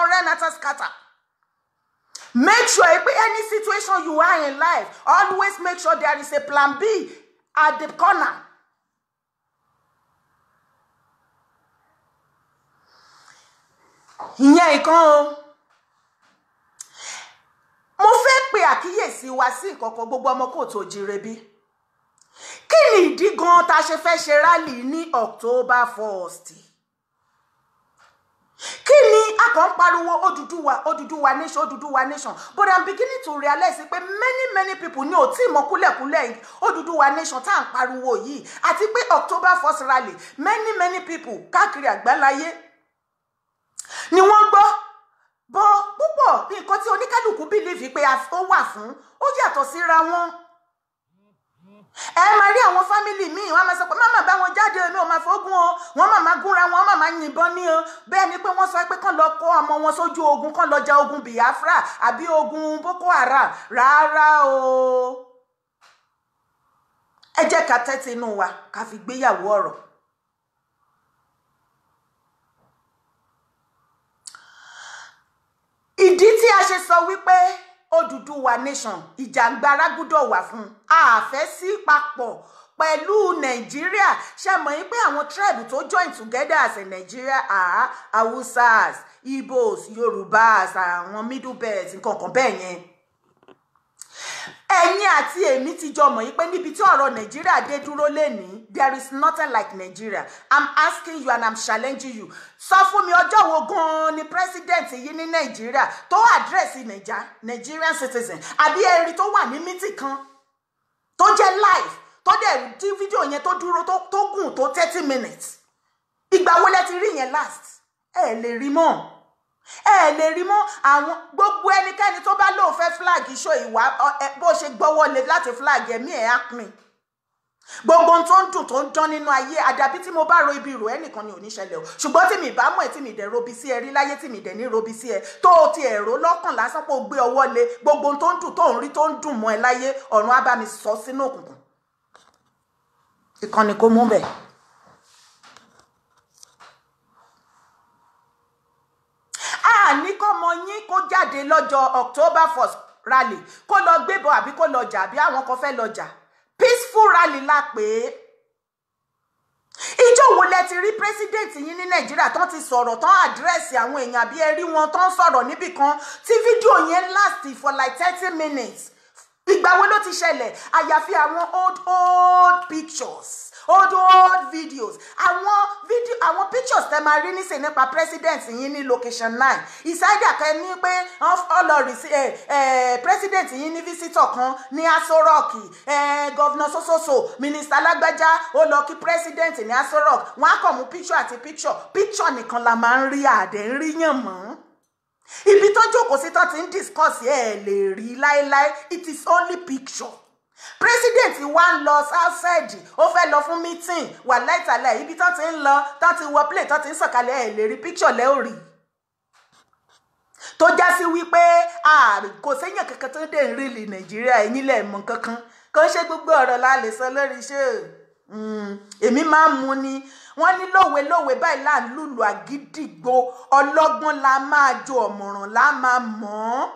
ọ̀rẹ́ nata scatter. Make sure any situation you are in life, always make sure there is a plan B at the corner. Ìyẹn ìkan o. Mo fẹ́ pe àkíyèsí wa sí nǹkan kan gbogbo ọmọ kò tó jire bí. Kí ni ìdí gan-an ta ṣe fẹ́ ṣe rálì ní October 1st? kí ni a kàn ń pariwo Odùduwà Odùduwà nation Odùduwà nation but i'm beginning to realize pé many many people ní ò tí ì mọ kúlẹ̀kúlẹ̀ Odùduwà nation tá à ń pariwo yìí àti pé October first rally many many people káàkiri àgbáláyé ni wọ́n gbọ́ bọ́ púpọ̀ nǹkan tí oníkálukú bìlíìfì pé ó wà fún ó yàtọ̀ síra wọn ẹ máa rí àwọn fámìlì míì wọn máa sọ pé màmá bá wọn jáde omi ò máa fógun o wọn máa máa gúnra wọn máa máa yìnbọn ní o bẹ́ẹ̀ ni pé wọ́n sọ pé kàn lọ kó ọmọ wọn sójú ogun kàn lọ ja ogun Biafra àbí ogun Boko Haram rárá o ẹ jẹ́ ká tẹ́tí inú wa ká fi gbéyàwó ọ̀rọ̀. ìdí tí a ṣe sọ wípé. Odùduwà nation ìjàngbara gbúdọ̀ wà fún àfẹ́ sí papọ̀ pẹ̀lú nàìjíríà ṣe mọ̀ yín pé àwọn tribe to join together as a Nigeria are hausas ibos Yorubas, àwọn middle belt nǹkan kan bẹ́ẹ̀ yẹn ẹ̀yin àti èmi ti jọ mọ̀ yí pé níbi tí ọ̀rọ̀ nàìjíríà dé dúró lénìí there is nothing like nigeria i'm asking you and i'm challenging you sọ fún mi ọjọ́ wo gan-an ni president yìí ní nàìjíríà tó àdírẹ́sì nàìjà nigerian citizen àbí ẹ̀rí tó wà ní mítì kan tó jẹ́ live tó dẹ̀ tí fídíò yẹn tó dúró tó gùn tó thirty minutes ìgbà wo lẹ ti rí yẹn last ẹ lè rí mọ́ ẹ lè rí mọ́ àwọn gbogbo ẹnikẹ́ni tó bá lóun fẹ́ flag iṣó ìwà bó ṣe gbọ́wọ́ lé láti flag ẹ̀mí ẹ̀ á pin gbogbo ohun tó ń dùn tó ń dán nínú ayé àdàbí tí mo bá ro ibi ìrò ẹnìkan ni ò ní ṣẹlẹ̀ o ṣùgbọ́n tí mi bá mọ̀ ẹ́ tí mi dẹ̀ robi sí ẹ rí láyé tí mi dẹ̀ ní robi sí ẹ tó o ti ẹ̀rọ lọ́kàn lásán pé o gbé ọwọ́ lé gbogbo ohun tó ń dùn tó ń rí tó ń dùn mọ́ ẹ láyé ọ̀run á mi sọ sínú òkùnkùn ìkànnì kò mú bẹ́ẹ̀. a ní kọ́mọ yín kó jáde lọ́jọ́ October first rally kó lọ gbébọn àbí kó lọ jà àbí àwọn kan fẹ́ lọ jà peaceful rally la pè é ìjọ wo lẹ ti rí president yín ní nàìjíríà tán ti sọ̀rọ̀ tán àdírẹ́sì àwọn èèyàn bí ẹ rí wọn tán sọ̀rọ̀ níbì kan tí fídíò yẹn last for like thirty minutes ìgbà wo ló ti ṣẹlẹ̀ àyàfi àwọn old old pictures old old videos àwọn video àwọn pictures tẹ máa rí nísìnyí nípa president yín ní location nine ìsáyà kẹ ní pé ọlọ́ọ̀rì president yín ní visitor kan ní Aso Rock governor sososo minister lágbájá ó lọ kí president ní Aso Rock wọn á kàn mú picture àti picture picture nìkan la máa ń rí àdé ń rí yàn mọ́ ibi tó jókòó sí tó ti ń discuss ẹ̀ lè rí láéláé it is only picture president wa ń lọ outside ó fẹ́ lọ fún meeting wà láìtàlẹ̀ ibi tó ti ń lọ tó ti wọ plane tó ti ń sọ̀kalẹ̀ ẹ̀ lè rí picture lẹ́ ò rí tó já sí wípé kò séyàn kankan tó dé ìrìlì nàìjíríà ẹ̀yìn lẹ̀ mọ̀ kankan kò ń ṣe gbogbo ọ̀rọ̀ la lè sọ lórí iṣẹ́ hmm, èmi máa ń mu ni wọ́n ní lówe lówe báyìí là ń lùlù àgídìgbo ọlọ́gbọ́n la máa jo ọ̀mọ̀ràn la máa mọ̀ ọ́n.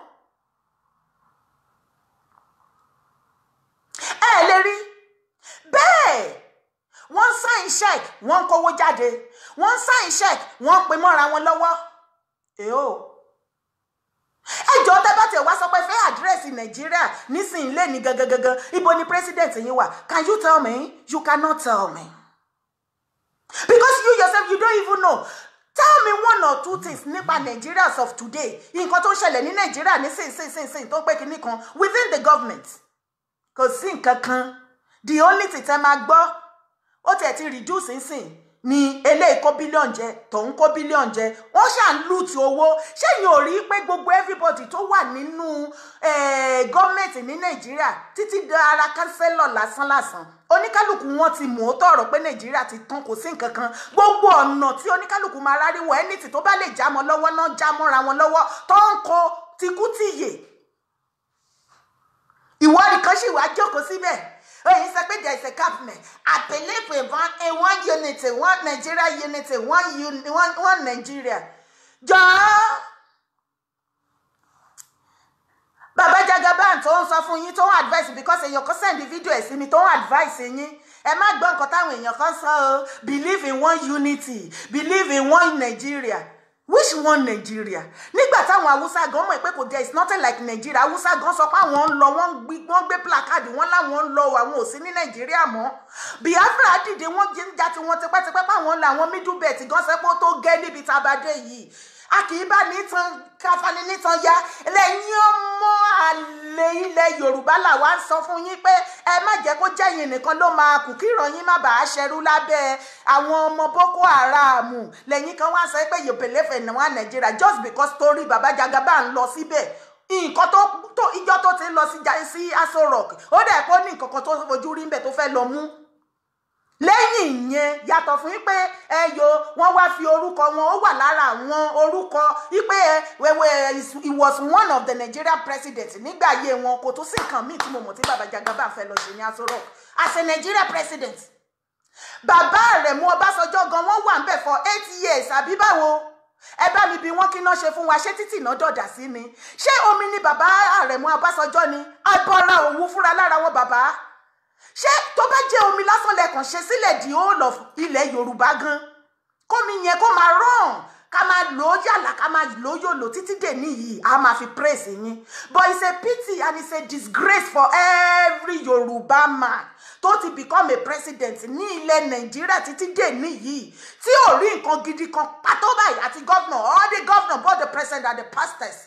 ẹ lè rí bẹ́ẹ̀ wọ́n sign check wọ́n kówó jáde wọ́n sign check wọ́n pe mọ́ra wọn lọ́wọ́ èyó ẹjọ́ tẹ́ bá tiẹ̀ wá sọ pé fẹ́ àdírẹ́sì nàìjíríà nísìnyí lé ní gangan ibo ni president yín wà can you tell me you cannot tell me because you yourself you don't even know tell me one or two things nípa nigerians of today nǹkan tó ń ṣẹlẹ̀ ní nàìjíríà nísinsìnyí tó ń pé kinní kan within the government kò sí nǹkan kan the only thing tẹ́ máa gbọ́ ó tẹ̀ ti reduce nsìn ni eléyìí kó bílíọ̀nù jẹ tòun kó bílíọ̀nù jẹ wọ́n ṣáà ń lùtì owó ṣẹ́yìn ò rí pé gbogbo everybody tó wà nínú gọ́ọ̀mẹ̀ntì ní nàìjíríà títí da ara kánsẹ́lọ̀ lásánlàsán oníkálukú wọn ti mọ̀ ó tọ̀rọ̀ pé nàìjíríà ti tán kò sí nǹkan kan gbogbo ọ̀nà tí oníkálukú máa ráríwọ̀ ẹni tí tó bá lè já lọ́wọ́ náà já wọn lọ́wọ́ tó ń kó tikú ìwọ nìkan ṣì wá jókòó síbẹ̀ oyin sọ pé there is a government àtẹlẹ́pẹ̀ ìbọn a one unity one Nigeria unity one uni one, one Nigeria jọ̀ọ́ bàbá Jagaban tó ń sọ fún yín tó ń advice because èèyàn kan send video ẹ̀ sí mi tó ń advice yín ẹ má gbọ́ nǹkan táwọn èèyàn kan sọ o believe in one unity believe in one Nigeria which one Nigeria nígbà táwọn haúsá gan mọ̀ pé kò jẹ́ it's nothing like Nigeria haúsá gan sọ pé àwọn ń lọ wọ́n gbé placard wọn láwọn ń lọ àwọn ò sí ní Nigeria mọ́ Biafra dìde wọ́n jíjà tí wọ́n tipẹ́tipẹ́ páwọn làwọn middle belt gan sẹ́pẹ́ ó tó gẹ́ níbi tábàdé yìí a kì í bá ní tan káfáni ní tan ya lẹ́yìn ọmọ àlè ilẹ̀ ilẹ̀ yorùbá làwa ń sọ fún yín pé ẹ má jẹ́ kó jẹ́ nìkan ló máa kù kí ìrọ̀yìn má bàa ṣẹrú lábẹ́ àwọn ọmọ boko haram lẹ́yìn kan wá sọ pé yòbẹ̀lẹ́fẹ̀ náà wà nàìjíríà just because torí baba jagaba ń lọ síbẹ̀ nǹkan tó tó ìjọ tó ti lọ sí Aso Rock ó dẹ̀ kó ní nǹkan kan tó fojú rí ń bẹ̀ tó fẹ́ lọ mú lẹ́yìn ìyẹn yàtọ̀ fún pé ẹyọ wọn wá fi orúkọ wọn ó wà lára àwọn orúkọ wípé ẹ he was one of the Nigeria president nígbà ayé wọn kò tún sí nǹkan míì tí mo mọ̀ tí bàbá Jagaba fẹ́ lọ ṣe ní Aso as a Nigeria president bàbá Àrẹ̀mú Ọbásanjọ́ gan wọ́n wà ń bẹ̀ for eight years àbí báwo ẹ bá mi bí wọn kí náà ṣe fún wa ṣé títì náà dọ̀dà sí ni ṣé omi ni bàbá Àrẹ̀mú Ọbásanjọ́ ni abọ́ra òun fúnra lára wọn bàbá ṣé tó bá jẹ́ omi lásán lẹ́kàn ṣe sílẹ̀ di whole of ilẹ̀ yorùbá gan kómi yẹn kó máa rọrùn ká máa lò ó yàlà ká máa lò ó yòlò títí dèní yìí a máa fi praise yín but it's a pity and it's a disgrace for every yorùbá man tó ti become a president ní ilẹ̀ nàìjíríà títí dèní yìí tí ò rí nǹkan gidi kan pàtó báyìí àti governor all the governor both the president and the pastors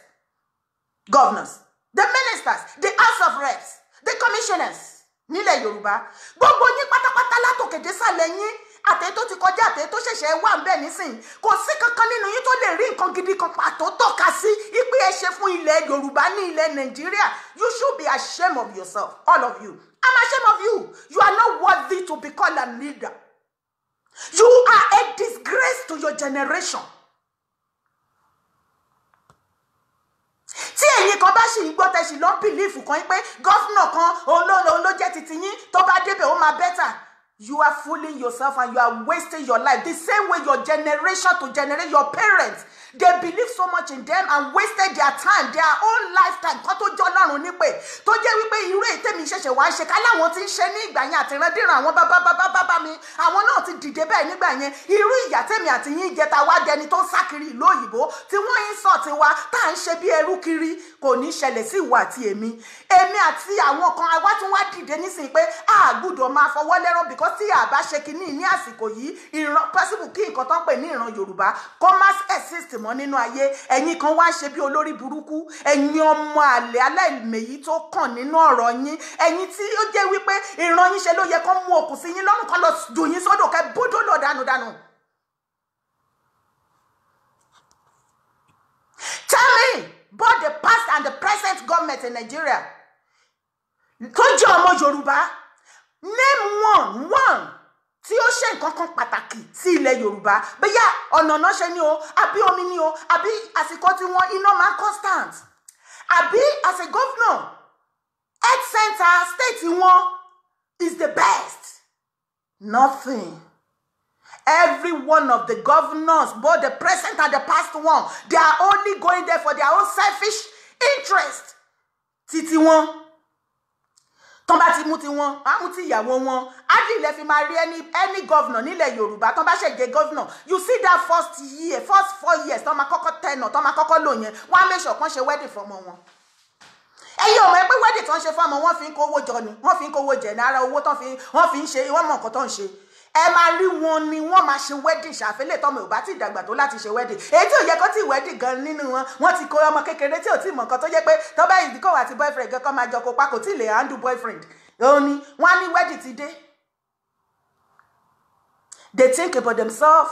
governors the ministers the house of reps the commissioners nílẹ̀ yorùbá gbogbo yín pátápátá látòkè désàlẹ̀ yín àtẹ̀yí tó ti kọjá àtẹ̀yí tó ṣẹ̀ṣẹ̀ wà ń bẹ̀ nísìnyí kò sí kankan nínú yín tó lè rí nǹkan gidi kan pàtó tọ́ka sí ipe ẹ ṣe fún ilẹ̀ yorùbá ní ilẹ̀ nàìjíríà you should be ashamed of yourself all of you i'm ashamed of you you are not worthy to be called a leader you are a disgrace to your generation. tí ẹnìkan bá sì ń gbọ́ tẹ̀sí ló bìlífù kan pé gọ́fìnà kan òun titi yín tó bá débẹ̀ ó máa bẹ́tà you are fooling yourself and you are wasting your life the same way your generation to generate your parents they believe so much in them and wasted their time their own lifetime kan tó jọ lọ́rùn nípè tó jẹ́ wípé irú èyí tèmi ṣẹ̀ṣẹ̀ wá ṣe ká láwọn ti ń ṣe ní ìgbà yẹn àtìrandíran àwọn bàbá bàbá bàbá mi àwọn náà ti dìde bẹ́ẹ̀ nígbà yẹn irú ìyà tèmi àti yín jẹta wá dẹni tó ń sá kiri ìlú òyìnbó tí wọ́n ń sọ tiwa tá à ń ṣe bí ẹrú kiri kò ní ṣẹlẹ̀ sí ìwà àti èmi èmi àti àwọn kan àwa tún wá dìde nísìnyí pé a gbúdọ̀ máa fọwọ́ lẹ́rọ̀ because tí àbá ṣe kínní ní àsìkò yìí ìran possible kí nǹkan tó pè ní ìran yorùbá kó exist mọ́ nínú ayé ẹ̀yin kan wá ṣe bí olórí burúkú ẹ̀yin ọmọ àlè aláìmèyí tó kàn nínú ọ̀rọ̀ yín ẹ̀yin tí ó jẹ́ wípé ìran yín ṣe ló yẹ kó mú òkú sí yín lọ́rùn kan lọ dùn yín sọ́dọ̀ kẹ́ bódó lọ dànùdànù. tell me both the past and the present government in Nigeria tó jẹ́ ọmọ Yorùbá name one one tí ó ṣe nǹkan kan pàtàkì sí ilẹ̀ Yorùbá bóyá ọ̀nà náà ṣe ni o àbí omi ni o àbí àsìkò tí wọ́n iná máa ń constant àbí as a governor health center state wọn is the best nothing. Every one of the governors, both the present and the past one, they are only going there for their own selfish interest. Títí wọn. Tán bá ti mú ti wọn, á mú ti ìyàwó wọn. Ádì ilẹ̀ fi máa rí any any governor nílẹ̀ Yoruba. tán bá ṣe jẹ governor. You see that first year, first four years tán máa kọ́kọ́ tẹ̀nà tán máa kọ́kọ́ lò yẹn. Wọ́n á make sure kán ṣe wedding fọmọ wọn ẹyin ọmọ ẹgbẹ́ wẹ́dì tó ń ṣe fún ọmọ wọn fi ń kówó jọ ni wọ́n fi ń kówó jẹ ní ara owó tó fi wọ́n fi ń ṣe wọ́n mọ̀ nǹkan tó ń ẹ máa rí wọn ni wọ́n máa ṣe wedding ṣàfẹ́lẹ̀ tọ́mọ ò bá ti dàgbà tó láti ṣe wedding èyí tí ò yẹ kó tí wedding gan nínú wọn wọ́n ti kó ọmọ kékeré tí ò tí mọ̀ nǹkan tó yẹ pé tọ́bẹ̀ ìdíkọ̀ àti boyfriend gan kan máa jọ pa kò tí ì lè handle boyfriend òun ni wọ́n á ní wedding ti dé they think about themselves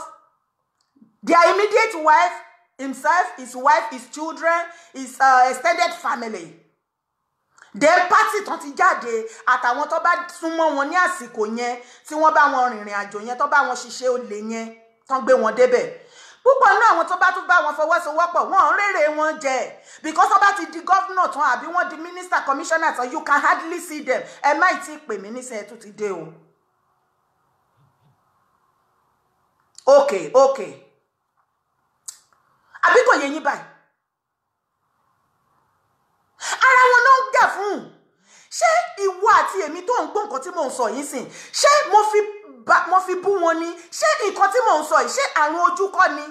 their immediate wife himself his wife his children his uh, extended family then party tán ti jáde àtàwọn tó bá súnmọ́ wọn ní àsìkò yẹn tí wọ́n bá wọn rìnrìn àjò yẹn tó bá wọn ṣiṣẹ́ olè yẹn tán gbé wọn débẹ̀ púpọ̀ náà àwọn tó bá tún bá wọn fọwọ́sowọ́pọ̀ wọn rèrè wọn jẹ because wọn bá ti di gọ́fúnà tán àbí wọn di minister commissioner tán you can hardly see them ẹ má ti pè mí níṣẹ́ ẹ tún ti dé o. okay okay àbí kò yẹ yín báyìí ara wọn ló ń jà fún ṣé ìwọ àti èmi tó ń gbọ́ nǹkan tí mò ń sọ yìí sìn ṣé mo fi ba mo fi bú wọn ni ṣé nǹkan tí mò ń sọ yìí ṣé àrùn ojú kọ́ ni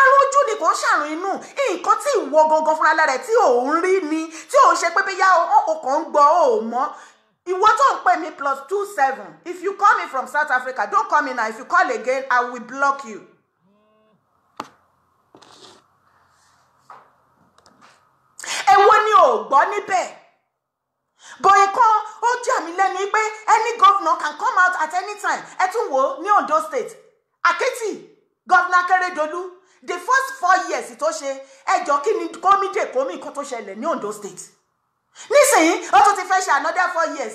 àrùn ojú ni kò ń ṣàrùn inú nǹkan tí ìwọ gangan fúnra lára ẹ tí ò ń rí ni tí ò ń ṣe pé bóyá o kàn ń gbọ́ o mọ ìwọ tó ń pè mí plus two seven if you call me from South Africa don't call me now if you call again I will block you. èwo ni ò gbọ́ níbẹ̀ bọ̀yìn kan ó jà mí lẹ́nu pé any governor can come out at any time ẹ tún wò ó ní Ondo state Akiti governor Akeredolu the first four years tó ṣe ẹjọ́ kí ni kómìdè kómì kan tó ṣẹlẹ̀ ní Ondo state nísìnyí ó tún ti fẹ́ ṣe another four years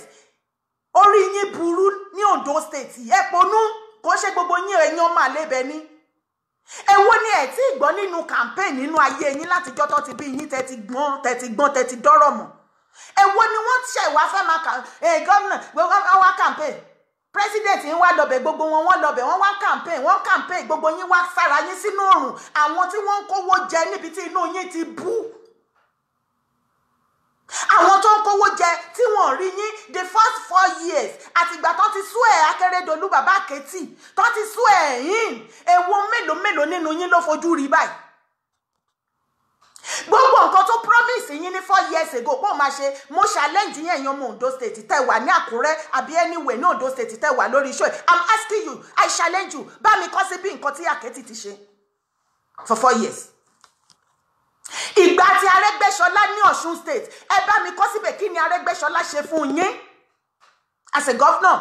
orí yín burú ní Ondo state ẹ̀pọ̀nú kò ṣe gbogbo yín ẹ̀yán màlẹ́bẹ̀ ni èwo ni ẹ̀ tí gbọ́ nínú campaign nínú ayé yín látijọ́ tó ti bí yín tẹ́tí gbọ́n tẹ́tí gbọ́n tẹ́tí dọ́rọ̀ mọ̀ èwo ni wọ́n ṣe ìwà fẹ́ máa kà ẹ̀ gọ́nà gbogbo wá campaign president yín wá lọ́bẹ̀ gbogbo wọn wọ́n lọ́bẹ̀ wọ́n wá campaign wọ́n campaign gbogbo yín wá sára yín sínú òrùn àwọn tí wọ́n ń kówó jẹ níbi tí inú yín ti bú àwọn tó ń kówó jẹ tí wọn rí yín the first four years àtìgbà tó ti sú ẹ akérèdọlù bàbá àkẹtì tó ti sú ẹ yín èwo mélòó mélòó nínú yín ló fojú rí báyìí gbogbo nǹkan tó promise yín ní four years ago kó o máa ṣe mo challenge yín ẹ̀yin ọmọ Ondo state tẹ́ wà ní Àkúrẹ́ àbí anywhere ní Ondo state tẹ́ wà lórí iṣẹ́ i'm asking you i challenge you bá mi kọ́ sí bí nǹkan tí àkẹ́tì ti ṣe for four years ìgbà tí Arẹ́gbẹ́ṣọlá ní Ọ̀ṣun state ẹ bá mi kọ́ síbẹ̀ kí ni Arẹ́gbẹ́ṣọlá ṣe fún yín as a governor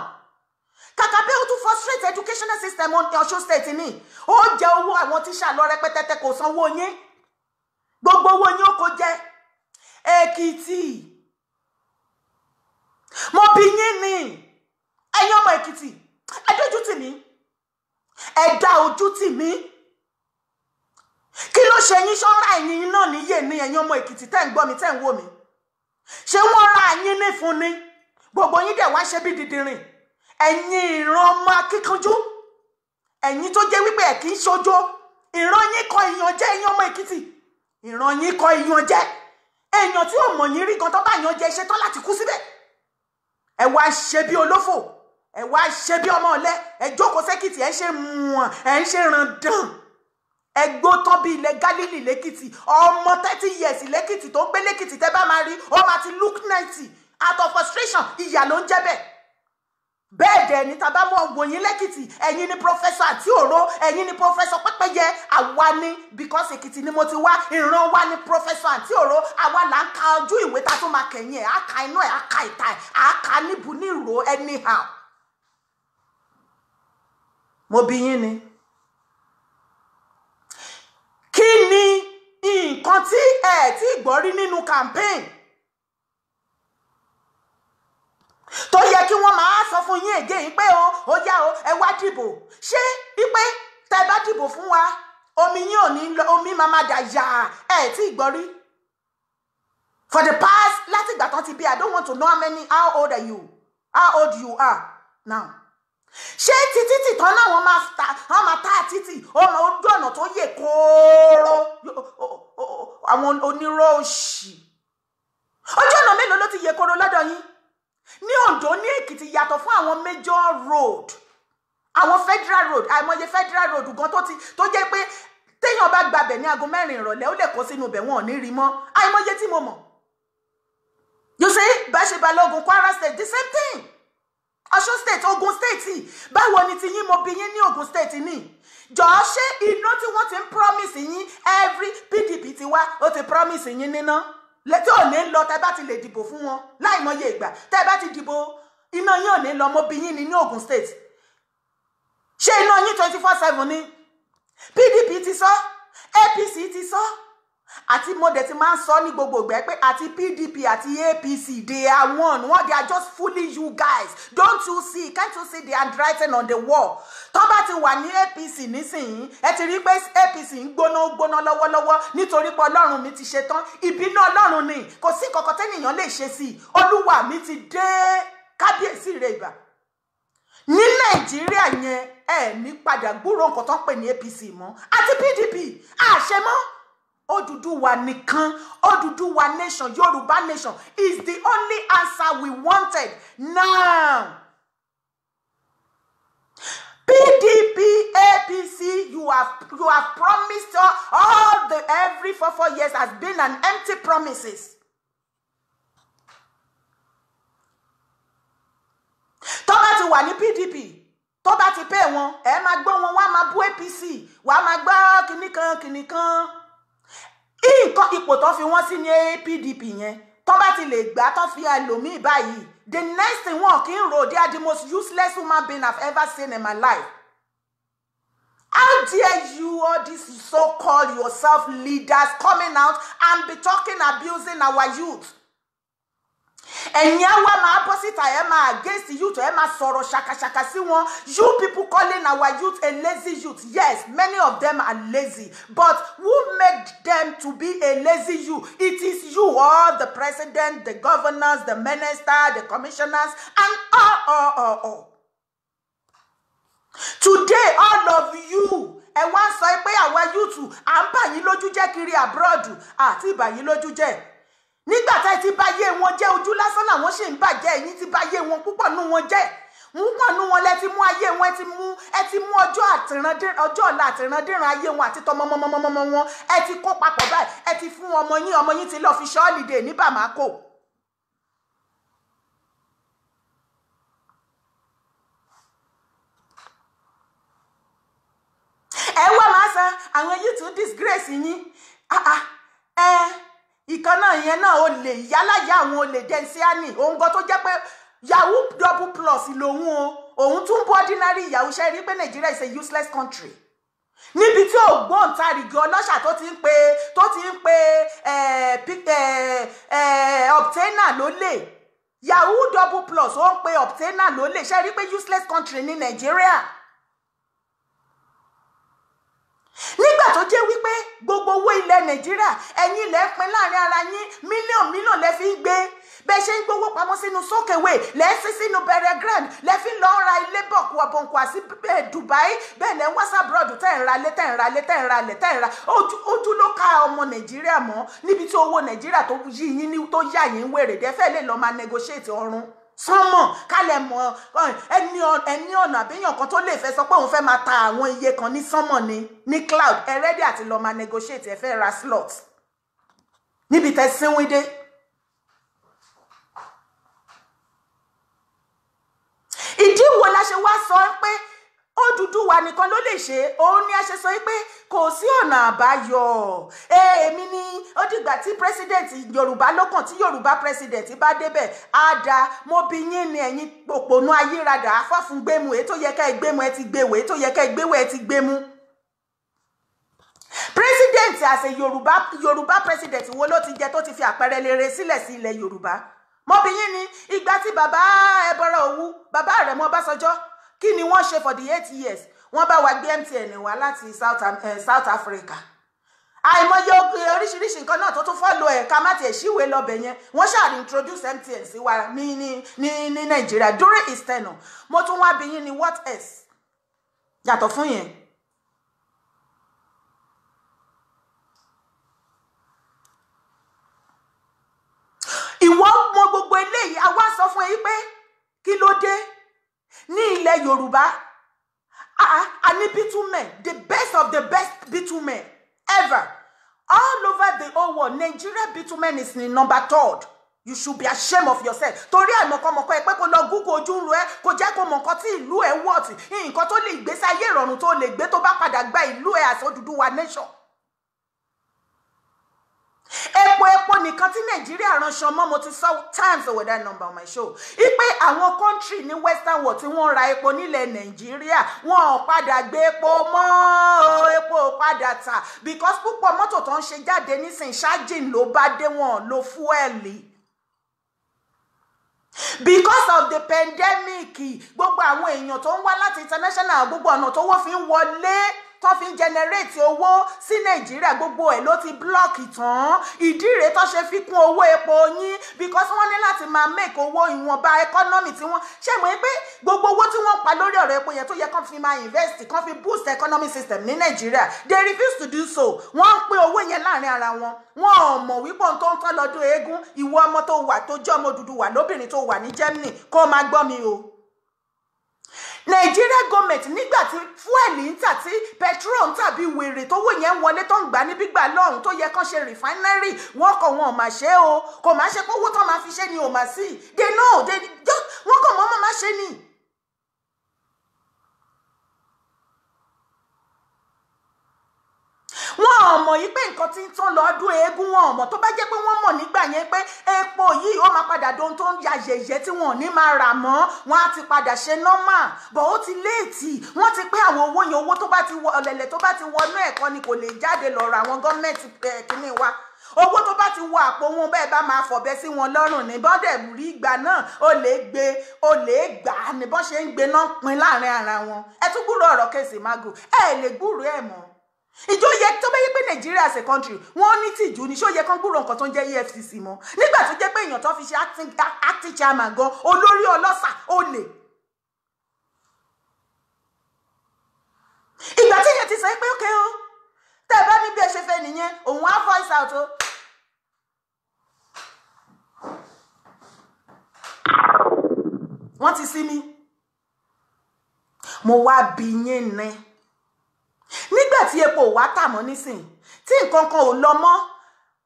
kàkà bí o tún frustrate educational system on Ọ̀ṣun state ni ó jẹ owó àwọn tíṣà lọ rẹpẹtẹtẹ kò sanwó yín gbogbo owó yín ó kó jẹ Èkìtì mo bí yín ni ẹ̀yin ọmọ Èkìtì ẹ dójú tì mí ẹ dá ojú tì mí kí ló ṣe yín ṣọ́ra ẹ̀yin náà níyè ní ẹ̀yin ọmọ èkìtì tẹ́ ń gbọ́ mi tẹ́ ń wò mí ṣé wọ́n ra yín ní fún ni gbogbo yín dẹ̀ wá ṣe bí didirin ẹ̀yin ìran ọmọ akíkanjú ẹ̀yin tó jẹ́ wípé ẹ̀ kì í ṣojo ìran yín kọ ìyàn jẹ́ ẹ̀yin ọmọ èkìtì ìran yín kọ ìyàn jẹ́ èèyàn tí ò yín rí gan tó bá yàn jẹ ṣe tán láti kú síbẹ̀ ẹ wá ṣe bí olófò ẹ wá ṣe bí ọmọ ọ̀lẹ ẹ jókòó sẹ́kìtì ẹ ṣe mùwọ̀n ẹ ń ṣe ràn dán ẹgbó tán bí ilẹ̀ Gálílì lẹ́kìtì ọmọ thirty years lẹ́kìtì tó ń gbé lẹ́kìtì tẹ́ bá máa rí ó máa ti look ninety out of frustration ìyà ló ń jẹ́ bẹ́ẹ̀ bẹ́ẹ̀ dẹ̀ ní tàbá mọ́ wòyìn lẹ́kìtì ẹ̀yin ni pọ́fẹ́sọ àti òró ẹ̀yin ni pọ́fẹ́sọ pẹ́pẹ́yẹ àwa ni because èkìtì ni mo ti wá ìran wa ni pọ́fẹ́sọ àti òró àwa là ń ka ojú ìwé ta tó máa kẹ̀yìn ẹ̀ àka inú ẹ̀ àka ìta ẹ̀ àka níbu ní ìró anyhow. mo bí yín ni kí ni nǹkan tí ẹ ti gbọ́ rí nínú campaign tó yẹ kí wọ́n máa sọ fún yín èdè yìí pé o ó yá o ẹ wá dìbò ṣé wípé tẹ́ bá dìbò fún wa omi yín ò ní lọ omi máa máa dà yà ẹ tí gbọ́ rí for the past láti ìgbà tán ti bí i I don't want to know how many how old are you how old you are now ṣé ti títì tán náà wọ́n máa ta wọ́n máa ta títì ọmọ ojú ọ̀nà tó yẹ kóró àwọn oníròòṣì ojú ọ̀nà mélòó ló ti yẹ kóró lọ́dọ̀ yín ní Ondo ní Èkìtì yàtọ̀ fún àwọn major road àwọn federal road àìmọye federal road gan tó ti tó jẹ́ pé téèyàn bá gbabẹ̀ ní aago mẹ́rin ìrọ̀lẹ́ ó lè kó sínú ibẹ̀ wọn ò ní rí mọ́ àìmọye tí mo mọ̀ you see bá ṣe balógun Kwara state the same thing Ọ̀ṣun state Ògùn state báwo ni ti yín mo bí yín ní Ògùn state ni jọ̀ọ́ ṣé iná tí wọ́n ti ń promise yín every PDP ti wá ó ti promise yín níná tí ò ní lọ tẹ́ bá ti lè dìbò fún wọn láìmọye ìgbà tẹ́ bá ti dìbò iná yín ò ní lọ mo bí yín ní ní state ṣé iná yín twenty four seven ni PDP ti sọ APC ti sọ. So? àti mo dẹ̀ ti máa ń sọ ní gbogbo ìgbẹ́ pé àti PDP àti APC they are one one they are just fooling you guys don't you see can't you see the handwriting on the wall tó bá ti wà ní APC nísìnyí ẹ ti rí pé APC ń gbóná gbóná lọ́wọ́lọ́wọ́ nítorí pé ọlọ́run mi ti ṣe tán ìbínú ọlọ́run ni kò sí kankan tẹ́nìyàn lè ṣe sí i olúwa mi ti dé kábíyèsí rẹ̀ ìbà ní nàìjíríà yẹn ẹ ní padà gbúrò nǹkan tó ń pè ní APC mọ́ àti PDP àṣẹ mọ́ Odudu wa nikan, Odudu wa nation Yoruba nation is the only answer we wanted now. PDP, APC, you have you have promised all, all the every four four years has been an empty promises. Tó bá ti wà ní PDP, tó bá ti pè wọ́n, ẹ máa gbọ́ wọn wá máa bú APC, wàá máa gbọ́ kìnnìkan kìnnìkan nǹkan ipò tó fi wọ́n sí ní PDP yẹn tó bá ti lè gbà tó fi ẹlòmíì báyìí the next thing wọn kì í rò they are the most useless human being I've ever seen in my life how dare you all these so-called yourself leaders coming out and be talking abusing our youth ẹ̀yìnwá máa bọ́ síta ẹ̀ máa against youth ẹ̀ máa sọ̀rọ̀ ṣàkàṣàkà sí wọn you people calling our youth a lazy youth yes many of them are lazy but who made them to be a lazy youth it is you all the president the governors the minister the commissioners and all all all all today all of you ẹ wá ń sọ pé àwa youth à ń bà yín lójú jẹ́ kiri abroad àti ìbà yín lójú jẹ́ nígbà tá ẹ ti bà yé wọn jẹ́ ojú lásán làwọn ṣì ń bàjẹ́ ẹ̀yìn ti bà yé wọn púpọ̀ nú wọn jẹ́ púpọ̀ nú wọn lẹ ti mú ayé wọn ẹ ti mú ẹ ti mú ọjọ́ àtìrandíran ọjọ́ ọ̀la àtìrandíran ayé wọn àti tọmọmọmọmọmọ wọn ẹ ti kó papọ̀ báyìí ẹ ti fún ọmọ yín ọmọ yín ti lọ fi ṣọ́ọ̀lìdè ní Bàmákò. ẹ wá máa san àwọn yìí tún disgrace yín ah, ah, ẹ. ah, eh, ìkan náà yẹn náà olè ìyálàyà àwọn olè dẹ́nsiánì òun gan tó jẹ́ pé yahoo double plus lòun o òun tún bú ordinary yahoo ṣe rí pé Nàìjíríà is a useless country níbi tí ògbóǹtarìgì ọlọ́ṣà tó ti ń pe tó ti ń pe obtainer ló lè yahoo double plus ó ń pe obtainer ló lè ṣe rí pé useless country ní Nàìjíríà nígbà tó jẹ́ wípé gbogbo owó ilẹ̀ nàìjíríà ẹ̀yin ilẹ̀ pín láàrin ara yín mílíọ̀n mílíọ̀n lẹ fi ń gbé bẹ́ẹ̀ ṣe ń gbowó pamọ́ sínú sókèwé lẹ́sí sínú bẹ̀rẹ̀ grand lẹ́fí lọ́ọ́ ra ilé bọ̀kù ọ̀bọ̀nkù àti dubai bẹ́ẹ̀ lẹ́ ń wá sábúrọ̀dù tẹ̀ ń ra lé tẹ̀ ń ra lé tẹ̀ ń ra lẹ̀ tẹ̀ ń ra ojú ló ka ọmọ nàìjíríà mọ́ níbi tí owó nàìjíríà tó yí yín tó yà yín wèrè dẹ́fẹ́ lè lọ́ọ́ máa negotiate ọrùn sánmọ̀ kálẹ̀ mọ̀ ẹni ọ̀nà àbíyàn kan tó lè fẹ́ sọ pé òun fẹ́ máa ta àwọn iye kan ní sánmọ̀ ni ní cloud ẹ rẹ́dí àti lọ́ọ́ máa negotiate ẹ fẹ́ ra slot níbi tẹ́ sínwín dé. ìdí wo la ṣe wá sọ pé Odùduwà nìkan ló lè ṣe òun ni a ṣe sọ pé kò sí ọ̀nà àbáyọ èmi ni ó dìgbà tí pírẹsidẹ̀ntì Yorùbá lọ́kàn tí Yorùbá pírẹsidẹ̀ntì bá débẹ̀ á da mo bi yín ni ẹ̀yin òpònú ayérada afáfúngbẹ́mu èyí tó yẹ ká ẹ gbẹ́mu ẹ ti gbéwò èyí tó yẹ ká ẹ gbéwò ẹ ti gbẹ́mu pírẹsidẹ̀ntì àṣẹ Yorùbá Yorùbá pírẹsidẹ̀ntì wo ló ti jẹ tó ti fi àpẹẹrẹ rere sílẹ̀ sí ilẹ̀ Yorùbá mo bi yín ni ìgbà tí bàbá ẹbọra òwu bàbá rẹ̀ mọ́ Ọbásanjọ́ kí ni wọ́n ṣe for the eight years wọ́n bá wa gbé MTN wá láti South, uh, South Africa àìmọye ogun eh, oríṣiríṣi nǹkan náà tó tún fọ́lọ́ ẹ̀ ká má tiẹ̀ ṣíwèé lọ́bẹ̀ yẹn wọ́n ṣáà introduce MTN sí wa ní ní ní ní nàìjíríà during his tenure mo tún wá bí yín ní what else yàtọ̀ fún yẹn. ìwọ mọ gbogbo eléyìí a wá sọ fún ẹ pé kí ló dé ní ilẹ̀ yorùbá a ní bitumen the best of the best bitumen ever all over the whole world nigeria bitumen is ní number third you should be ashamed of yourself torí àìmọ̀kọ́mọ̀kọ́ ẹ pé kó lọ google ojú ń ro ẹ kó jẹ́ kó mọ nǹkan tí ìlú ẹ wọ̀ tí nǹkan tó lè gbé sí ayé ìrọ̀rùn tó lè gbé tó bá padà gba ìlú ẹ àti Odùduwà nation epo epo nìkan tí nàìjíríà ránṣọ mọ́ mo ti sọ times over weather number on my show ipe àwọn kọ́ńtírì ní western world tí wọ́n ra epo nílẹ̀ nàìjíríà wọn ò padà gbé epo mọ́ epo ò padà tà because púpọ̀ mọ́tò tó ń ṣe jáde nísìnyí ṣáàjìn ló bá dé wọn lo fúẹ́ẹ̀lì because of the pandemic gbogbo àwọn èèyàn tó ń wá láti international gbogbo ọ̀nà tó wọ́n fi ń wọlé tó fi ń jẹnẹrétì owó sí nàìjíríà gbogbo ẹ̀ ló ti blọ́ọ̀kì tán ìdí rèé tó ṣe fi kún owó epo yín because wọ́n ní láti máa make owó ìwọ̀nba economy tí wọ́n ṣe mọ̀ pé gbogbo owó tí wọ́n pa lórí ọ̀rọ̀ epo yẹn tó yẹ kán fi máa invest kán fi boost economy system ní nàìjíríà they refuse to do so wọ́n ń pín owó yẹn láàrin ara wọn wọn ò mọ̀ wípé ohun tó ń tán lọ́dún eégún ìwọ ọmọ tó wà tó jẹ́ ọmọ Odùduwà lóbìnrin tó wà ní Germany kó o máa gbọ́ mi o nàìjíríà gọọmẹ̀ntì nígbà tí fúẹ̀lì ń tà tí pẹtrol ń tàbí wèrè tówó yẹn wọlé tó ń gbà ní gbígbà lọ́rùn tó yẹ kán ṣe rìfánẹ́rì wọn kọ̀ wọn ò mà ṣe o kò má ṣe pé owó tán máa fi ṣe ni ò mà sí they know they just wọn kọ̀ mọ́ mọ́ ṣe ni. wọn ò mọ̀ yìí pé nǹkan tí ń tán lọ́dún eégún wọn ò mọ̀ tó bá jẹ́ pé wọ́n mọ̀ nígbà yẹn pé epo yìí ó máa padà dohun tó ń ya yẹ̀yẹ́ tí wọn ò ní máa rà mọ́ wọn á ti padà ṣe nọ́mà bọ̀ ó ti léètì wọ́n ti pé àwọn owó yẹn owó tó bá ti wọ ọ̀lẹ̀lẹ̀ tó bá ti wọnú ẹ̀kọ́ ni kò lè jáde lọ́rọ̀ àwọn gọ́ọ̀mẹ̀ntì kìíní wa owó tó bá ti wọ àpò wọn bẹ́ẹ̀ bá máa fọ̀bẹ sí wọn lọ́rùn ní bọ́dẹ̀ rí ìgbà náà ó lè gbé ó lè gbà á ní bọ́n ṣe ń gbé náà pin láàrin ara wọn ẹ tún gbúrò ọ̀rọ̀ kèsì magu ẹ lè gbúrò ẹ̀ mọ́ ìjọ yẹ tó bẹ́yẹ pé nàìjíríà as a country wọ́n ní tìjú ni ṣó yẹ kán gbúrò nǹkan tó ń jẹ́ efcc mọ́ nígbà tó jẹ́ pé èèyàn tó fi ṣe acting chairman gan olórí ọlọ́ṣà olè ìgbà tí èèyàn ti sọ pé ókè o tẹ́ ẹ bá ní bí ẹ ṣe fẹ́ nìyẹn òun á voice out o. wọ́n ti sí mi mo wá bí yín ní nígbà tí epo wá tà mọ́ nísìnyí tí nǹkan kan ò lọ mọ́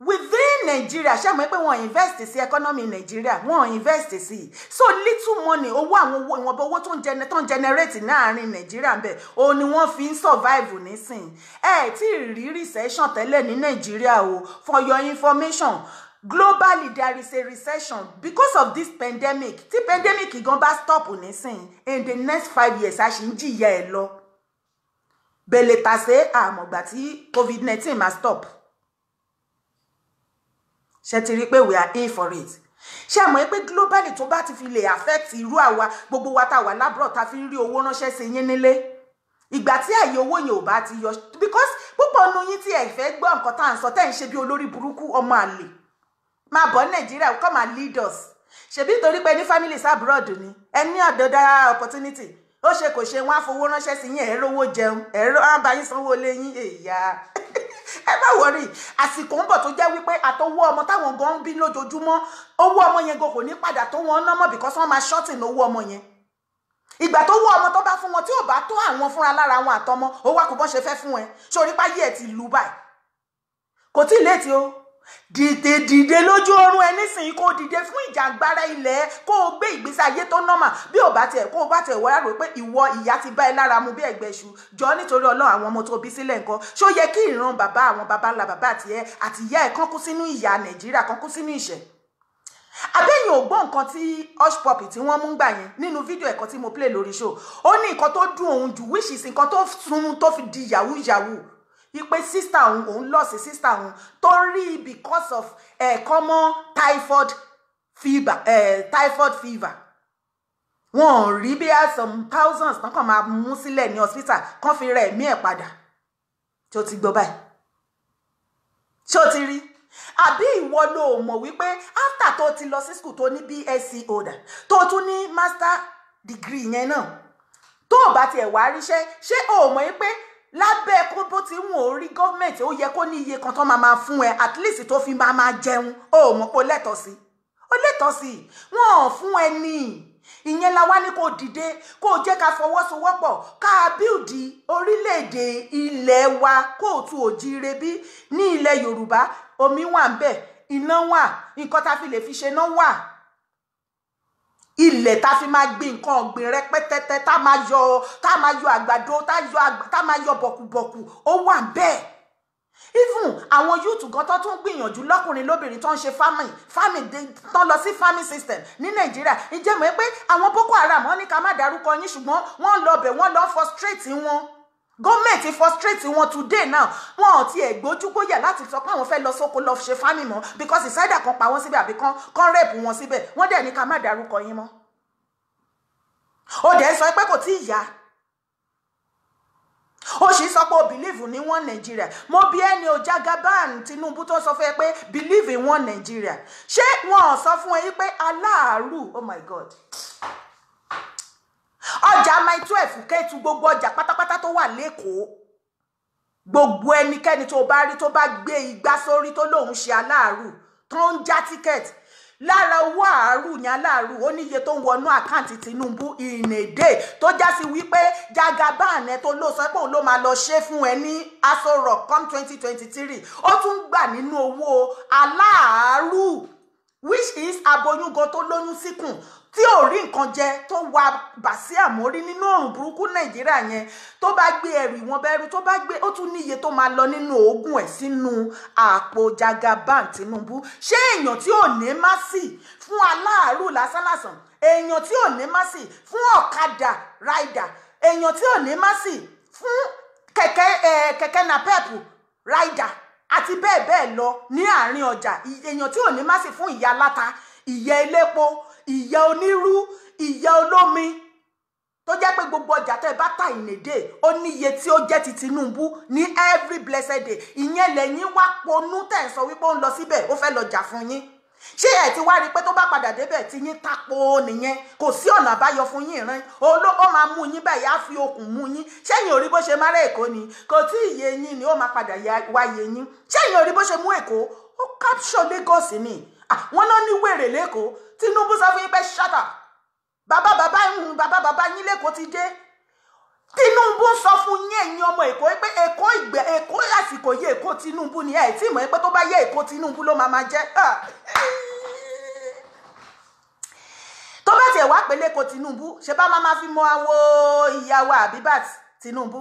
within Nigeria ṣe mọ̀ pé wọ́n invest sí economy Nigeria wọ́n invest sí so little money owó àwọn owó ìwọ̀nba owó tó ń gener tó ń generate láàrin Nigeria ń bẹ̀ òun ni wọ́n fi ń survive nísìn ẹ tí ì rí recession tẹ́lẹ̀ ní Nigeria o for your information globally there is a recession because of this pandemic tí pandemic gan bá stop nísìn in the next five years a ṣì ń jìyà ẹ̀ lọ bẹ̀lẹ̀ tàṣé àmọ̀gbà tí covid nineteen máa stop ṣe ti rí pé we are in for it ṣe mọ̀ pé globally tó bá ti fi lè affect irú àwa gbogbo wa tá a wà lábúrò tá a fi ń rí owó ránṣẹ́ sí yín nílé ìgbà tí àyè owó yẹn ò ti yọ because púpọ̀ nu yín tí ẹ fẹ́ gbọ́ nǹkan tá à ń sọ tẹ́ ń ṣe bí olórí burúkú ọmọ àlè máa come and lead us ṣebí nítorí pé ní families abroad ni ẹ ní opportunity ó ṣe kò ṣe wọn á fowó ránṣẹ́ sí yín ẹ̀ rówó jẹun ẹ̀ ró á bá yín sanwó lé yín èyà ẹ má wọrí àsìkò ń bọ̀ tó jẹ́ wípé àtọwọ́ ọmọ táwọn gan ń bí lójoojúmọ́ owó ọmọ yẹn gan kò ní padà tó wọn náà mọ̀ because wọ́n máa ṣọ́tìn owó ọmọ yẹn ìgbà tó wọ ọmọ tó bá fún wọn tí ò bá tó àwọn fúnra lára wọn àtọmọ owó àkùbọ́n ṣe fẹ́ fún ẹ sórí páyé ẹ ti lù báyìí kò tí ì léètì o dìde dìde lójú oorun ẹ nísìnyí kó dìde fún ìjàngbara ilẹ̀ kó o gbé ìgbésí ayé tó nọ́mà bí ò bá tiẹ̀ kó o bá tiẹ̀ wọ́n rárò pé ìwọ ìyá ti bá ẹ lára mu bí ẹgbẹ́ ṣu jọ nítorí ọlọ́run àwọn ọmọ tó bí sílẹ̀ nǹkan ṣó yẹ kí ìran bàbá àwọn bàbá ńlá bàbá tiẹ̀ àti ìyá ẹ̀ kankú sínú ìyá nàìjíríà kankú sínú ìṣẹ́ abẹ́yìn ò gbọ́ nǹkan tí hush pop tí wọ́n mú gbà yẹn nínú fídíò ẹ̀kọ́ tí mo play lórí show ó ní nǹkan tó dùn òun jù wíṣìsì nǹkan tó sunu tó fi di yahoo yahoo ipe sísítà òun òun lọ́ọ̀sì sísítà òun tó rí because of eh, common typhoid fever eh, typhoid fever wọn ò rí bí i some thousands tán kàn máa mú sílẹ̀ ní hospital kán fi rẹ̀ ẹ̀mí ẹ̀ padà tí ó ti gbọ́ báyìí tí ó ti rí àbí ìwọ ló mọ̀ wípé after tó ti lọ sí school tó ní BSc holder tó tún ní master degree yẹn náà tó o bá tiẹ̀ wá ríṣẹ́ ṣé o mọ̀ pé lábẹ́ kó bó ti ń wò ó rí gọ́ọ̀mẹ̀ntì ó yẹ kó ní iye kan tó máa máa fún ẹ at least tó fi máa máa jẹun ó mọ̀ pé ó lẹ́tọ̀ọ́ sí ó lẹ́tọ̀ọ́ sí wọn ò fún ẹ ní ìyẹn la wá ní kó dìde kó jẹ́ ká fọwọ́sowọ́pọ̀ ká bíùdì orílẹ̀-èdè ilẹ̀ wa kóòtù òjíire bí ní ilẹ̀ yorùbá omi wà ń bẹ iná wà nǹkan tá a fi lè fi ṣe náà wà ilẹ̀ tá fi máa gbin nǹkan ọ̀gbìn rẹpẹtẹtẹ tá máa yọ tá máa yọ àgbàdo tá yọ tá máa yọ bọ̀kùbọ̀kù ó wà bẹ́ẹ̀ even àwọn yúùtù gan tó tún gbìyànjú lọ́kùnrin lóbìnrin tó ń ṣe farming farming tó lọ sí farming system ní nàìjíríà ǹjẹ́ mọ̀ pé àwọn boko haram wọ́n ní ká má dárúkọ yín ṣùgbọ́n wọ́n lọ bẹ̀ wọ́n lọ frustrate wọn gọ́ọ̀mẹ̀ntì frustrate wọn today now wọn ò tiẹ̀ gbójú gbóyà láti sọ pé àwọn fẹ́ lọ sóko lọ ṣe fámì mọ́ because ìsáìdà kan pa wọ́n síbẹ̀ àbí kan kan rẹ́ẹ̀pù wọn síbẹ̀ wọ́n dẹ̀ ní ká má darúkọ yín mọ́ ó dẹ̀ sọ pé kò tí ì yá ó sì sọ pé o believe ní one Nigeria mo bí ẹni o Jagaban Tinubu tó sọ fún ẹ pé believe in one Nigeria ṣé wọn ò sọ fún ẹ yí pé aláàárù oh my God ọjà mile twelve kẹ́ẹ̀tù gbogbo ọjà pátápátá tó wà lẹ́kọ̀ọ́ gbogbo ẹnikẹ́ni tó bá rí tó bá gbé igbá sórí tó lóun ṣe aláàrù tó ń já tíkẹ́ẹ̀tì lára owó àárù ní aláàrù ó níye tó ń wọnú àkáǹtì Tinubu ìnèdè tó já sí wípé Jagaban tó ló sọ pé òun ló máa lọ ṣe fún ẹ ní Aso come twenty twenty three ó tún gbà nínú owó aláàrù which is aboyúngo tó lóyún síkùn tí ò rí nǹkan jẹ tó wa bàṣẹ àmórí nínú ọ̀rùn burúkú nàìjíríà yẹn tó bá gbé ẹrù ìwọ̀n bẹ̀rù tó bá gbé ó tún níye tó máa lọ nínú oògùn ẹ̀ sínú àpò jagaban Tinubu ṣé èèyàn tí ò ní má sí fún aláàárù lásánlàsàn èèyàn tí ò ní má sí fún ọ̀kadà ráìdà èèyàn tí ò ní má sí fún kẹ̀kẹ́ kẹ̀kẹ́ napẹ́ẹ̀pù ráìdà àti bẹ́ẹ̀ bẹ́ẹ̀ lọ ní àárín ọjà èèyàn tí ò ní má sí fún ìyá aláta ìyá elépo ìyá onírú ìyá olómi tó jẹ́ pé gbogbo ọjà tẹ́ bá ta ìnédè ó níye tí ó jẹ́ ti Tinubu ní every blessed day ìyẹn lẹ́yìn wá ponú tẹ̀ ń sọ wípé ó ń lọ síbẹ̀ ó fẹ́ lọ jà fún yín ṣé ẹ ti wá rí i pé tó bá padà débẹ̀ tí yín tapo nìyẹn kò sí ọ̀nà àbáyọ fún yín ìran ó máa mú yín báyìí á fi okùn mú yín ṣẹ́yìn orí bó ṣe máa èkó ni kò tí ì yín ni ó máa padà wá yé yín ṣẹ́yìn orí bó ṣe mú èkó ó capture Lagos ni Ah, wọ́n náà ní wèrè lẹ́kọ̀ọ́ Tinubu sọ fún yín pé ṣátà bàbá bàbá yín bàbá bàbá yín lẹ́kọ̀ọ́ ti dé Tinubu sọ fún yín ẹ̀yin ọmọ Èkó pé Èkó ìgbẹ́ Èkó lásìkò yẹ Èkó Tinubu ni ẹ̀ tí mọ̀ ẹ́ pé tó bá yẹ Èkó Tinubu ló máa máa jẹ́ ah. tó bá tiẹ̀ wá pé lẹ́kọ̀ọ́ Tinubu ṣe bá máa fi mọ àwo ìyàwó Àbíbàt Tinubu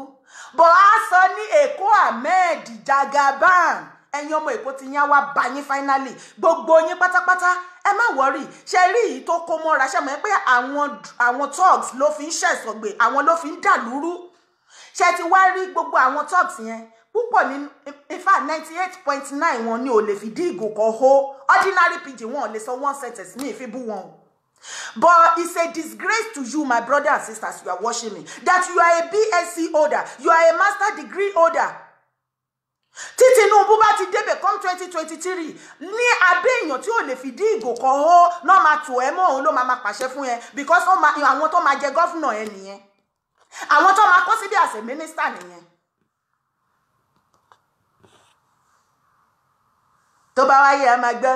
bọ̀ á sọ ní Èkó Ahmed Jagaban ẹ̀yin ọmọ èkó ti yán wá bá yín fáínálì gbogbo yín pátápátá ẹ má wọrí ṣe rí èyí tó kó mọ́ra ṣe mọ̀ pé àwọn àwọn thugs ló fi ń ṣẹ̀sọ̀gbè àwọn ló fi ń dàlúrú ṣe ti wá rí gbogbo àwọn thugs yẹn púpọ̀ ní in fact ninety eight point nine wọn ni ò lè fi dí ìgò kan hó ordinary pidgin wọn ò lè sọ one sentence ní ìfibú wọn o. But it's a disgrace to you, my brother and sisters, you are watching me, that you are a BSc holder, you are a master degree holder tí Tinubu bá ti débẹ̀ come twenty twenty three ní abẹ́ èèyàn tí ò lè fi dí ìgò kan ó náà máa tò ẹ́ mọ́ òun ló máa máa pàṣẹ fún ẹ because àwọn tó máa jẹ gọ́fúnà ẹ nìyẹn àwọn tó máa kó síbí àṣẹ mínísítà nìyẹn. tó bá wáyé ẹ máa gbọ́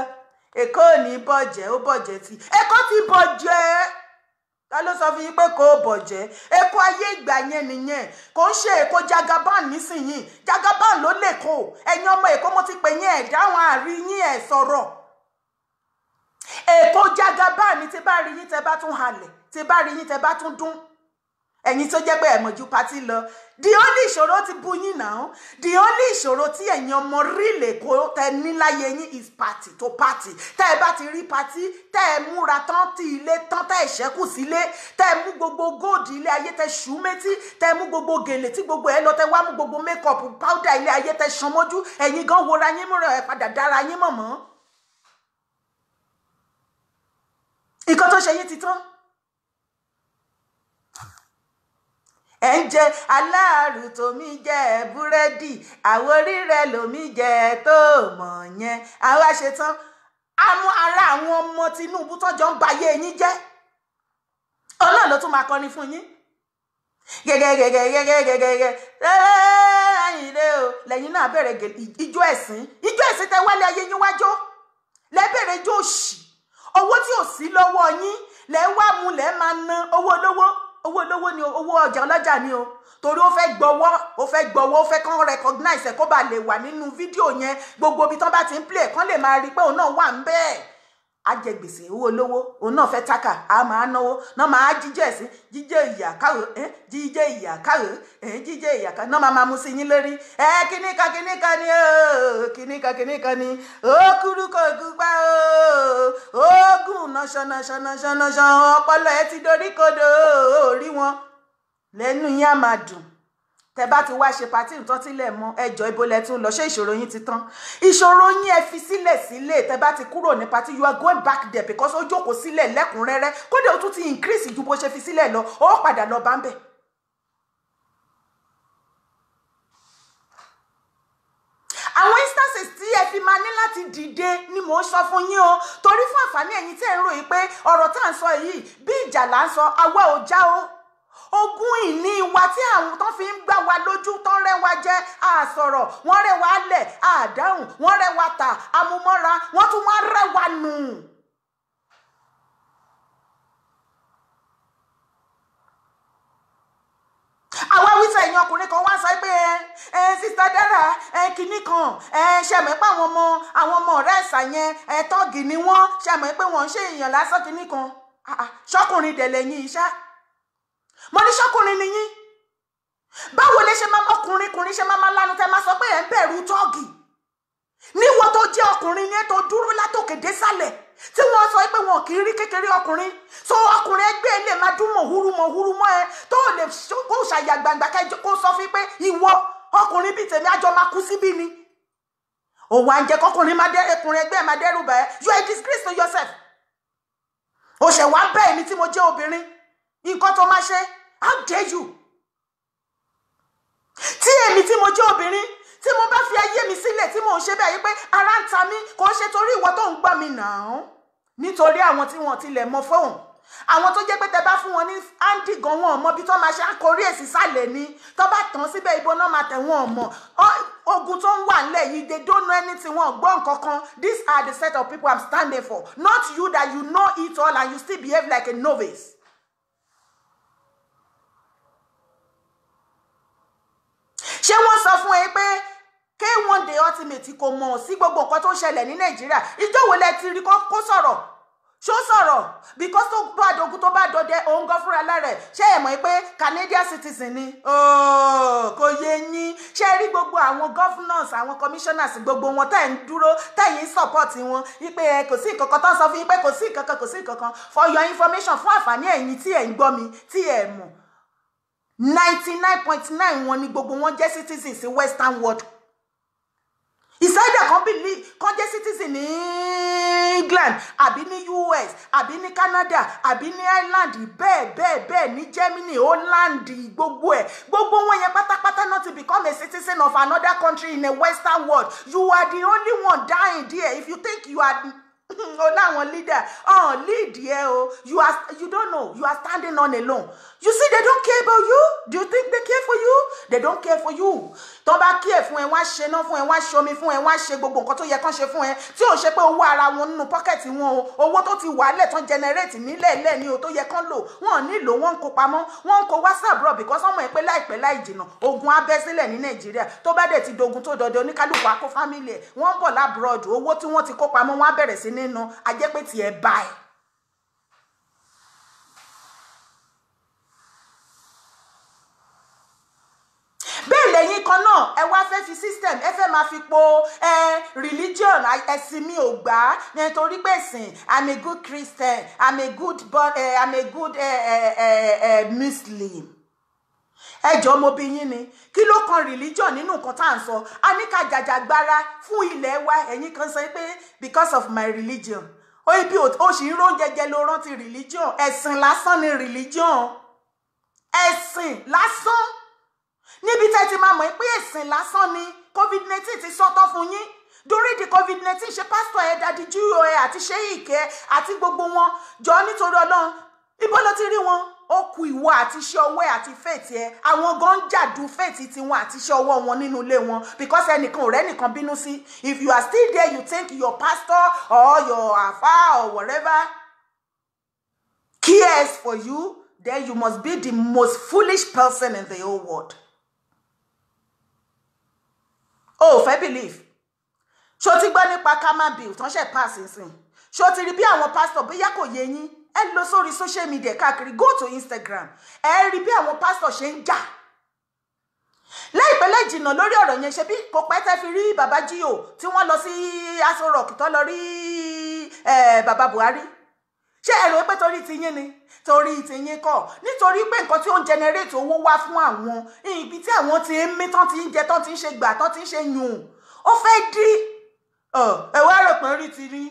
èkó ò ní bọ̀jẹ̀ ó bọ̀jẹ̀ tí èkó ti bọ̀jẹ̀ ta ló sọ fún yín pé kò bọ̀jẹ́ èkó ayé ìgbà yẹn nìyẹn kò ń ṣe èkó jagaban nísìnyìí jagaban ló lè kó ẹ̀yin ọmọ èkó mo ti pè yín ẹ̀ dáhùn àárín yín ẹ̀ sọ̀rọ̀ èkó jagaban ni tí bá rí yín tẹ́ bá tún halẹ̀ tí bá rí yín tẹ́ bá tún dún ẹ̀yin tó jẹ́ pé ẹ̀mọ̀jú patí lọ the only ìṣòro ti bu yín náà the only ìṣòro tí ẹ̀yin ọmọ rílè kó tẹ níláyé yín is party to party tẹ́ ẹ bá ti rí party tẹ́ ẹ múra tán ti ilé tán tẹ́ ẹ ṣẹ́kù sílé tẹ́ ẹ mú gbogbo góòdì ilé ayé tẹ́ ṣú métí tẹ́ ẹ mú gbogbo gèlè tí gbogbo ẹ lọ tẹ́ wá mú gbogbo makeup powder ilé ayé tẹ́ ṣan mọ́jú ẹ̀yin gan wora yín múra ẹ̀ padà dára yín mọ̀mọ́ nǹkan tó ṣe yín ti tán. ẹ ń jẹ aláàrù tòmí jẹ búrẹ́dì àwo rírẹ lòmí jẹ tó mọ̀ yẹn àwa ṣetán àmọ́ ara àwọn ọmọ Tinubu tọjọ ń ba ayé yín jẹ́ Ọlọ́run ló tún máa kọrin fún yín gẹgẹgẹgẹgẹgẹgẹgẹ lẹ́yìn ilé o lẹ́yìn náà bẹ̀rẹ̀ ijó ẹ̀sìn ijó ẹ̀sìn tẹ wálé ayé yín wájó lẹbẹrẹ ijó òṣì owó tí ò sí lọ́wọ́ yín lẹ wá mu lẹ máa ná owó olówó owó olówó ni o owó ọjà ọlọ́jà ni o torí ó fẹ́ gbọ́wọ́ ó fẹ́ gbọ́wọ́ ó fẹ́ kán recognize ẹ̀ kó ba lè wà nínú fídíò yẹn gbogbo ibi tán bá ti ń play kán lè máa rí i pé òun náà wà ń bẹ́ẹ̀ á jẹ gbèsè owó olówó òun náà fẹ́ tákà á máa náwó náà máa jíjẹ́ sí jíjẹ́ ìyà káwé ẹ́ jíjẹ́ ìyà káwé ẹ́ jíjẹ́ ìyà káwé náà máa máa mú sí yín lórí ẹ́ kíníkà kíníkà ni ó kíníkà kíníkà ni ó kúrú kò gúgbà ó oògùn náṣanáṣanáṣanáṣan ọpọlọ ẹ ti dorí kodò ó rí wọn lẹ́nu yín á máa dùn tẹ bá ti wá ṣe pàtí nǹkan tílẹ̀ mọ́ ẹjọ́ ibo lẹ tún lọ ṣé ìṣòro yín ti tán ìṣòro yín ẹ fi sílẹ̀ sílẹ̀ tẹ bá ti kúrò ní pàtí you are going back there because ó jókòó sílẹ̀ lẹ́kùnrẹ́rẹ́ kódà ó tún ti increase ju bó ṣe fi sílẹ̀ lọ ó padà lọ bá ń bẹ̀. àwọn instances tí ẹ fi máa ní láti dìde ni mò ń sọ fún yín o torí fún àǹfààní ẹ̀yin tẹ́ ń ròyìn pé ọ̀rọ̀ tá à ń sọ yìí bí ìjà là ń sọ àwa ò já o ogún ìní wa tí àwọn tó fi ń gbá wa lójú tó ń rẹ́ jẹ àsọ̀rọ̀ wọ́n rẹ́ wa àdáhùn wọ́n rẹ́ tà amúmọ́ra wọ́n tún wá rẹ́ nù. àwa wíṣọ ẹ̀yìn ọkùnrin kan wá sọ pé ẹ sista Dara ẹ kinní kan ẹ ṣẹmọ pé àwọn ọmọ àwọn ọmọ ọ̀rẹ́ ẹsà yẹn ẹ tọọgì ni wọ́n ṣẹmọ pé wọ́n ń ṣe èèyàn lásán kinní kan ah, ah, ṣọkùnrin dẹlẹ yín iṣẹ́ mo ní ṣọ́kùnrin ni yín báwo lè ṣe máa ọkùnrin kùnrin ṣe máa máa lanu tẹ máa sọ pé ẹ ń bẹ̀rù tọ́ọ̀gì níwọ tó jẹ́ ọkùnrin yẹn tó dúró látòkè désàlẹ̀ tí wọ́n sọ pé wọn kì í rí kékeré ọkùnrin so ọkùnrin ẹgbẹ́ ẹ lè máa dún mọ̀húrú mọ̀húrú mọ́ ẹ tó lè kó ṣàyà gbangba kó sọ fún pé ìwọ ọkùnrin bíi tèmi àjọ máa kú síbí ni òwò àǹjẹ kọkùnrin máa dẹ ẹkùnrin ẹgbẹ́ ẹ máa dẹ́rù bà you are disgrace to yourself òṣèwà bẹ́ẹ̀ mi tí mo jẹ́ obìnrin nǹkan tó máa ṣe how dare you tí èmi tí mo jẹ́ obìnrin tí mo bá fi ayé mi sílẹ̀ tí mò ń ṣe bẹ́ẹ̀ yí pé ara ń ta mí kò ṣe torí ìwọ tó ń gbà mí nàá nítorí àwọn tí wọn tilẹ̀ mọ fóun àwọn tó jẹ́ pé tẹ bá fún wọn ní andy gan wọn mọ bí tó máa ṣe àkórí èsì sálẹ̀ ni tó bá tàn síbẹ̀ ibo náà máa tẹ̀ wọn mọ́ ogun tó ń wà nílẹ̀ yìí they don't know anything wọn gbọ́ nǹkan kan these are the set of people i'm standing for not you that you know it all and you still behave like a novice. ṣé wọ́n sọ fún ẹ pé k one day ultimate kò mọ̀ sí gbogbo nǹkan tó ṣẹlẹ̀ ní nàìjíríà ìjọwò lẹ ti rí kó sọ̀rọ̀ ṣó sọ̀rọ̀ because tó bá dogun tó bá dọdẹ òun gan fúnra lára ẹ̀ ṣé ẹ̀ mọ̀ pé Canadian citizen ni kò yé yín ṣé rí gbogbo àwọn governors àwọn commissioners gbogbo wọn tẹ̀ ń dúró tẹ̀yìn support wọn wípé ẹ kò sí nǹkan kan tó ń sọ fún yín pé kò sí nǹkan kò sí nǹkan for your information fún àǹfààní ẹ̀yin tí ẹ̀ ń gbọ́ mi tí ẹ̀ mọ̀ ninety nine point nine wọn ni gbogbo wọn jẹ́ citizens in western world ìsáyédà kan believe kan jẹ́ citizen ní England àbí ní US àbí ní Canada àbí ní Ireland bẹ́ẹ̀ bẹ́ẹ̀ bẹ́ẹ̀ ní Germany Holland gbogbo ẹ̀ gbogbo wọn yẹn pátápátá not to become a citizen of another country in a western world you are the only one dying there if you think you are o láwọn leader ọ̀hún lead ẹ o you are you don't know you are standing on alone you see they don't care about you do you think they care for you they don't care for you tó bá kí ẹ fún ẹ wọ́n á ṣe iná fún ẹ wọ́n á ṣe omi fún ẹ wọ́n á ṣe gbogbo nǹkan tó yẹ kán ṣe fún ẹ tí ò ṣe pé owó ara wọn nínú pọ́kẹ́tì wọn o owó tó ti wàálẹ̀ tán jẹnẹrétì nílẹ̀ lẹ̀ ni o tó yẹ kán lò wọ́n ò nílò wọ́n ń kó pamọ́ wọ́n ń kó whatsapp rọ̀ bìkọ́ sọ́mọ ẹ pé láìpẹ́ láì jìnà ogun á sílẹ̀ ní nàìjíríà tó bá dẹ̀ ti dogun tó dọdẹ oníkálukú akó fámìlì ẹ̀ wọ́n ń bọ̀ lábúrọ̀dù máa fi po religion ẹ̀sìn mi ò gbà á nítorí pé sìn i'm a good christian i'm a good born i'm a good muslim ẹjọ́ mo bí yín ni kí ló kan religion nínú nǹkan tá à ń sọ a ní ká jàjàgbara fún ilẹ̀ wa ẹ̀yin kan sọ pé because of my religion ó ibi ó sì ń ró jẹjẹ ló rántí religion ẹ̀sìn lásán ni religion ẹ̀sìn lásán níbi tẹ́ ti máa mọ̀ pé ẹ̀sìn lásán ni covid 19 ti sọ́tọ̀ fún yín during the covid 19, ṣe pásítọ̀ ẹ̀ dadi júwò ẹ̀ àti ṣé ìkẹ́ àti gbogbo wọn jọ nítorí ọlọ́run ibo ló ti rí wọn ó ku ìwọ àti iṣẹ́ ọwọ́ ẹ̀ àti faith ẹ̀ àwọn gan ń jàdú faith tiwọn àti iṣẹ́ ọwọ́ wọn nínú ilé wọn because ẹnìkan ò rẹ́nìkan bínú sí if you are still there you think your pastor or your afa or whatever cares for you then you must be the most foolish person in the whole world o ò fẹ́ believe ṣó ti gbọ́ nípa kama bill tán ṣe pass nsìn ṣó ti rí bí àwọn pastor bóyá kò yé yín ẹ lọ sórí social media káàkiri go to Instagram ẹ rí bí àwọn pastor ṣe ń jà láìpẹ́ lẹ́jìnà lórí ọ̀rọ̀ yẹn ṣe bí kò pẹ́ tẹ́ fi rí bàbá Jíò tí wọ́n lọ sí Aso Rock tó lọ rí bàbá Buhari ṣé ẹ rò pé torí ti yín ni torí ti yín kọ́ nítorí pé nǹkan tí ó ń generate owó wá fún àwọn ibi tí àwọn ti ń mí tán ti ń jẹ tán ti ń ṣe gbà tán ti ń ṣe yùn ó fẹ́ dí ẹ wá rò pé rí ti rí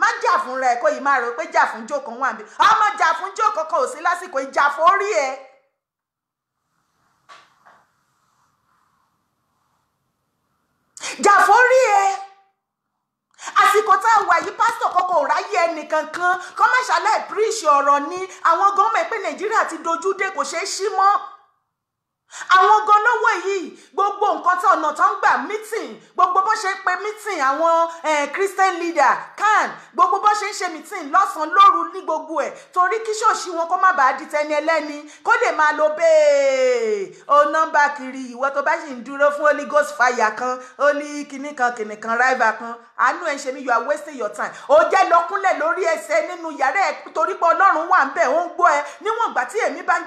má jà fún rẹ kó yìí má rò pé jà fún jókòó wà níbi ọmọ jà fún jókòó kan sí lásìkò ìjà forí ẹ. jà forí ẹ àsìkò tá a wà yìí pásítọ̀ kọ́kọ́ ò ráyè ẹnìkan kan kọ́ máṣáláì píríṣì ọ̀rọ̀ ni àwọn gọ́ọ̀mẹ̀ pé nàìjíríà ti dojú dé kò ṣeé ṣí mọ́ àwọn gan lówó yìí gbogbo nǹkan tí ọ̀nà tó ń gbà meeting gbogbo bó ṣe ń pe meeting àwọn eh, christian leader kan gbogbo bó ṣe ń ṣe meeting lọ́sàn-án lóru ní gbogbo ẹ̀ torí kí ṣòṣì wọn kó má bàa di tẹni ẹlẹ́ni kó lè máa lo bẹ́ẹ̀ o nọ́mbà kiri ìwọ tó bá sì ń dúró fún holy ghost fire kan ó ní kinní kan kinní kan ráìvà kan àánú ẹ̀ ń ṣe mí you are wasting your time ó jẹ́ lọ́kúnlẹ̀ lórí ẹsẹ̀ nínú yàrá ẹ̀ torí pé ọlọ́run wà ń bẹ̀ ó ń gbọ́ ẹ níwọ̀n ìgbà tí èmi bá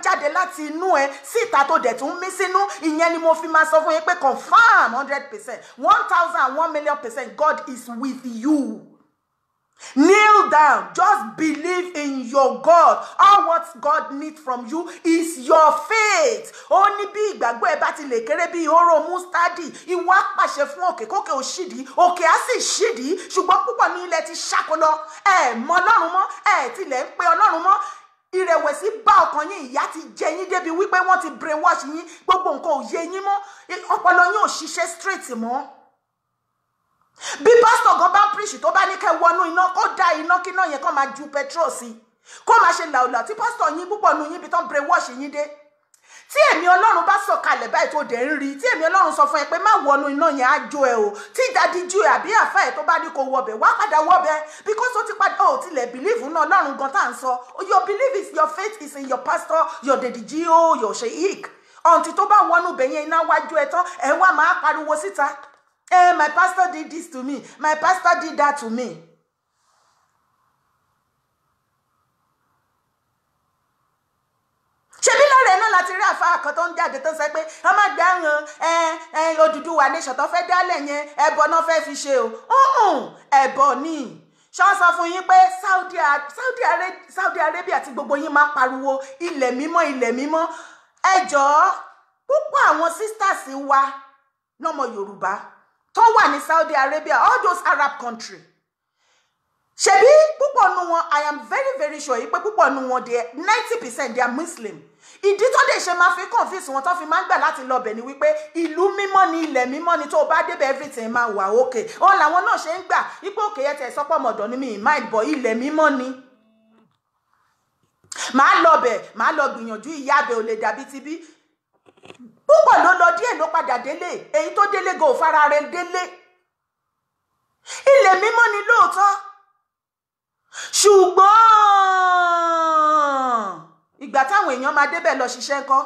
mí sínú ìyẹn ni mo fi máa sọ fún yín pé confam hundred percent one thousand and one million percent God is with you. Kneel down. Just believe in your God. All what God needs from you is your faith. Ó ní bí ìgbàgbọ́ ẹ bá ti lè kéré bí ìhóró mustadi, ìwọ á pàṣẹ fún òkè kókè ó ṣídìí, òkè á sì ṣídìí, ṣùgbọ́n púpọ̀ ní ilẹ̀ ti ṣàkólọ. Ẹ mọ Ọlọ́run mọ́, ẹ tilẹ̀ ń pe Ọlọ́run mọ́ ìrẹ̀wẹ̀sì bá ọkàn yín ìyà ti jẹ yín débi wípé wọ́n ti brainwash yín gbogbo nǹkan ò yé yín mọ́ ọpọlọ yín ò ṣiṣẹ́ straight mọ́ bí pásítọ̀ gan bá ń píríṣì tó bá ní kẹ́ wọnú iná kó dá iná kíná yẹn kó máa ju petrol sí kó máa ṣe làwùlà tí pásítọ̀ yín púpọ̀ nu yín bí tán brainwash yín dé tí ẹ̀mí ọlọ́run bá sọ̀kalẹ̀ báyìí tó dẹ̀ ń rí tí ẹ̀mí ọlọ́run sọ fún ẹ pé má wọnú iná yẹn á jó ẹ o tí dadi ju ẹ àbí àfa ẹ tó bá ní kó wọbẹ̀ wá padà wọbẹ̀ because ó ti padà ó tilẹ̀ believe náà ọlọ́run gan tá à ń sọ your belief is your faith is in your pastor your dediji o your sheik ọ̀ǹtí tó bá wọnú bẹ̀ yẹn iná wájú ẹ tán ẹ wá máa pariwo síta eh my pastor did this to me my pastor did that to me ṣebí lọ́rọ̀ ẹ̀ náà láti rí àfáà kan tó ń jáde tó ń sọ pé wọ́n má dáhùn Odùduwà nation tó fẹ́ dálẹ̀ yẹn ẹbọ náà fẹ́ fi ṣe o ẹbọ ni ṣọ́ sọ fún yín pé Saudi Arabia tí gbogbo yín máa pariwo ilẹ̀ mímọ́ ilẹ̀ mímọ́ ẹ jọ̀ọ́ púpọ̀ àwọn sisters wa lọ́mọ Yorùbá tó wà ní Saudi Arabia all those Arab country ṣebí púpọ̀ nu wọn I am very very sure yìí pé púpọ̀ nu wọn ninety percent they are Muslim ìdí tó lè ṣe máa fi confuse wọn tó fi máa ń gbà láti lọ bẹ̀ ni wípé ìlú mímọ́ ni ilẹ̀ mímọ́ ni tó o bá débẹ̀ everything máa wà òkè ó làwọn náà ṣe ń gbà ipò òkè yẹn tẹ̀ sọ́pọ̀ mọ̀dọ̀ ni mi ì máa bọ̀ ilẹ̀ mímọ́ ni màá lọ bẹ̀ màá lọ gbìyànjú ìyá abẹ ò lè dàbí ti bí púpọ̀ ló lọ díẹ̀ ló padà délé èyí tó délé go fara rẹ̀ délé ilẹ̀ mímọ́ ni lóòótọ́ ṣùgbọ́n ìgbà táwọn èèyàn máa débẹ̀ lọ ṣiṣẹ́ ńkọ́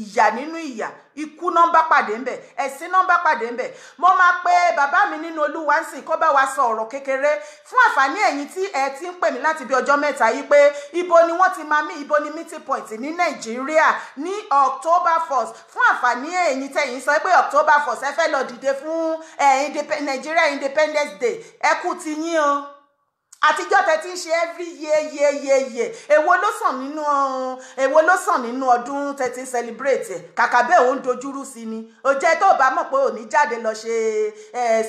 ìyà nínú ìyà ikú nọ́mbà pàdé ńbẹ ẹ̀sìn nọ́mbà pàdé ńbẹ mo máa pe bàbá mi nínú olúwa ń sìn kó bá wa sọ ọ̀rọ̀ kékeré fún àǹfààní ẹ̀yin tí ẹ ti ń pè mí láti bí ọjọ́ mẹ́ta yìí pé ibo ni wọ́n ti máa mí ibo ni meeting point ní nàìjíríà ní october first fún àǹfààní ẹ̀yin tẹ̀yin sọ pé october first ẹ fẹ́ lọ dìde fún eh, nàìjíríà independence day ẹ kú ti yín o àtijọ́ tẹ ti ń ṣe every year year year year èwo ló sàn nínú èwo ló sàn nínú ọdún tẹ ti ń celebrate ẹ̀ kàkà bẹ́ẹ̀ ò ń dojúrú sí ni ó jẹ́ tó bá mọ̀ pé ò jáde lọ ṣe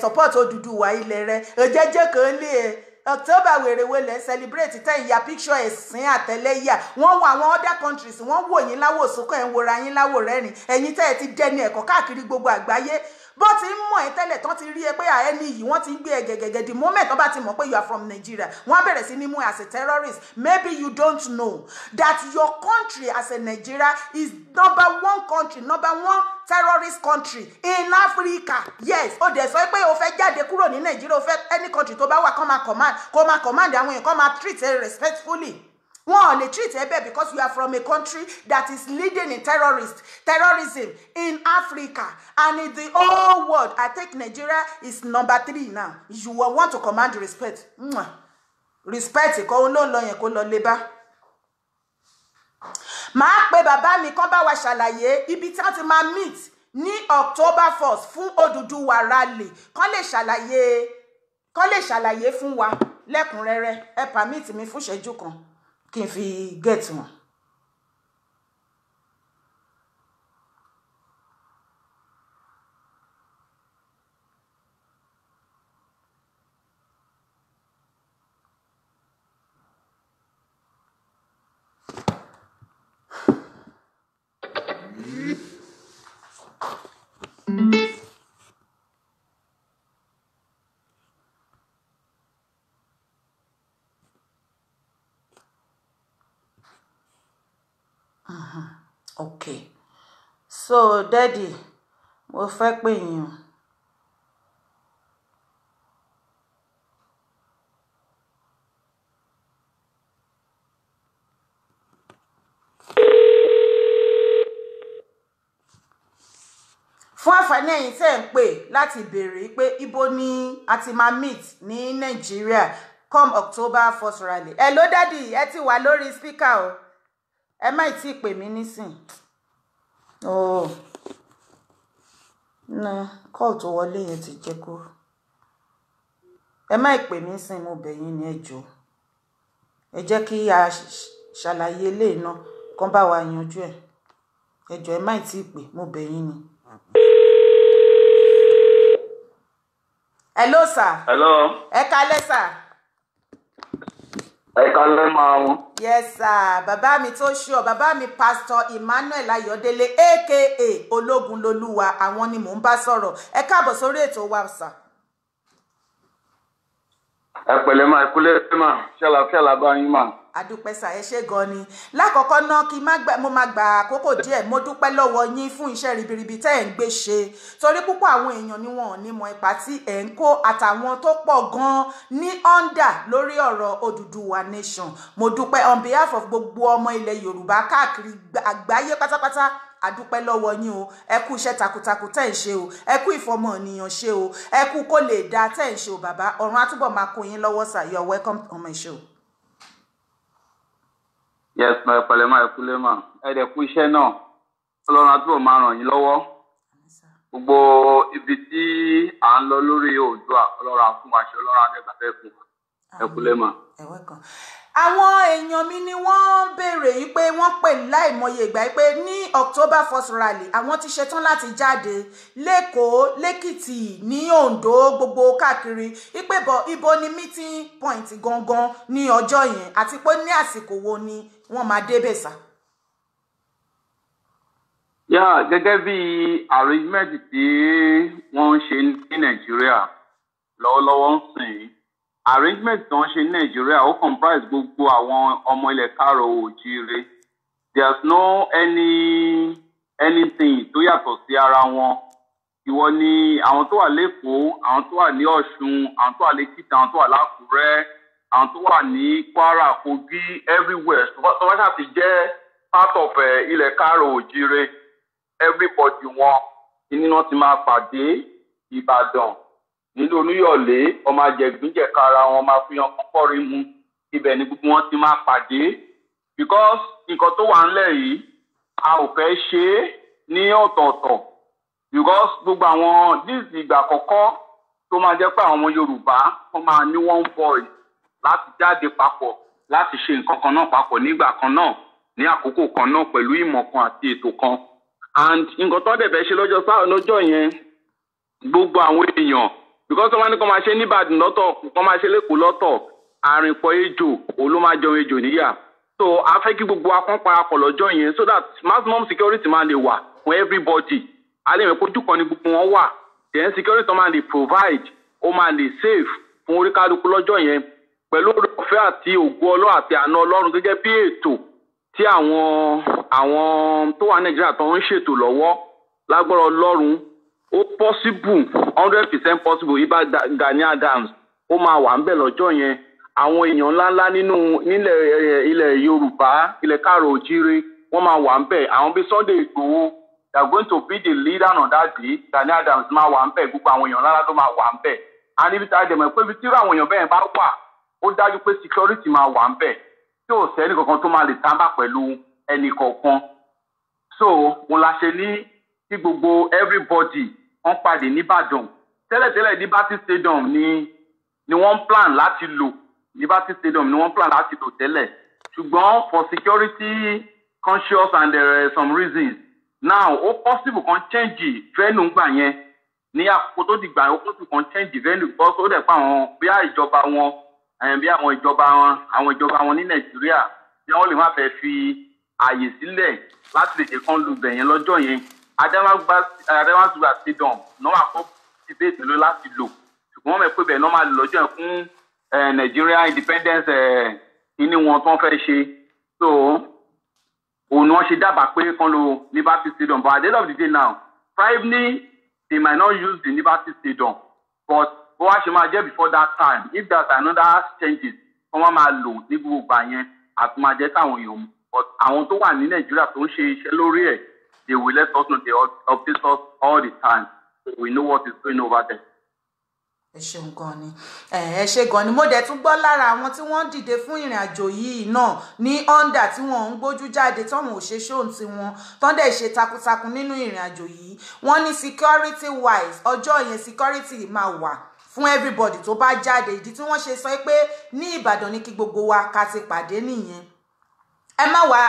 support Odùduwà ilẹ̀ rẹ̀ ó jẹ́ jẹ́ kàn lé october wèrèwé lẹ́ celebrate tẹ́ ya picture ẹ̀sìn àtẹ̀lẹ́yà wọ́n wo àwọn other countries wọ́n wò yín láwòsókè ẹ̀ ń wora yín láwò rẹ́rìn ẹ̀yin tẹ́ ẹ ti dẹni ẹ̀kọ́ káàkiri gbogbo àgbáyé bó ti ń mọ̀ ẹ́ tẹ́lẹ̀ tán ti rí ẹ pé ẹni yìí wọ́n ti ń gbé ẹ gẹ̀gẹ̀gẹ̀ the moment wọ́n bá ti mọ̀ pé you are from Nigeria wọ́n á bẹ̀rẹ̀ sí ní mú ẹ as a terrorist maybe you don't know that your country as a Nigeria is number one country number one terrorist country in Africa yes ó dẹ̀ sọ pé o fẹ́ jáde kúrò ní Nigeria o fẹ́ any country tó bá wà kó máa command kó máa command àwọn èèyàn kó máa treat ẹ respectfully One, ò lè treat ẹ bẹ́ẹ̀ because you are from a country that is leading in terrorist terrorism in Africa and in the whole world I think Nigeria is number three now you will want to command respect Mwah. respect kọ́ ló ń lọ yẹn kó lọ lé bá màá pe bàbá mi kán bá wa ṣàlàyé ibi tí ti máa meet Ni October fun odudu wa rally kán lè ṣàlàyé kán lè ṣàlàyé fún wa lẹ́kùnrẹ́rẹ́ ẹ pàmìtì mi fun ìṣẹ́jú kan. If he fi one. thank mm -hmm. you okay so Daddy, mo fẹ́ pè yín o. fún àǹfààní ẹ̀yin tẹ́ ẹ̀ ń pè láti béèrè pé ibo ni a ti máa meet ní nàìjíríà come october first rally. ẹ ló dádì ẹ ti wà lórí speaker o ẹ má tí ì pè mí nísìn ooo na kọ́ọ̀ tó wọlé yẹn ti jẹ́ kó ẹ má pè mí nísìn mo bẹ̀ yín ní ẹjọ́ ẹ jẹ́ kí a ṣàlàyé eléyìí náà kán bá wa yanjú ẹ̀ ẹjọ́ ẹ má tí ì pè mo bẹ̀ yín ni. hello sir. hello. ẹ sir. ẹ kálẹ́ máa yes sir bàbá mi tó ṣọ bàbá mi pásítọ̀ emmanuel ayọ̀délé aka ologun ológunlolúwa àwọn ni mụ ń bá sọ̀rọ̀ ẹ káàbọ̀ sórí ètò wa sà. ẹ pẹ̀lẹ́ máa ẹ kúlẹ̀ máa ṣàlàfíà adúpẹ́ sà ẹ ṣé gan ni lákọ̀ọ́kọ́ náà kí mo máa gba àkókò díẹ̀ mo dúpẹ́ lọ́wọ́ yín fún iṣẹ́ ribiribi tẹ́ ẹ̀ ń gbé ṣe torí púpọ̀ àwọn èèyàn ni wọn ò ní mọ ipa tí ẹ̀ ń kó àtàwọn tó pọ̀ gan ní under lórí ọ̀rọ̀ Odùduwà nation mo dúpẹ́ on behalf of gbogbo ọmọ ilẹ̀ Yorùbá káàkiri àgbáyé pátápátá àdúpẹ́ lọ́wọ́ yín o ẹ kú iṣẹ́ takuntakun tẹ́ ẹ̀ ń ṣe o ẹ kú ìfọmọ ènìyàn ṣe o ẹ kú kó lè dáa tẹ́ ẹ̀ ṣe o bàbá ọ̀run á máa kó yín lọ́wọ́ sà you welcome on my show yes my palema ẹ kúlẹ̀ mà ẹ dẹ̀ kú iṣẹ́ náà ọlọ́run àtúbọ̀ máa ràn yín lọ́wọ́ gbogbo ibi tí à ń lọ lórí oòdùà ọlọ́run àfúnwaṣẹ ọlọ́run àtẹ̀gbàfẹ́ fún wa ẹ kúlẹ̀ mà. àwọn èèyàn mi ni wọ́n ń béèrè yìí pé wọ́n pè láìmọye ìgbà yìí pé ní October first rally àwọn ti ṣetán láti jáde lẹ́kọ̀ọ́ lẹ́kìtì ní Oǹdó gbogbo káàkiri ìpébọ̀ ibo ni meeting point gangan ní ọjọ́ yẹn àti pé ní àsìkò wo ni wọ́n máa débẹ̀ sá. yá gẹ́gẹ́ bí arrangement tí wọ́n ń ṣe ní nàìjíríà lọ́wọ́lọ́wọ́ ń sìn arrangement tí wọ́n ṣe ní nàìjíríà ó comprise gbogbo àwọn ọmọ ilẹ̀ káàrọ̀ òjíire there's no any anything tó yàtọ̀ sí ara wọn ìwọ ni àwọn tó wà lẹ́kọ̀ọ́ àwọn tó wà ní ọ̀ṣun àwọn tó wà lẹ́kìtì àwọn tó wà lákùrẹ́ àwọn tó wà ní Kwara Kogi everywhere tó bá ṣáà ti jẹ́ part of eh, ilẹ̀ káàrọ̀ òjire everybody wọn iná ti máa pàdé Ìbàdàn nínú Olúyọ̀lé ọmọ àjẹgbínjẹ̀ka ara wọn máa fi hàn kọ́kọ́rin mu ibẹ̀ ni gbogbo wọn ti máa pàdé because nǹkan tó wà ńlẹ̀ yìí a ò fẹ́ ṣe é ní ọ̀tọ̀ọ̀tọ̀ because gbogbo àwọn díìsì ìgbà àkọ́kọ́ tó máa jẹ́ pé àwọn ọmọ Yorùbá wọ́n máa ní one voice láti jáde papọ̀ láti ṣe nǹkan kan náà papọ̀ nígbà kan náà ní àkókò kan náà pẹ̀lú ìmọ̀ kan àti ètò kan and nǹkan tó dẹ̀ fẹ́ ṣe lọ́jọ́ sáà lọ́jọ́ yẹn gbogbo àwọn èèyàn because wọ́n ní kó máa ṣe nìbàdàn lọ́tọ̀ kó máa ṣe lẹ́kọ̀ọ́ lọ́tọ̀ àrìnpọ̀ ejò òun ló máa jẹun ejò níyà so a fẹ́ kí gbogbo akán parapọ̀ lọ́jọ́ yẹn so that maximum security máa lè wà fún everybody a lè rìn kojú kan ní gbogbo wọn wà then security máa lè provide ó máa lè save fún oríkálukú lọ́jọ́ yẹn pẹ̀lú ọ̀fẹ́ àti ògùn ọlọ́run àti àna ọlọ́run gẹ́gẹ́ bí ètò tí àwọn àwọn tó wà nàìjíríà tó ń ṣètò lọ́wọ́ lágbára ọlọ́run ó possible hundred percent possible ibà Gani Adams ó máa wà ń bẹ̀ lọ́jọ́ yẹn àwọn èèyàn ńláńlá nínú nílẹ̀ eh, ilẹ̀ Yorùbá ilẹ̀ káàrọ̀ òjíire wọ́n máa wà ń bẹ̀ àwọn bíi Sunday Igboho they are going to be the leader on that day máa wà ń bẹ̀ gbogbo àwọn èèyàn ńláńlá ló máa wà ń bẹ̀ àníbi tá a dẹ̀ mọ̀ pé ibi tí irú àwọn èèyàn bẹ́ẹ̀ bá wà ó dájú pé security máa wà ń bẹ̀ tí ò sẹ́ni kankan tó máa lè tábà pẹ̀lú ẹnì kọ̀ọ̀kan so òun la ṣe ní kí gbogbo everybody wọ́n pàdé nìbàdàn tẹ́lẹ̀tẹ́lẹ̀ liberty stadium ni ni wọ́n plan láti lò liberty stadium ni wọ́n plan láti lò tẹ́lẹ̀ ṣùgbọ́n for security conscious and uh, some reasons now ó possible kan change venue gbà yẹn ní àkókò tó dìgbà ó possible kan change venue because ó pa àwọn bí ìjọba wọn bí àwọn ìjọba wọn àwọn ìjọba wọn ní nàìjíríà tí wọn lè má fẹ́ fi ààyè sílẹ̀ láti lè jẹ́ kán lu bẹ̀yẹn lọ́jọ́ yẹn adamagbà stadium náà wà fún debate ló láti lò ṣùgbọ́n wọ́n mẹ̀ pé bẹ́ẹ̀ náà máa lọ́jọ́ yẹn fún Nigeria independence kíní wọn tó ń fẹ́ ṣe so òun wọn ṣe dábàá pé kán lo Liberty Stadium but at the end of the day now privately they might not use the Liberty Stadium but bó wá ṣe máa jẹ́ before that time if there's another changes wọ́n wá máa lò ní gbogbo ìgbà yẹn àti máa jẹ́ káwọn èèyàn mu but àwọn tó wà ní nàìjíríà tó ń ṣe iṣẹ́ lórí ẹ̀ they will let us know they update us all the time so we know what is going over there ẹ ṣeun gan ni ẹ ṣe gan ni mo dẹ̀ tún gbọ́ lára àwọn tí wọ́n dìde fún ìrìn àjò yìí náà ní honda tí wọ́n ń gbójú jáde tọ́wọ́n ò ṣe ṣóun tiwọn tọ́ndà ṣe takuntakun nínú ìrìn àjò yìí wọ́n ní security wise ọjọ́ yẹn security máa wà fún everybody tó bá jáde ìdí tí wọ́n ṣe sọ pé ní Ìbàdàn ni kí gbogbo wa ká ti pàdé nìyẹn ẹ má wá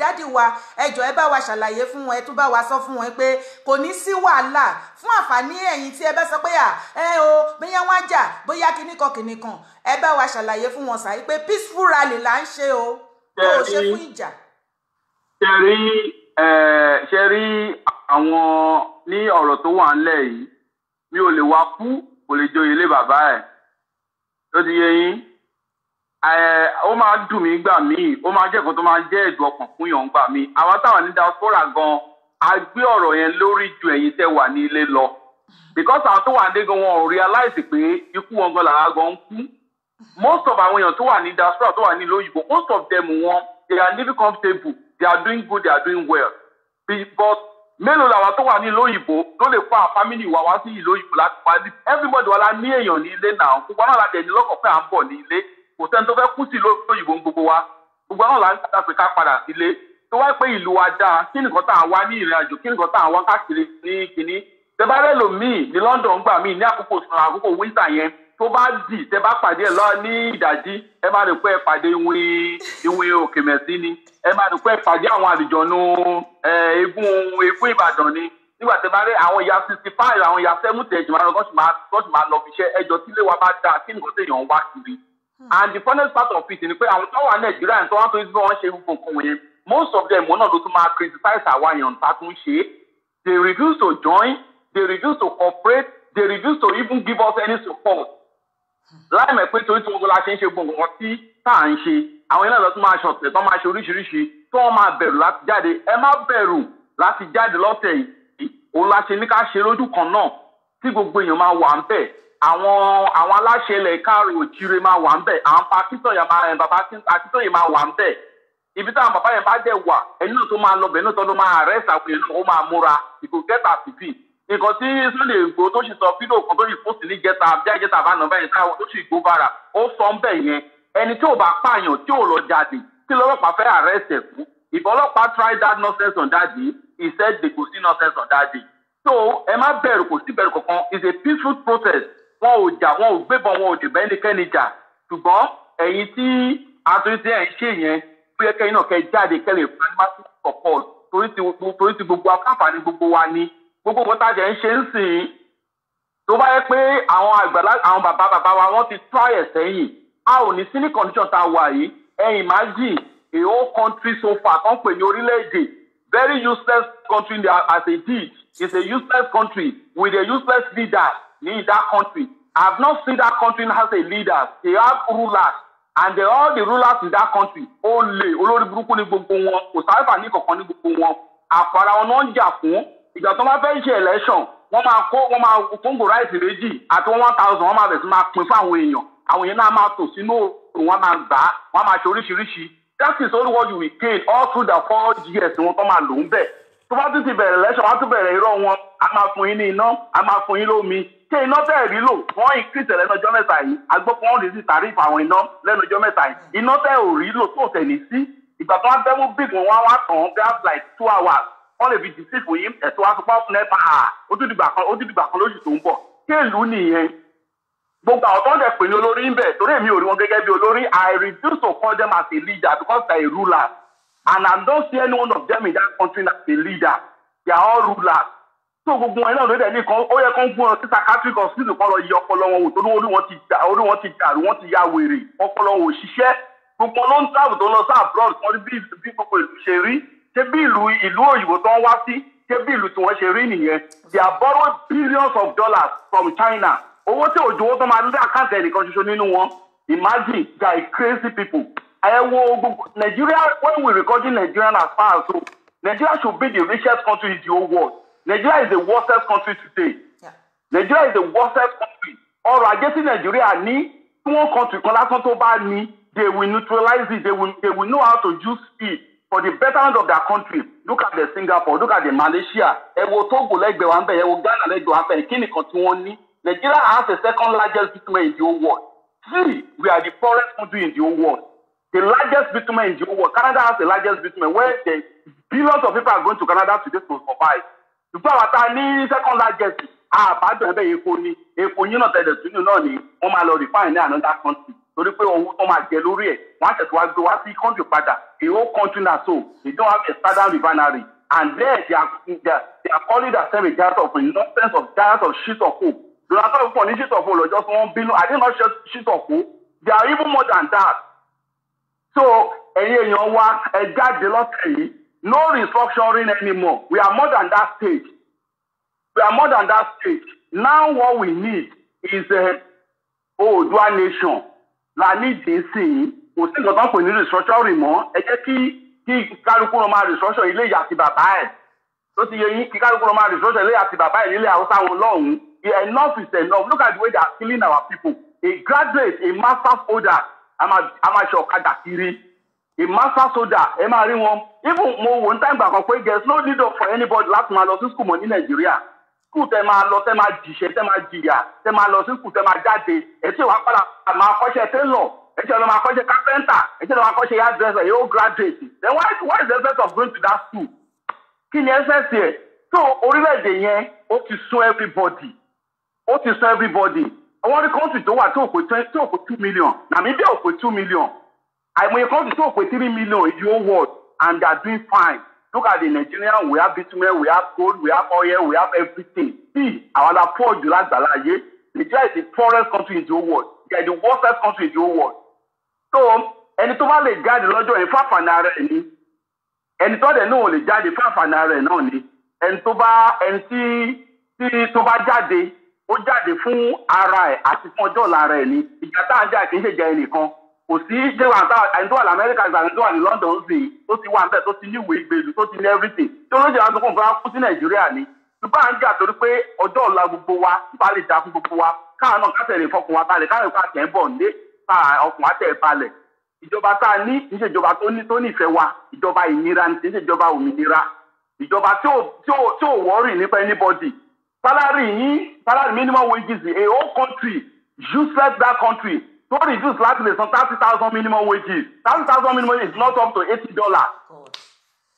dádì wa ẹ ẹ bá wa ṣàlàyé fún wọn ẹ tún bá wa sọ fún wọn pé kò ní sí wàhálà fún àǹfààní ẹ̀yin tí ẹ bá sọ pé à ẹ o bóyá wọn á jà bóyá kinní kan ẹ bá wa ṣàlàyé fún wọn sàyí pé peaceful rally là ń ṣe o kó o ṣe fún ìjà. ṣe rí àwọn ní ọ̀rọ̀ tó wà ńlẹ̀ yìí mi ò lè wá kú kò lè joyè lé bàbá ẹ̀ tó ti yé yín ó máa dùn mí gbà míì ó máa jẹ́ kó tó máa jẹ́ ẹ̀dùn ọkàn fún yàn gbà míì àwa táwọn ní diaspora gan a gbé ọ̀rọ̀ yẹn lórí ju ẹ̀yin tẹ́ wà ní ilé lọ because àwọn tó wà ní gan wọn ò realize pé ikú wọn gan làwọn gan ń kú most of àwọn èèyàn tó wà ní diaspora tó wà ní ìlú most of them wọn they are living comfortable they are doing good they are doing well but mélòó làwọn tó wà ní ìlú òyìnbó ló lè kó àwọn wa wá sí ìlú òyìnbó láti wá everybody wa la ní èèyàn ní ilé náà gbogbo àwọn àlàdé ní lọ́kàn pé à ń bọ̀ ní ilé kò sẹ́ni tó fẹ́ kú sí ìlú òyìnbó gbogbo wa gbogbo àwọn àlàdé ta pé ká padà sílé tó wáyé pé ìlú wa dáa kí nìkan tá à ń wá ní ìrìn àjò kí nìkan tá à ń wá káàkiri ní kínní tẹ́bárẹ́ lòmíì ní London gbà míì ní àkókò àkókò winter yẹn tó bá dì tẹ́ bá pàdé ẹ lọ ní ìdájí ẹ má rò pé ẹ pàdé ìwìn ìwìn òkè mẹsí ni ẹ má rò pé ẹ pàdé àwọn àlùjọ̀nù eégún eégún ìbàdàn ni nígbà tẹ́ bá rí àwọn ìyá sixty five àwọn ìyá seventy ẹjọ máa gọṣù máa gọṣù máa lọ fi iṣẹ́ ẹjọ tílé wa bá dáa kí nǹkan tẹ̀yàn wá kiri hmm. and the funnest part of it ni pé àwọn tó wà nàìjíríà tó wá tó bí wọ́n ṣe gbogbo nǹkan wọ̀nyẹn most of them wọn náà ló tún máa criticize àwa èèyàn tá a tún ṣe they refuse to join they refuse to cooperate they refuse to even give us any support láì mọ̀ pé torí tí gbogbo la ṣe ń ṣe gbogbo nǹkan tí tá à ń ṣe àwọn iná lọ́tún máa ṣọ̀tẹ̀ tó máa ṣe oríṣiríṣi tó wọ́n máa bẹ̀rù láti jáde ẹ má bẹ̀rù láti jáde lọ́tẹ̀ yìí òun la ṣe ní ká ṣe lójú kan náà tí gbogbo èèyàn máa wà ń bẹ̀ àwọn àwọn aláṣẹ ilẹ̀ káàrò òjire máa wà ń bẹ̀ àwọn akíntọ̀yà máa bàbá akíntọ̀yà máa wà ń bẹ̀ ibi táwọn bàbá yẹn bá dẹ̀ wà ẹni náà tó máa lọ bẹ̀ náà tó máa rẹ́sà nǹkan tí Sunday Igboho tó sì sọ fídíò kan tó sì post ní jẹta bí àìjẹta àbánu báyìí táwọn tó sì gbó bára ó sọ ń bẹ̀ yẹn ẹni tí ò bá pààyàn tí ò lọ jáde kí lọ́lọ́pàá fẹ́ arrest ẹ̀ fún if ọlọ́pàá try that nonsense on that day he said they go see nonsense on that day so ẹ má bẹ̀rù kò sí bẹ̀rù kankan it's a peaceful protest wọn ò jà wọn ò gbébọn wọn ò dìbẹ́ ẹnikẹ́ni jà ṣùgbọ́n ẹ̀yin tí àtúntí ẹ̀ ń ṣe yẹn ó yẹ kẹ́yìn náà kẹ́ jáde kẹ́lẹ̀ fún animal support torí ti gbogbo akáfàá ní gbogbo wa ni gbogbo nǹkan tá a jẹ́ ń ṣe ń sìn ín tó bá yẹ pé àwọn àgbàlá àwọn bàbá bàbá wa wọ́n ti try ẹ̀ sẹ́yìn a ò ní sí ní condition tá a wà yìí ẹ̀yìn má jì a whole country so far kan pè ní orílẹ̀-èdè very useless country as a deed is a useless country with a useless leader in that country I have not seen that country has a leader they have rulers and they, all the rulers in that country ó lè olórí burúkú ní gbogbo wọn kò sáré fà ní kankan ní gbogbo wọn àpárá wọn náà ń jà fún ìgbà tó máa fẹ́ ṣe election wọ́n máa kó wọ́n máa fóńgò ráìsì méjì àti one thousand wọ́n máa bẹ̀ sí máa pín fún àwọn èèyàn àwọn èèyàn náà máa tò sínú òòrùn wọ́n máa gbà á wọ́n máa ṣe oríṣiríṣi that is only what you will all through the four years wọn tó máa lò ń bẹ̀ tó bá tún ti bẹ̀rẹ̀ election wọ́n á tún bẹ̀rẹ̀ irọ́ wọn a máa fún yín ní iná a máa fún yín lómi ṣé iná tẹ̀ rí lò wọ́n increase lẹ́nu ọjọ́ mẹ́ta yìí agbókun wọn rìsí tàríf àwọn iná lẹ́nu ọjọ́ mẹ́ta yìí iná tẹ̀ ò rí lò tó tẹ̀ ní sí ìgbà tó wá bẹ́ẹ̀ mú big wọn wá wá tàn án gas like two hours wọ́n lè fi dìsífù yín ẹ̀tọ́ asopá nẹ́pà ó tún dìgbà kan ó tún dìgbà kan lóṣù tó ń bọ̀ kéèlú nìyẹn gbogbo àwọn tó ń dẹ̀ ní olórí ń bẹ̀ torí èmi ò rí wọn gẹ́gẹ́ bí olórí I refuse to call them as a leader because they are rulers and I don't see any one of them in that country as a leader they are all rulers tó gbogbo wọn náà ló dẹ̀ kan ó yẹ kó ń gún ọ sí psychiatric hospital kan lọ yí ọpọlọ wọn wò torí orí orí wọn ti dàrú wọn ti ya wèrè ọpọlọ wọn ò gbogbo ló ń tábù tó lọ sí abroad kan bí gbogbo ìlú ṣe rí ṣé bí ìlú ìlú òyìnbó tó ń wá sí ṣé bí ìlú tí wọ́n ṣe rí nìyẹn they are borrowed billions of dollars from China owó tí òjò owó tó máa ní àkáǹtì ẹnìkan ṣoṣo nínú wọn imagine they are crazy people ẹ wo gbogbo Nigeria when we recording Nigerian as far as so Nigeria should be the richest country in the whole world Nigeria is the worstest country today yeah. Nigeria is the worstest country ọrọ̀ ajé tí Nigeria ní tí wọ́n kọ́ntì kan lásán tó bá ní they will neutralize it they will, they will know how to use it for the betterment of their country look at the Singapore look at the Malaysia ẹ wo Togo lẹ́gbẹ̀ẹ́ wa ń bẹ ẹ wo Ghana lẹ́gbẹ̀ẹ́ wa ń bẹ kí nìkan tí wọ́n Nigeria has the second largest bitumen in the whole world three we are the poorest country in the whole world the largest bitumen in the whole world Canada has the largest bitumen where the billions of people are going to Canada today to survive ṣùgbọ́n àwọn ta ní second largest àbájọ ẹ̀bẹ̀ epo ni epo yín náà tẹ̀lé tún yín náà ni wọ́n máa lọ refine ní another country torí pé owó tó máa jẹ lórí ẹ̀ wọ́n á tẹ̀sí wá gbé wá sí country padà the whole country na so they don't have a standard refinery and there they are they are, they are calling themselves a giant of nonsense of giant of shit of hope donald trump pọ̀ ní shit of hope lọ́jọ́ sí wọ́n bínú i dey not share shit of hope they are even more than that so ẹ̀yin èèyàn wa ẹ jáde lọ́sẹ̀ yìí no restructuring anymore we are more than that stage we are more than that stage now what we need is a eh, oodua nation la nídìí sí i kò sí nǹkan tó ń pè ní restructuring mọ́ ẹ jẹ́ kí kí kálukú lọ máa restructure ilé ìyá àti bàbá ẹ̀ tó ti yẹ yín kí kálukú lọ máa restructure ilé ìyá àti bàbá ẹ̀ nílé haúsá wọn lọ́hùn-ún enough is enough look at the way they are killing our people a graduate a master's holder a máa ṣe ọ̀kadà kiri a master soldier. ẹ máa rí wọn even mo wò ń tàgbà kan pé there is no need for anybody láti máa lọ sí school mọ́ ní nàìjíríà skul tẹ máa lọ tẹ máa jìṣe tẹ máa jìyà tẹ máa lọ sí skul tẹ máa jáde ẹtí wàá padà máa kọ́ṣẹ́ tẹ́lọ̀ ẹtí wàá máa kọ́ṣẹ́ kápẹ́ntà ẹtí wàá kọ́ṣẹ́ yàdrẹ́sẹ̀ yóò graduate then why why is the effect of going to that school kí ni essence yẹ so orílẹ̀-èdè yẹn ó ti sún everybody ó ti sún everybody àwọn ní country tó wà tí òpè two million Namibia òpè two million àìmọye country tó òpè three million in the world and they are doing fine Look at the Nigerian, we have bitumen, we have gold, we have oil, we have everything. See, our alápọ̀ jù lágbàlá ayé. Nigeria is the poorest country in the whole world. They are the worstest country in the whole world. So, ẹni tó bá lè jáde lọ́jọ́ yẹn fáfànà rẹ̀ ni. Ẹni tó dẹ̀ náà lè jáde fáfànà rẹ̀ náà ni. Ẹni tó bá ẹni tí tí tó bá jáde, ó jáde fún ara ẹ̀ àti fún ọjọ́ ọ̀la rẹ̀ ni. Ìjà tá à ń jà kì í ṣèjà ẹnìkan kò sí jẹ́wọ́ àìdúwà lamẹ́ríkà àìdúwà ní London sí i tó ti wà níbẹ̀ tó ti ní ìwé ìgbèlú tó ti ní everything tí olóòjì àwọn tó kún fún wa kú sí Nàìjíríà ni ṣùgbọ́n à ń jà torí pé ọjọ́ ọ̀la gbogbo wa bá lè dá fún gbogbo wa káàánú kásẹ̀ lè fọkùn wa balẹ̀ káàánú ká tẹ̀ ń bọ̀ nílé ká ọkùn wa tẹ̀ balẹ̀ ìjọba tá a ní kì í ṣe ìjọba tó ní tó nífẹ̀ẹ́ wa ìjọba ìnira ní kì í ṣe ìjọba òmìnira ìjọba tí ò wọ́ọ̀rì nípa anybody salary yín salary minimum wages a whole country useless that country tó reduce láti lè san thirty thousand minimum wages thirty thousand minimum is not up to eighty dollars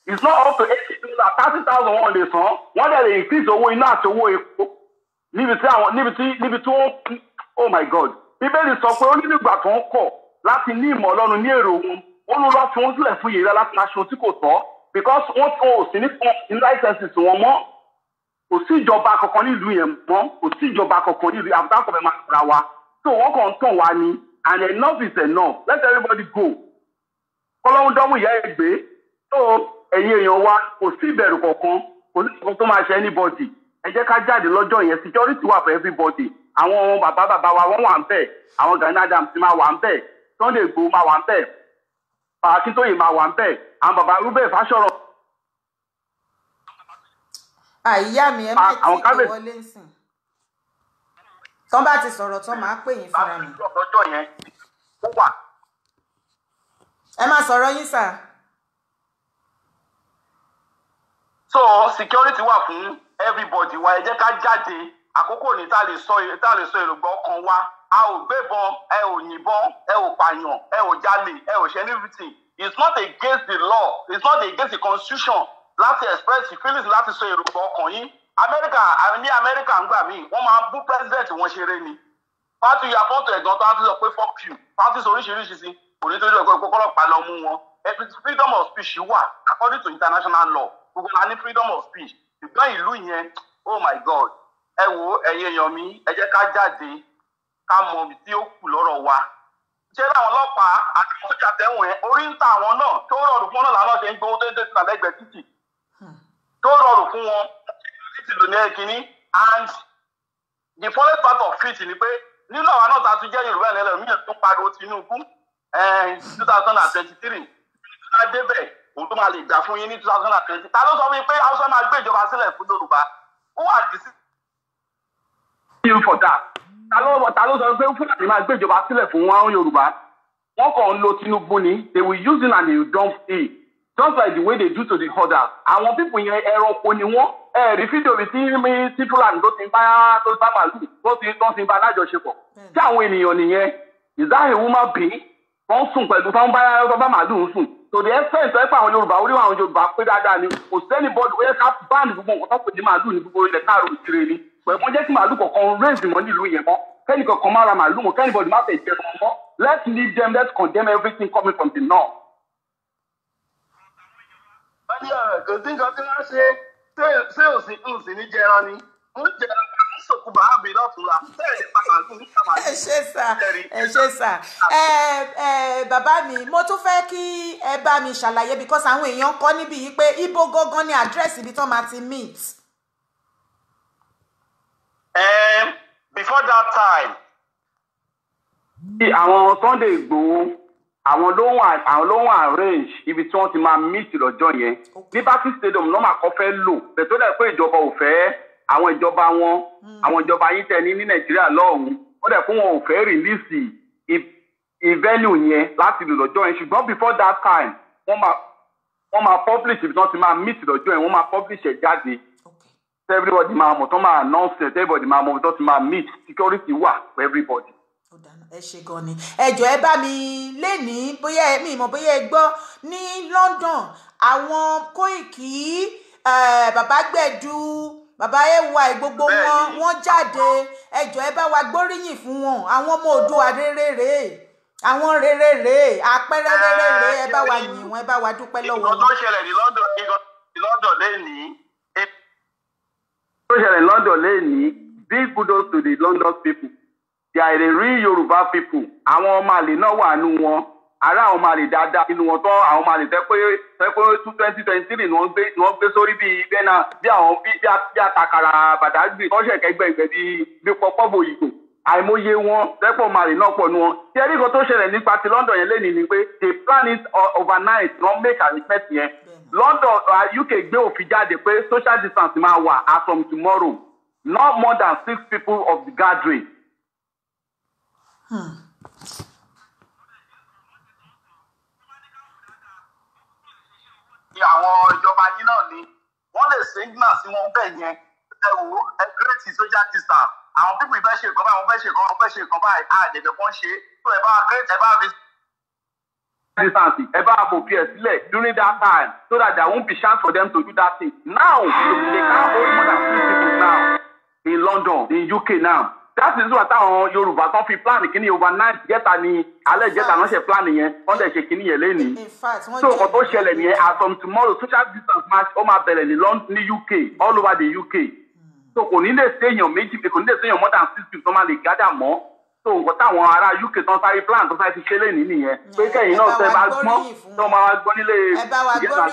it's not up to eighty dollars thirty thousand wọn lè One day they increase owó iná àti owó epo níbi tí àwọn níbi tí níbi tí ó oh my god bíbélì sọ pé ó nínú ìgbà tó ń kọ̀ láti ní ìmọ̀ ọlọ́run ní èrò òun ó ló lọ́ọ́ fi wọ́n sílẹ̀ fún yìí láti máa ṣe ohun tí kò tọ́ because wọ́n tó òsì ní fún ní licenses wọn mọ́ kò sí ìjọba kankan nílùú yẹn mọ́ kò sí ìjọba kankan nílùú àbúrò àkọ́bẹ̀ máa ra wa So wọ́n kàn ń tàn ni and enough is enough let everybody go kọ́lọ́hún dánwò ìyá ẹ̀ gbé tó ẹ̀yin èèyàn wa kò sí ìbẹ̀rù kankan kò sí ìbẹ̀rù tó máa ṣe anybody ẹ jẹ́ ká jáde lọ́jọ́ yẹn security wà for everybody àwọn ọmọ bàbá bàbá wa wọ́n wà ń bẹ̀ àwọn Gani Adams ti máa wà ń bẹ̀ Sunday Igboho máa wà ń bẹ̀ Akíntóyè máa wà ń bẹ̀ àwọn bàbá Rúbẹ̀ Fáṣọ̀rọ̀. àyà mi ẹ má tí ì wọlé ń sìn tán bá ti sọ̀rọ̀ tán máa pè yín fúnra mi. lọ́jọ́ yẹn ó wà. ẹ máa sọ̀rọ̀ yín sà. so security wà fún everybody wa ẹ jẹ́ ká jáde àkókò ní tá a lè sọ èròǹgbà ọkàn wa a ò gbébọn ẹ ò yìnbọn ẹ ò pààyàn ẹ ò jalè ẹ ò ṣe anything it's not against the law it's not against the constitution láti express your feelings láti sọ èròǹgbà ọkàn yín amẹ́ríkà ní amẹ́ríkà ń gbà mí wọ́n máa bú president wọn ṣeré ni pátì ya fọ́tò ẹ̀gán tó á ti lọ pé fuck you pátì sọ oríṣiríṣi sí kò ní torí ọgbẹ́ ìpọ́kọ́lọ́pàá lọ mú wọn freedom of speech wà according to international law gbogbo la ní freedom of speech ṣùgbọ́n ìlú yẹn oh my god ẹ wo ẹ̀yin èèyàn mi ẹ jẹ́ ká jáde ká mọ ibi tí ó kù lọ́rọ̀ wa ṣé láwọn ọlọ́pàá àti ọjà tẹ̀wọ̀n ẹ̀ orí ń ta àwọn náà tó rọrùn fún náà làwọn ṣe ń gbowó tó ń tẹ̀sí àlẹ́gbẹ̀ẹ́ títì hmm. tó rọrùn fún wọn fit lò ní ẹ̀kíní and the following part of fit ni pé nínú àwọn náà ta tún jẹ́ yorùbá ẹ̀lẹ́lẹ̀ mí tó pariwo tinubu two thousand and twenty three tó débẹ̀ òun tó máa lè gbà fún yín ní two thousand and twenty ta ló sọ fún mi pé hausa máa gbé ìjọba sílẹ̀ fún yorùbá ó wà dì sí you for that ta ló ta ló sọ pé fúlàní máa gbé ìjọba sílẹ̀ fún wọn yorùbá wọn kàn ń lo tinubu ni they will use him and they will dump him just like the way they do to the others àwọn pípọ̀ yẹn ẹranko ni wọ́n ẹ rí fídíò mi tí mi tí fúlàní tó ti bá tó bá màlúù tó ti tó ti bá alájọṣepọ̀ tí àwọn ènìyàn nìyẹn ìzáhìwú má bí wọ́n ń sùn pẹ̀lú táwọn bá tó bá màlúù ń sùn tòdì ẹsẹ̀ ìtọ́ ẹ̀pọ̀ àwọn yorùbá orí àwọn yorùbá pé dáadáa ni kò sẹ́ni bọ́ọ̀dù ó ká báàlì gbogbo nǹkan tó pè ní màlúù ní gbogbo ilẹ̀ káàró ìkiri ni pẹ̀lú jẹ́ kí màlúù kọ̀ọ̀kan rẹ́ẹ̀sì mọ́ nílùú yẹn mọ́ kẹ́nì kọ̀ọ̀kan má ra màlúù mọ́ kẹ́nì bọ́ọ̀dù má fẹ̀ jẹ́ wọn let's leave them let's condemn everything coming from the north. wọ́n ọ̀rọ̀ kò sí nǹkan tí wọ́n ṣe ṣé o sì ń sì ní jẹran ni ń jẹran ní sòkù bàábì ẹ ṣe sà ẹ ṣe sà ẹ ẹ bàbá mi mo tún fẹ́ kí ẹ bá mi ṣàlàyé because àwọn èèyàn kọ́ níbí yìí pé ibo gangan ni address ibi tán máa ti meet. Um, before that time. àwọn Sunday Igboho àwọn ló wà àwọn ló wà arrange ibi tí wọ́n ti máa meet lọ́jọ́ yẹn ní bákí stadium lọ́mà kan fẹ́ lò bẹ̀tọ́ dẹ̀ pé ìjọba ò fẹ́ àwọn ìjọba wọn hmm. àwọn ìjọba yín tẹ̀ ní ní nàìjíríà lọ́hùn-ún ó dẹ̀ fún wọn ò fẹ́ rìlíìsì ìvẹ́nìù yẹn láti lò lọ́jọ́ yẹn ṣùgbọ́n before that time wọ́n máa wọ́n máa publish ibi tí wọ́n ti máa meet lọ́jọ́ yẹn wọ́n máa publish ẹ̀ jáde everybody máa mọ̀ tán máa announce it everybody máa mọ̀ tán ti máa meet security wà for everybody ẹ ṣe gan ni ẹjọ ẹ bá mi lénìí bóyá mi ìmọ̀ bóyá ẹ gbọ́ ní London àwọn Kóìkì bàbá gbẹ̀du bàbá gbogbo wọn wọn jáde ẹjọ ẹ bá wa gbóríyìn fún wọn àwọn ọmọ Oòduà rere àwọn rere rèé ẹ bá wa yìn wọn ẹ bá wa dúpẹ́ lọ́wọ́ wọn. tó ṣẹlẹ̀ ní London ìkọ́ ní London lénìí ìkọ́ tó ṣẹlẹ̀ ní London lénìí big kudos to the London people they are the real Yorùbá people àwọn ọmọ àlè náà wà nù wọn ará àwọn ọmọ àlè dáadáa nínú wọn tán àwọn ọmọ àlè tẹ pé tẹ pé two twenty twenty three ni wọ́n gbé ni wọ́n gbé sórí bíi bẹ́ẹ̀nà bí àwọn bí àtàkàrà bàdágbì tọ́ṣẹ̀ kẹgbẹ́gbẹ́ bíi bí pọpọ́ bòyìgbò àìmọye wọn tẹ́pọ̀ màrì náà pọ̀ nù wọn. tí ẹ̀rí kan tó ṣẹlẹ̀ nípa ti London yẹn lénìí ni pé the plan it overnight don make arrangement yẹn. London uh, UK gbé òfin jáde pé social distance máa wà as from tomorrow not more than six people of the gathering Ah. àwọn ìjọba yín náà ni wọ́n lè sígbà sí wọn bẹ́ẹ̀ yẹn ẹ wò ó ẹ gírẹ́tì social distance àwọn pípì fẹ́ ṣe nǹkan báyìí wọ́n fẹ́ ṣe nǹkan wọ́n fẹ́ ṣe nǹkan báyìí àdèbẹ̀ kan ṣe tó ẹ bá gírẹ́tì ẹ bá fi distance ẹ have fò pí ẹ during that time so that there won't be chance for them to do that thing now they can hold more than two people now in London in UK now that is why táwọn yorùbá kan fi plan kíní overnight jẹta ni alẹ́ jẹta ránṣẹ́ plan yẹn wọ́n dẹ̀ ṣe kíní yẹn lẹ́ni. so ọkọ̀ tó ṣẹlẹ̀ nìyẹn as from tomorrow social distance match ó máa bẹ̀rẹ̀ ní London ní UK all over the UK. Hmm. so kò ní lè séèyàn méjì kò ní lè séèyàn more than six people tó máa lè gádà mọ́ tó nǹkan táwọn ará UK tán sáré plan tó sáré ti ṣe lénìí nìyẹn pé kẹ́yìn náà tẹ́ bá gbọ́n tó máa gbọ́ nílé ìjẹta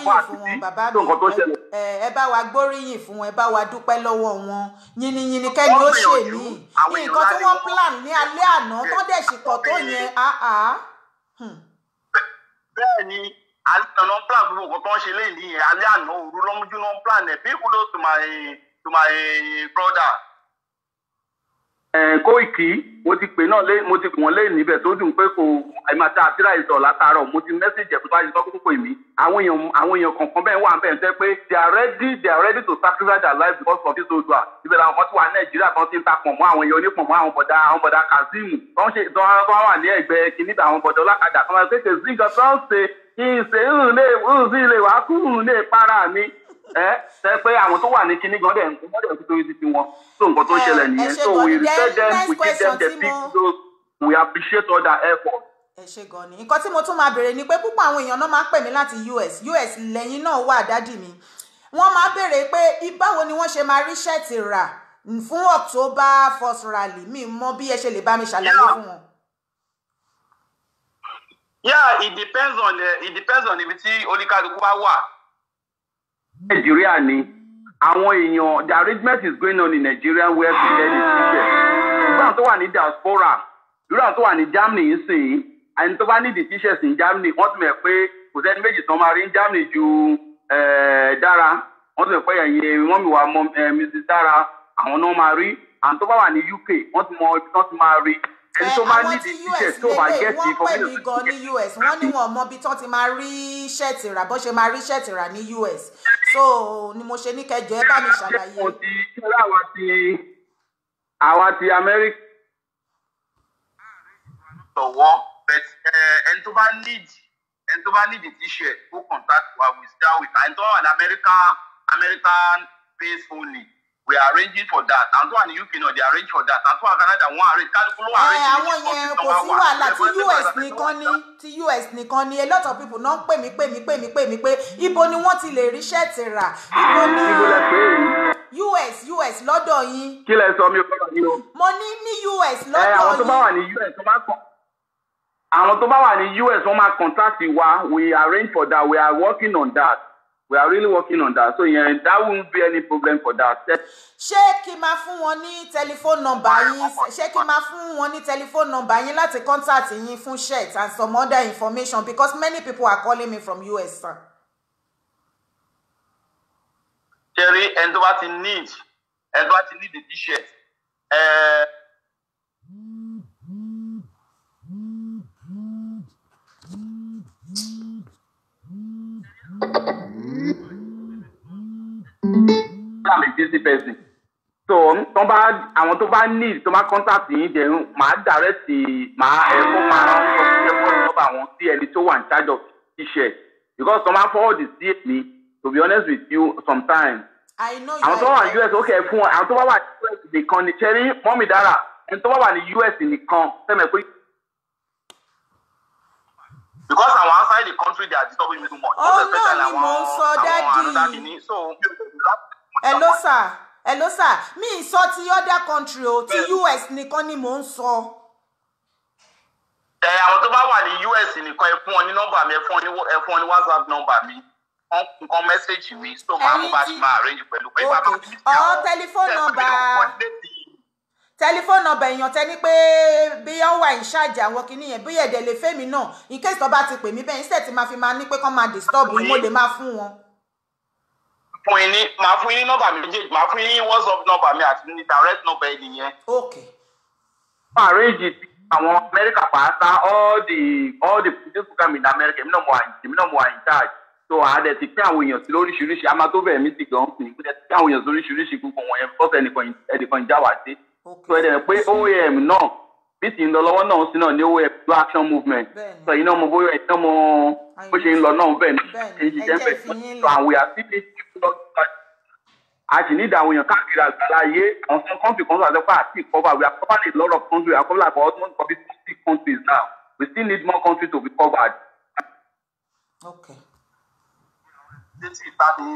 fún àtúntì tó nǹkan tó ṣẹlẹ̀. ẹ bá wa gbóríyìn fún ẹ bá wa dúpẹ́ lọ́wọ́ wọn yìnyínyìn kẹ́ni ó ṣe ní nǹkan tí wọ́n plan ní alẹ́ àná tó dẹ̀ sì pọ̀ tó yẹn áá. Ah, ah. hmm. bẹ́ẹ̀ ni alẹ́ àná plan gbogbo nǹkan tó ń ṣe lénìí alẹ́ àná òru lọ́mújú náà plan ẹ̀ bí kúló to my to my brother kóìkì mo ti pè náà mo ti pè wọ́n lé níbẹ̀ tó dùn pé kò àìmọ̀ta àtìrà ìsọ̀ látàárọ̀ mo ti mẹ́sẹ̀jì ẹ̀kú báyìí tó kókó mi àwọn èèyàn àwọn èèyàn kọ̀ọ̀kan bẹ́ẹ̀ wà bẹ́ẹ̀ tẹ́ pé they are ready they are ready to sacrifice their life because of this odua ibẹ̀ làwọn kan ti wà nàìjíríà kan ti ń ta pọ̀ mọ́ àwọn èèyàn onípọ̀ mọ́ àwọn bọ̀dà àwọn bọ̀dà kazeem tó ń ṣe tó wà ní ẹ̀gbẹ́ kìíní àwọn bọ̀dà ọlákadà kan máa ń pè é kazeem kan ṣe ìṣe ń ẹ tẹ pé àwọn tó wà ní kinní gan dẹ̀ ń gbọ́dọ̀ torí títí wọn tó nǹkan tó ah, ṣẹlẹ̀ nìyẹn so we respect them we give them the big so we appreciate all that effort. ẹ ṣe gan ni nǹkan tí mo tún máa béèrè ni pé púpọ̀ àwọn èèyàn náà máa ń pè mí láti US US lẹ́yìn náà wà dádì mi wọ́n máa béèrè pé báwo ni wọ́n ṣe máa rí ṣẹ́ẹ̀tì rà fún October first rally mi mọ bí ẹ ṣe lè bá mi ṣàlàyé fún wọn. yeah it depends on the it depends on ibi tí oníkálukú bá wà nàìjíríà ni àwọn èèyàn the arrangement is going on in Nigeria where we the lẹ́ni ṣiṣẹ́ ìgbà tó wà ní diaspora ìgbà tó wà ní Germany ń sìn yín ẹni tó bá ní the t-shirt in Germany wọ́n ti mọ̀ pé kò sẹ́ni méjì tán máa rí Germany ju dára wọ́n ti mọ̀ pé ẹ̀yin wọ́n mi wà mọ́ Mrs. dára àwọn náà máa rí àwọn tó bá wà ní UK wọ́n ti mọ ibi tán ti máa rí ẹni eh, tó máa ní t tó máa get the information. àwọn us lè lè wọ́n pè mí gan ní us wọ́n ní wọn mọ ibi tán ti máa rí ṣẹ́ẹ̀tì rà bó ṣe máa rí ṣẹ́ẹ̀tì rà ní us so ni mo ṣe ní kẹjọ ẹ bá mi ṣàlàyé. ṣé wọn ti ṣẹlẹ àwa ti àwa ti amẹ́ríkà. lọ́wọ́ eh, ẹni tó bá need ẹni tó bá need the t-shirt go contact wa with that with ẹni tó wà ní America American base only we are arranging for that and one UK náà dey arrange for that and one Canada one. arrange kálukú ló arrange. ẹ eh, àwọn yẹn kò sí wàhálà tí US nìkan ni tí US nìkan ni a lot of people náà ń pè mí pè mí pè mí pè mí pé ibo ni wọ́n ti lè rí ṣẹ́ẹ̀tì rà ibo ni US US lọ́dọ̀ yín. kí lẹ sọ mi ò gbọ́dọ̀ yín o. mo ní ní US eh, lọ́dọ̀ yín. ẹ àwọn tó bá wà ní US tó bá kọ àwọn tó bá wà ní US wọ́n máa contact wa we arrange for that we are working on that we are really working on that so yẹn that won't be any problem for that ṣé kí n máa fún wọn ní tẹlifóònù nọ́mbà yín ṣé kí n máa fún wọn ní tẹlifóònù nọ́mbà yín láti contact yín fún shirt and some other information because many people are calling me from US sir. ṣeré ẹni tó bá ti need ẹni tó bá ti need a t-shirt I'm a busy person so tó bá àwọn tó bá need tó bá contact yín dẹ̀ máa direct máa ẹ̀kọ́ máa ń sọ sí ẹ̀kọ́ ìjọba àwọn sí ẹni tó wà ní charge of iṣẹ́ because tó máa forward sí èmi to be honest with you sometimes àwọn tó wà ní us ó kẹ́ ẹ fún àwọn tó bá wà ní us nìkan ní cherry mọ́mì dára ẹni tó bá wà ní us nìkan sẹ́mi pé because àwọn outside the country they are disturbing me too much. ó oh, náà ni mò ń sọ dádì. hello sir hello sir mi ì sọ ti other country o ti US nìkan ni mò ń sọ. ẹ àwọn tó bá wà ní US nìkan ẹ fún ọ ní nọ́mbà mi ẹ fún ọ ní ẹ fún ọ ní WhatsApp nọ́mbà mi nǹkan mẹ́sẹ̀gì mi so máa mú bá a ṣe máa arrange pẹ̀lú pé bàbá mi. ọ̀ tẹlifóònù nọ́mbà tẹlifóònù nọ́mbà èèyàn tẹ ní pé bí wọ́n wà ń ṣàjà àwọn kìíní yẹn bí ẹ̀dẹ̀ lè fẹ́ mi náà in case tó bá ti pè mí bẹ́ẹ̀ instead ti máa fi máa ní pé kán máa disturb mi mo lè máa fún wọn fún yín ní màá fún yín ní nọ́mbà méjèèjì màá fún yín ní whatsapp nọ́mbà mi àti ní direct nọ́mbà ẹ nìyẹn. okay. fún àrèjì àwọn amẹ́ríkà pàṣẹ all the all the produce program in america èmi náà mo àyìn èmi náà mo àyìn charge so àádẹ ti pín àwọn èèyàn sí lóríṣiríṣi a máa tó bẹ̀rẹ̀ mí ti gan sí i pé pín àwọn èèyàn sí lóríṣiríṣi gbogbo wọn yẹn bọ́sẹ̀ ẹnìkan ìjà wà sí. so ẹ̀dẹ̀ pé oam náà bí ti ń lọ lọ́wọ́ náà sí náà ní oam do action movement so ìnáwó mo bóyá ìnáwó bó ṣe ń lọ náà bẹ́ẹ̀ ni ṣe ń ṣiṣẹ́ bẹ́ẹ̀ sọ àwọn àti ní ìjọba a sì ní ìdàwọn èèyàn káàkiri àgbáláyé àwọn kọ́ńtì kan sọ̀rọ̀ pé àti ìkọ́ba we are covering a lot of countries we are covering about one copy fifty countries now we still need more countries to be covered. Okay. létí ìtàdé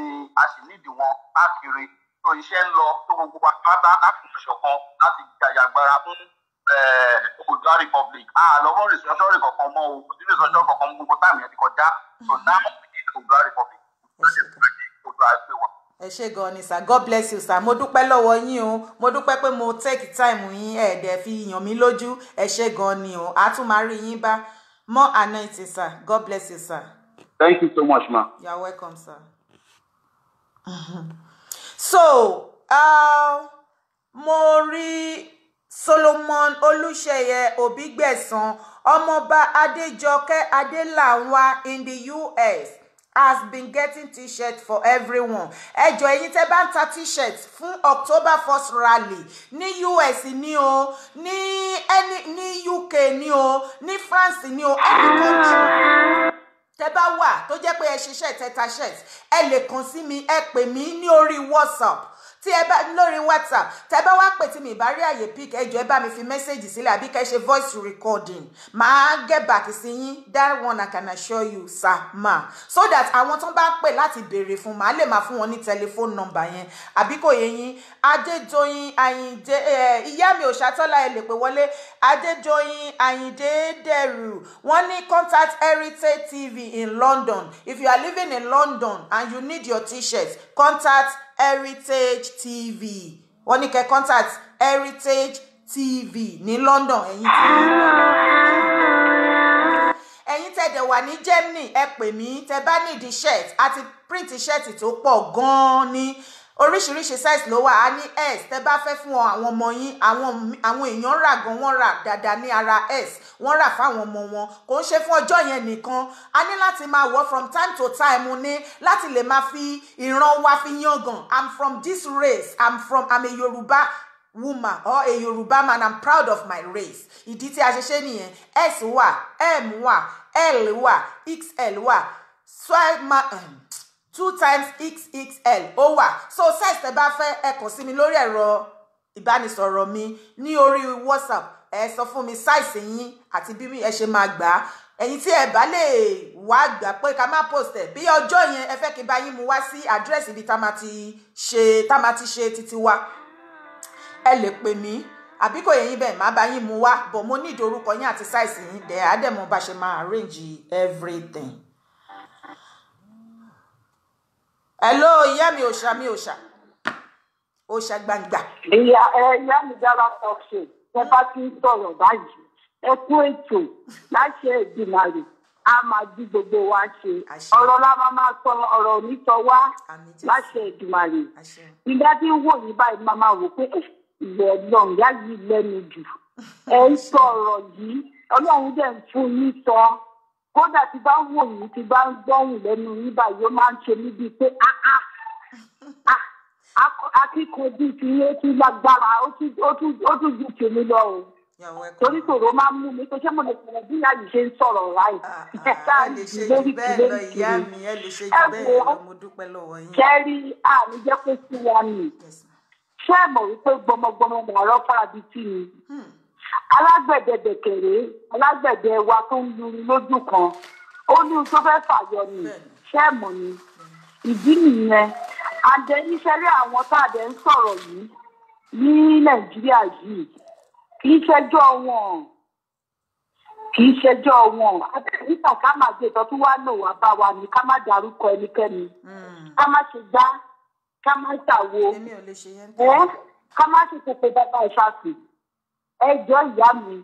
a sì nídìí wọn káàkiri tó iṣẹ́ ń lọ tó gbogbo wa pátá láti ṣọ̀kan láti jàjàgbara fún Eh, Oòduà Republic àlọ́mọ́ ìsọjọ́ ìkọ̀kan mọ́ o nínú ìsọjọ́ ìkọ̀kan mọ́ gbogbo táàmì yẹn kọjá so mm-hmm. now we need Oòduà Republic Oòduà pé wa. ẹ ṣé gan ni sir God bless you sir mo dúpẹ́ lọ́wọ́ yín o mo dúpẹ́ pé mo take time yín ẹ̀ẹ́dẹ̀ fi yàn mí lójú ẹ ṣé gan ni o a tún máa rí yín bá more anointing sir God bless you sir. thank you so much ma. you are welcome sir. so uh, mo rí solomon olùṣeyẹ òbígbẹ̀san ọmọọba adéjọkẹ adélànwá in the US has been getting t-shirt for everyone ẹjọ ẹ̀yin tẹ́ bá ń ta t-shirt fún October first rally ní US ni o ní ẹni ní UK ni o ní France ni o any country tẹ́ bá wà tó jẹ́ pé ẹ ṣiṣẹ́ tẹ́ ta shirt ẹ lè kàn sí mi ẹ pè mí ní orí WhatsApp tí ẹ bá lórí whatsapp tẹ bá wá pè tí mi ìbá rí àyè pic ẹjọ ẹ bá mi fi mẹ́sẹ̀gì sílẹ̀ àbí kẹ́ ṣe voice recording màá get back sí yín that one i can assure you sir ma so that àwọn tó bá pè láti béèrè fún màá lè máa fún wọn ní tẹlifóònù nọ́mbà yẹn àbí kò yẹ yín adéjọyìn àyìndé ìyá mi ò ṣàtọ́lá ẹ lè pè wọlé adéjọyìn àyìndé dẹrù wọn ní contact heritage tv in london if you are living in london and you need your t-shirt contact heritage tv wọ́n ní kẹ́ contact heritage tv ní london ẹ̀yin tí ẹ̀yin tẹ̀dẹ̀ wà ní germany ẹ pè mí tẹ bá nídìí shirt àti print shirt tó pọ̀ gan-an oríṣiríṣi size ló wà á ní s tẹ bá fẹ́ fún àwọn ọmọ yín àwọn èèyàn rà gan wọ́n rà dáadáa ní ara s wọ́n rà fáwọn ọmọ wọn kò ń ṣe fún ọjọ́ yẹn nìkan a ní láti máa wọ̀ from time to time ní láti lè máa fi ìran wa fi yangàn i'm from this race i'm from i'm a Yoruba woman or a Yoruba man i'm proud of my race ìdí tí a ṣe ṣe nìyẹn s wà m wà l wà xl wà swell man. Um, two times xxl ó wà so size tẹ́ bá fẹ́ ẹ kàn sí mi lórí ẹ̀rọ ìbánisọ̀rọ̀ mi ní orí whatsapp ẹ sọ fún mi size yín àti bí ẹ ṣe máa gbà á ẹ̀yin tí ẹ bá lè wá gbà pé ká má post ẹ̀ bí ọjọ́ yẹn ẹ fẹ́ kí n bá yín mu wá sí àdírẹ́sì ibi tá a máa ti ṣe tá a máa ti ṣe títí wa ẹ lè pè mí àbí kò yẹ yín má bá yín mu wá bọ̀ mo ní ìdí orúkọ yín àti sáìsì yín dẹ̀ á bá ṣe máa arrange everything. hello ìyá mi òòṣà mi òòṣà òòṣà gbangba. ìyá ìyá mi dára ọ̀sẹ̀ ẹ bá ti ń sọ̀rọ̀ báyìí ẹ kú ètò láṣẹ ìgbìmọ̀ a máa di gbogbo wa ṣe ọ̀rọ̀ la máa máa sọ ọ̀rọ̀ onítọ̀ wá láṣẹ ìgbìmọ̀ rè ìgbà tí ń wò yín báyìí máa máa wò pé eh, ìwọ ọlọ́run yá yìí lẹ́nu jù ẹ ń sọ ọ̀rọ̀ yìí ọlọ́run dẹ̀ ń fún yín sọ kódà tí bá wò yín tí bá ń gbọ́hùn lẹ́nu yín báyìí ó máa ń ṣe mí bíi pé akíkanjú ah, ah, ah, ti yé tí lágbára ó tún ju tèmi lọ o torí sòrò máa ń mú mi pé ṣé mo lè sọ̀rọ̀ bí ìyá yìí ṣe ń sọ̀rọ̀ ráì ẹ̀ka lórí kìlẹ̀ kìlẹ̀ ẹ̀ wò ó jẹ́rí àmì jẹ́ pé sí wa nì ṣé ẹ̀ mọ̀ wípé gbọmọgbọmọ màá rọ́ fáradì tì mí. Hmm alágbẹ̀dẹ dẹ̀kẹ̀rẹ́ alágbẹ̀dẹ wa tó ń lu lójú kan ó ní ohun tó fẹ́ fàyọ ni ṣẹ́ẹ̀mù ni ìdí nìyẹn àdẹ níṣẹ́rí àwọn táàdẹ ń sọ̀rọ̀ yìí ní nàìjíríà yìí kì í ṣẹjọ́ wọn kì í ṣẹjọ́ wọn nígbà ká má gbé ìtọ́ tó wá lò wá bá wa ni ká má dárúkọ ẹnikẹ́ni hmm. ká má ṣe gbá ká má ṣàwo ká má ṣe kókó bàbá ìfàsì ẹjọ́ ìyá mi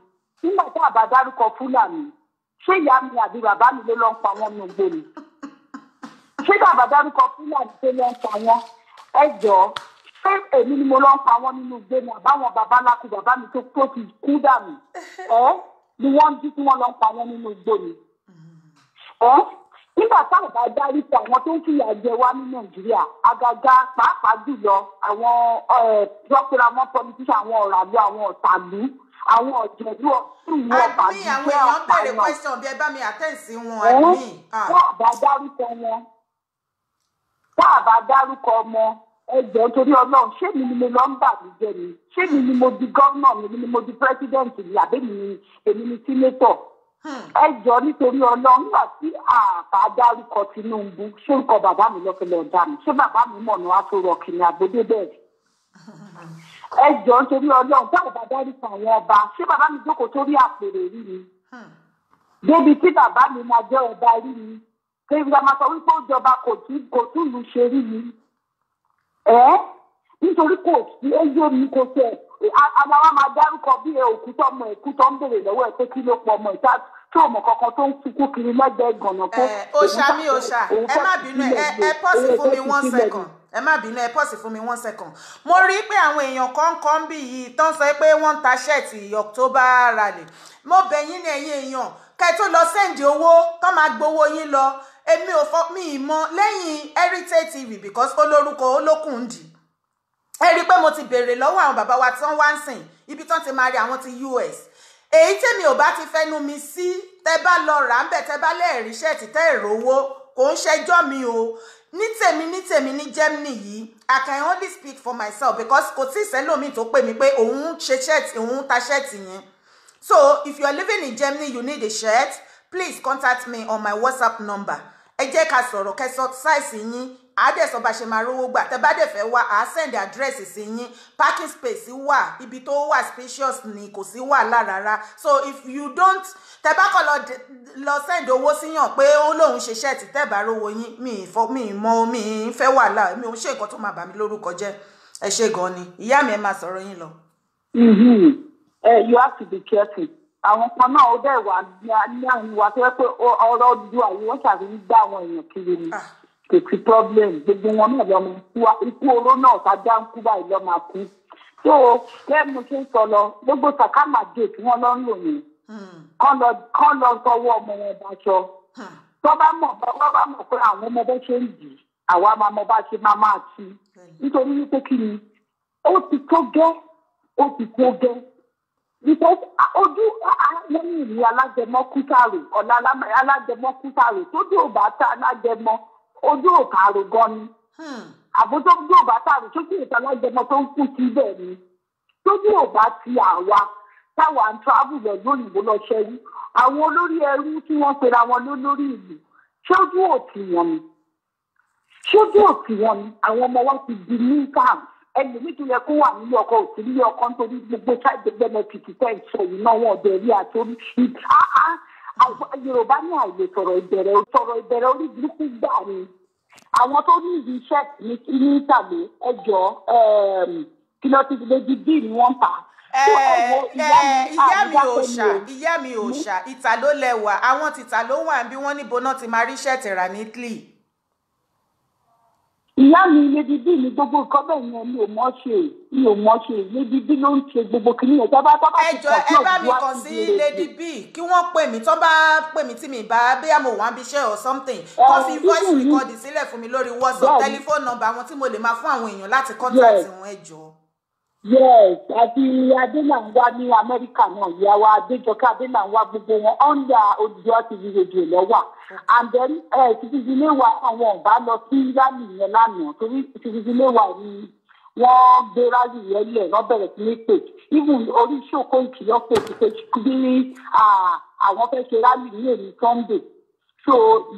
nígbà tá a bá dárúkọ fúlàní ṣé ìyá mi àbí bàbá mi ló lọ ń pa wọn nùgbò ni ṣé bàbá dárúkọ fúlàní tó lọ ń pa wọn ẹjọ́ ṣé èmi ni mo lọ ń pa wọn nínú igbó ni àbáwọn bàbá lákú bàbá mi tó tó ti kú dànù ẹ ni wọ́n ń dí tí wọ́n lọ ń pa wọn nínú igbó ni ẹ nígbà tá ò bá dárí sí àwọn tó ń fìyà jẹ wá ní nàìjíríà àgàgà pàápàá jùlọ àwọn dókítà wọn pọlitíṣà àwọn ọ̀ràlú àwọn ọ̀tàlú àwọn ọ̀jẹ̀lú ọ̀tún ìlú ọ̀bà ní ìjẹ́ ọ̀pá náà. àmì àwọn èèyàn bèrè question bí ẹ bá mi àtẹ̀sí wọn àmì. tá a bá dárúkọ wọn tá a bá dárúkọ ọmọ ẹgbẹ́ torí ọlọ́run ṣé mi ni mo lọ ń bà mí jẹ́ ni ṣé mi ni mo di gómìnà mi ni mo di pírẹ́sídẹ̀ǹtì mi àbí mi ni èmi ni sínétọ̀ Hmm. ẹ jọ nítorí ọlọ nígbà tí àbá dárúkọ Tinubu ṣé ń kọ bàbá mi lọ́fẹ́ lọ́ọ́ dà mí ṣé bàbá mi mọ̀nà wá tó rọ kìnìún àgbódé bẹ́ẹ̀ hmm. ẹ jọ nítorí ọlọ nígbà tí bàbá dárúkọ àwọn ọba ṣé bàbá mi jókòó torí àpèrè rí mi hmm. débi tí bàbá mi máa jẹ́ ọba rí mi kéwì àmà sọ wípé ó jọba kò tún lù ṣe rí mi ẹ nítorí kò sí ó mi kò tẹ̀ ara wa máa dárúkọ bí òkútọ́ ọmọ èkútọ́ ń béèrè lọ́wọ́ ẹ̀ pé kí ló pọ̀ ọmọ ìta tí òmò kankan tó ń sunkún kiri lẹ́gbẹ̀ẹ́ gànà pé. ọ̀sà eh, mi ọ̀sà ẹ má bínú ẹ pọ́sì fún mi one second ẹ má bínú ẹ pọ́sì fún mi one second mo rí i pé àwọn èèyàn kan kan ń bì yìí tán sọ pé wọ́n ń ta ṣẹ́ẹ̀tì October rally mo bẹ̀ yín ní ẹ̀yin èèyàn kẹ́ ẹ tó lọ sẹ́ǹdì owó tán máa gbowó yín lọ èmi ò fọ́ mi ì mọ lẹ́yìn Heritage TV because olórúkọ olókùn ń dì ẹ i pé mo ti béèrè lọ́wọ́ àwọn bàbá wa tí wọ́n wá ń sìn ibi tán ti máa rí àwọn ti US èyí tèmi ò bá ti fẹnu mi sí tẹ́ bá lọ rà ń bẹ̀ tẹ́ bá lẹ́ẹ̀rí ṣẹ́ẹ̀tì tẹ́ ìrówó kò ń ṣẹjọ́ mi o ní tèmi ní tèmi ní Germany yìí I can only speak for myself because kò tí ì tó pè mí pé òun ṣe ṣẹ́ẹ̀tì òun ta ṣẹ́ẹ̀tì yẹn so if you are living in Germany you need a shirt please contact me on my WhatsApp number ẹ jẹ́ ká sọ̀rọ̀ kẹsọ̀ sáìsì yín àádẹ́sọ bá ṣe máa rówó gbà tẹ́ bá dẹ̀ fẹ́ wá àá send address sí yín parking space wà ibi tó wà spacious ni kò sí wàhálà rárá so if you don't tẹ́ bá kọ́ lọ send owó síyàn pé ó lóun ṣe ṣẹ́ẹ̀tì tẹ́ bá rówó yín mi ì mọ mi ì fẹ́ wàhálà mi ò ṣe nǹkan tó máa bà mí lórúkọ jẹ́ ẹ ṣe gan ni ìyá mi ẹ máa sọ̀rọ̀ yín lọ. Mm-hmm. Eh, you have to be careful àwọn kan náà ó bẹ̀ wà ní àwọn ìwà tó yẹ pé ọ̀rọ̀ ojú àwọn ìwọ́n ṣàfihàn gbá àwọn èèyàn kiri ni. Ah kìtì problem gbogbo wọn náà lọ́mọ wa ikú oró náà sájà ń kú báyìí lọ́mọ kú tó lẹ́nu tó ń sọ lọ gbogbo sàkámà dé tí wọ́n lọ ń lò yẹn kán lọ sọwọ́ ọmọ wọn daṣọ tó bá mọ̀ bá bá mọ̀ pé àwọn ọmọ bá ṣe ń dì àwa máa mọ bá ṣe máa máa ti nítorí wípé kí ni ó ti tó gẹ́ ó ti tó gẹ́ because ojú lẹ́yìn ìlú alájẹmọ́ kútàrò ọ̀la alájẹmọ́ kútàrò tó dé òbá tá alájẹmọ́ ojú ò tààrò gan ni hmm. àbójútó ojú ò bá tààrò sókè ìtàlájọmọ tó ń kú sí bẹ́ẹ̀ ni tójú ò bá ti àwa táwa ń travel lọ lóyìnbó lọ ṣẹ́yìn àwọn olórí ẹrú tí wọ́n pera wọn lólórí ìlú ṣojú ò tì wọ́n ni ṣojú òsì wọn ni àwọn ọmọ wa ti di new farm ẹni nítorí yẹ kó wà nílé ọkọ òsì nílé ọkọ nítorí gbogbo ṣáà gbẹgbẹ náà kìkì tẹ ìṣọ yorùbá ní àìlè sọ̀rọ̀ ìbẹ̀rẹ̀ sọ̀rọ̀ ìbẹ̀rẹ̀ orí burúkú gbà ni àwọn tó ní ibi iṣẹ́ ní ìtàgé ẹjọ́ ehm, kí ló ti lè di bíi ni wọ́n ta. Eh, eh, ah, ìyá mi ò ṣà ìyá mi ò ṣà ìta ló lẹ́wà àwọn tìta ló wà bí wọ́n ní boná ti máa ríṣẹ́ tẹ̀rà ní Italy ìyá mi níbi bí ni gbogbo nǹkan bẹ́ẹ̀ yẹn mi ò mọ̀ ṣe mi ò mọ̀ ṣe níbi bí ló ń ṣe gbogbo kìnìún yẹn tábà tábà ti sọ fún ọ̀gbìn wá sí lady b kí wọ́n pè mí tó bá pè mí tí mi bá bóyá mo wà ń iṣẹ́ or something kó fi voice record sílẹ̀ fún mi lórí whatsapp telephone number àwọn tí mo lè máa fún àwọn èèyàn láti contact wọn ẹ jọ̀ọ́ yes àti adélànwá ní amẹ́ríkà náà ìyàwó adéjọkẹ́ adélànwá gbogbo wọn under Oòduà TV radio lọ́wà and then eh, tìtìdílé wa àwọn ọ̀bá lọ sí rálì yẹn lánàá torí tìtìdílé wa ni wọ́n gbé rálì yẹn lẹ̀ wọ́n bẹ̀rẹ̀ sí ní page even orí ṣòkó ìkìlọ̀ page page bí àwọn fẹ́ ṣe rálì ní èmi Sunday so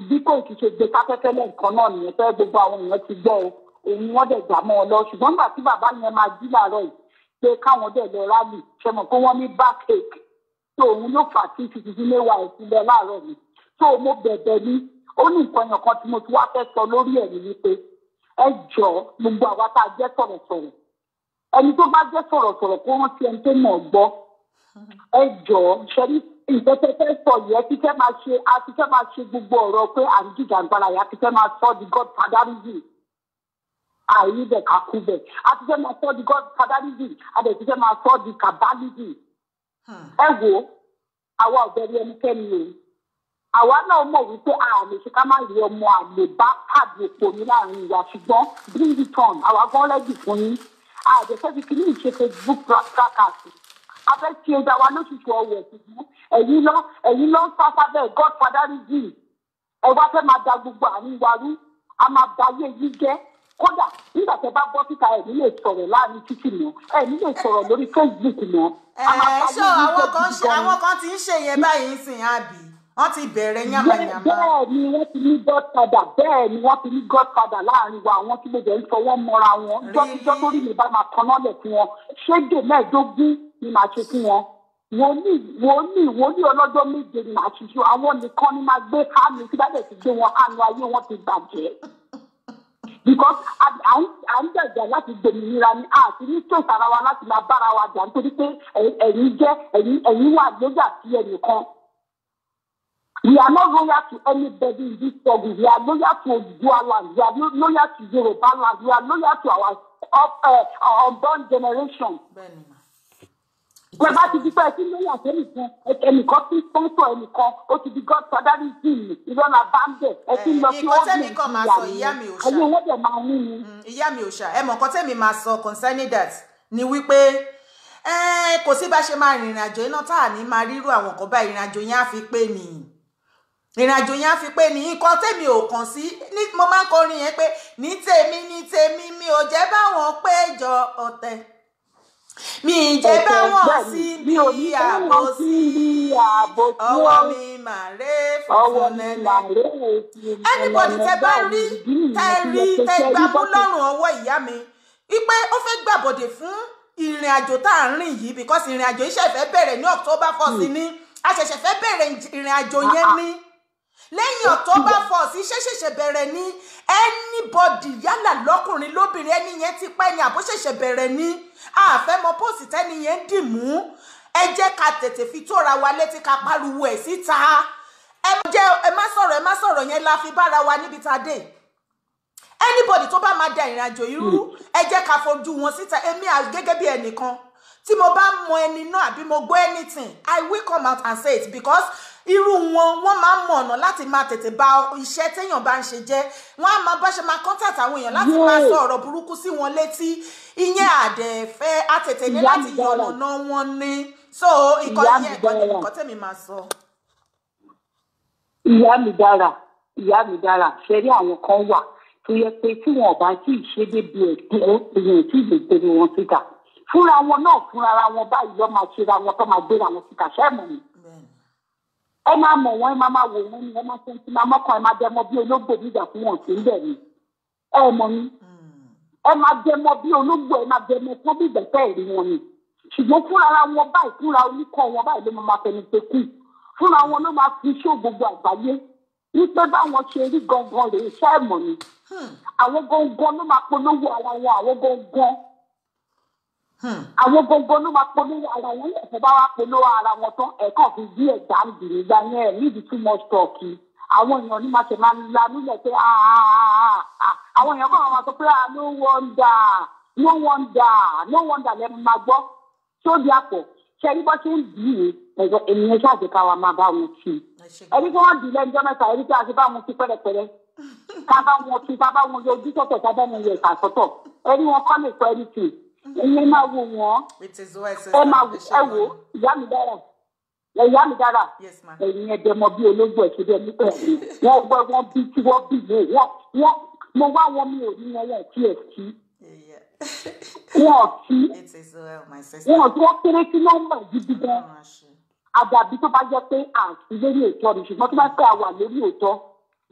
bí kò kì í ṣe gbé sáfẹ́fẹ́ lẹ́ẹ̀kan náà nìyẹn fẹ́ gbogbo àwọn èèyàn ti gbọ́ o òun wọ́n dẹ̀ gbà mọ́ ọ lọ ṣùgbọ́n gbà tí bàbá yẹn máa jí làárọ̀ yìí pé káwọn dẹ̀ lọ rálì ṣe mọ̀ pé wọ́n ní backache tó òun ló fà sí títí mẹ́wàá ẹ̀sìn lọ láàárọ̀ mi tó mo bẹ̀bẹ̀ ní ó ní nǹkan yẹn kan tí mo ti wá fẹ́ sọ lórí ẹ̀ ní pé ẹ jọ gbogbo àwa tá a jẹ́ sọ̀rọ̀sọ̀rọ̀ ẹni tó bá jẹ́ sọ̀rọ̀sọ̀rọ̀ kó rántí ẹni tó mọ̀ gbọ́ ẹ jọ ṣẹ́ni ìfẹ́fẹ́fẹ́ sọ yẹn ti fẹ́ máa ṣe a ti fẹ́ máa ṣe gbogbo ọ̀rọ̀ pé à ń jìjàgbara ti fẹ́ máa sọ di god fatherism àìrí bẹ̀ ká kú bẹ̀ a ti fẹ́ máa sọ di godfatherism a dẹ̀ ti fẹ́ máa sọ di cabalism ẹ wo àwa ọ̀bẹ̀rẹ̀ ẹnikẹ́ni o àwa náà mọ̀ wípé àmì ṣe ká má rí ọmọ àlè bá pàdé òpó mi láàrin ìyá ṣùgbọ́n bring it on àwa gan rẹ́dì fún yín àdẹ̀fẹ́ fi kìíní ìṣe facebook trackers a fẹ́ ṣe ẹja wa lóṣooṣù ọwọ́ ṣùgbọ́n ẹ̀yin lọ ẹ̀yin lọ ń sáfá bẹ́ẹ̀ godfatherism ẹ wá fẹ́ máa da gbogbo àárín wa rú a máa da ayé yín jẹ́ kódà nígbà tẹ bá gbọ́ kíka ẹ̀ nílé sọ̀rọ̀ láàrin títì mọ́ ẹ̀ nílé sọ̀rọ̀ lórí Facebook mọ́. ẹ ẹ ṣó àwọn kan àwọn kan ti ń ṣe yẹn báyìí sìn àbí wọ́n ti bẹ̀rẹ̀ yàmàyàmà. bẹ́ẹ̀ ni wọ́n ti ní godfather bẹ́ẹ̀ ni wọ́n ti ní godfather láàrin wa àwọn tí mo jẹ́ ń fọwọ́ mọ́ra wọn jọ́síjọ́ lórí mi bá máa tanná lẹ̀ fún wọn ṣéde mẹ́ẹ̀ẹ́dógún ni màá ṣe fún wọn wòlíì wòlíì wòlíì ọlọ́jọ́ méje ni màá ṣiṣẹ́ àwọn nìkan ni máa gbé hàmì tí bá dẹ̀ ti gbé wọn hàmì ayé wọn ti bàjẹ́ because à ń jẹ̀jẹ̀ láti gbòmìnira ni a ti ní tó sara wa láti máa bára wa jà nítorí pé ẹ̀yin jẹ́ ẹ̀yin wà lójà sí ẹnìkan. We are not loyal to anybody in this struggle. We are loyal to Odua land. We are loyal to Yoruba land. We are loyal to our, up, uh, our unborn generation. Benny. Ṣé bá ti di pé ẹtí lóyà sẹ́nìkan ẹnìkan tí sponsor ẹnìkan ó ti di god father ní ìlú ìlọ́nà bámbẹ̀ ẹtí lọ eh, sí wọ́n ní ìyá mi ayé wọ́n dẹ̀ máa ní ni. ìyá mi ò ṣà mm, ẹ mọ̀ nǹkan tẹ́mi máa sọ concerning that ni wípé kò sí bá ṣe máa rìnrìn àjò iná tá à ní máa rírú àwọn nǹkan bá ìrìn àjò yẹn á fi pé ni ìrìn àjò yẹn á fi pé ni nǹkan tèmi ò kàn sí mo máa ń kọrin yẹn pé ní tèmi ní tèmi mi ò jẹ́ báwọn péjọ ọ̀tẹ̀ mi jẹ́ bá wọn sí bí àbò sí ọwọ́ mi mà ré funfun lẹ́lẹ́. anybody tẹ bá rí tẹ rí tẹ gbámú lọ́rùn ọwọ́ ìyá mi wípé ó fẹ́ gbàbọ̀dẹ̀ fún ìrìn àjò tá à ń rìn yìí because ìrìn àjò iṣẹ́ ìfẹ́ bẹ̀rẹ̀ ní October first hmm. ní a ṣẹ̀ṣẹ̀ fẹ́ bẹ̀rẹ̀ ìrìn àjò yẹn ah, ah. ní lẹ́yìn October first iṣẹ́ ṣẹ̀ṣẹ̀ bẹ̀rẹ̀ ní anybody yálà lọ́kùnrin lóbìnrin ẹni yẹn ti pẹ́ ni àbó ṣẹ̀ṣẹ̀ bẹ̀rẹ̀ ní àfẹ́mọ pósì tẹ́ni yẹn ń dì mú ẹ jẹ́ ká tètè fi tóra wa létí ká pariwo ẹ̀ síta ẹ jẹ́ ẹ má sọ̀rọ̀ ẹ má sọ̀rọ̀ yẹn la fi bára wa níbi tá a dé anybody tó bá máa da ìrìn àjò irú ẹ jẹ́ ká fojú wọn síta èmi gẹ́gẹ́ bí ẹnìkan tí mo bá mọ ẹni náà àbí mo gbọ́ anything i will come out and say it because irú wọn wọ́n máa mọ̀ ọ̀nà láti máa tètè ba iṣẹ́ téèyàn bá ń ṣe jẹ́ wọ́n á máa bá máa contact àwọn èèyàn láti máa sọ ọ̀rọ̀ burúkú sí wọn létí ìyẹn àdẹ̀fẹ́ á ní láti yọ̀nà wọn ni so ìkọ́ni ẹ̀kọ́ ni ìkọ́ tèmi máa sọ. ìyá mi dára ìyá mi dára ṣe àwọn kan wà tó yẹ pé tí wọn bá tí ì ṣe débi ẹ̀kọ́ èèyàn tí ì lè gbé wọn síta fúnra wọn náà fúnra wọn báyìí lọ́ máa ṣe ra wọn tó máa gbéra wọn síta ṣẹ́ẹ̀mù mi ẹ máa mọ̀ wọ́n ẹ máa máa wò wọ́n ni ẹ máa ṣe ń ti máa mọ́kàn ẹ máa jẹ mọ́ bí ológbò nígbà tí wọ́n ti ń bẹ̀ ni ẹ mọ̀ ni hmm. ẹ máa jẹ mọ́ bí ológbò ẹ máa jẹ mọ́ fún bí ìgbà tẹ́ rí wọn ni ṣùgbọ́n fúnra wọn báyìí fúnra oníkọ́ wọn báyìí ló máa fẹnu ṣe kú fúnra wọn ló máa fi ṣó gbogbo àgbáyé wípé báwọn ṣe rí gangan rèé iṣẹ́ ẹ̀mọ̀ ni hmm. àwọn gangan ló máa polówó ara wọn àwọn gangan Hmm. àwọn gbogbo ló máa polówó ara wọn ní ẹ̀fọ́ bá wá polówó ara wọn tán ẹ̀kọ́ fi bí ẹ̀dá ń bìrì gba ní ẹ̀ níbi too much talk àwọn èèyàn ní máa ṣe máa lanú lẹ̀ pé ah, ah, ah, àwọn èèyàn kọ́ máa sọ pé no wonder no wonder no wonder lẹ́nu máa gbọ́ tó di àpò ṣe ẹni bọ́ ṣe ń bì í ẹ̀rọ ènìyàn ṣáàjẹ́ ká wa máa bá wọn kí ẹni tí wọ́n dì lẹ́jọ́ mẹ́ta ẹni tí a ṣe bá wọn kí pẹ́rẹpẹ́rẹ ká bá wọn kí ká bá wọn yọjú sọ̀tọ̀ ká bá wọn yẹ ìkàsọ́tọ̀ ẹni wọn kọ́ lè sọ ẹni tì í ìyẹn máa wò wọ́n ó máa wò ẹ wò ìyá mi dára ẹ̀yà mi dára ẹ̀yìn ẹ̀dẹ̀ mọ bí olóògbé ẹ̀ṣẹ̀ nípa ẹ̀mí wọ́n gbọ́ wọ́n bí tí wọ́n bí lé wọ́n wọ́n mo wá wọn mi ò ní wọn kí ẹ̀ sí. wọn kí wọn tí wọ́n kéré sí nọ́mbà gidi gan oh, àdàbí tó bá jẹ́ pé àǹtí lórí òótọ́ ni ṣùgbọ́n tó bá pẹ́ àwà lórí òótọ́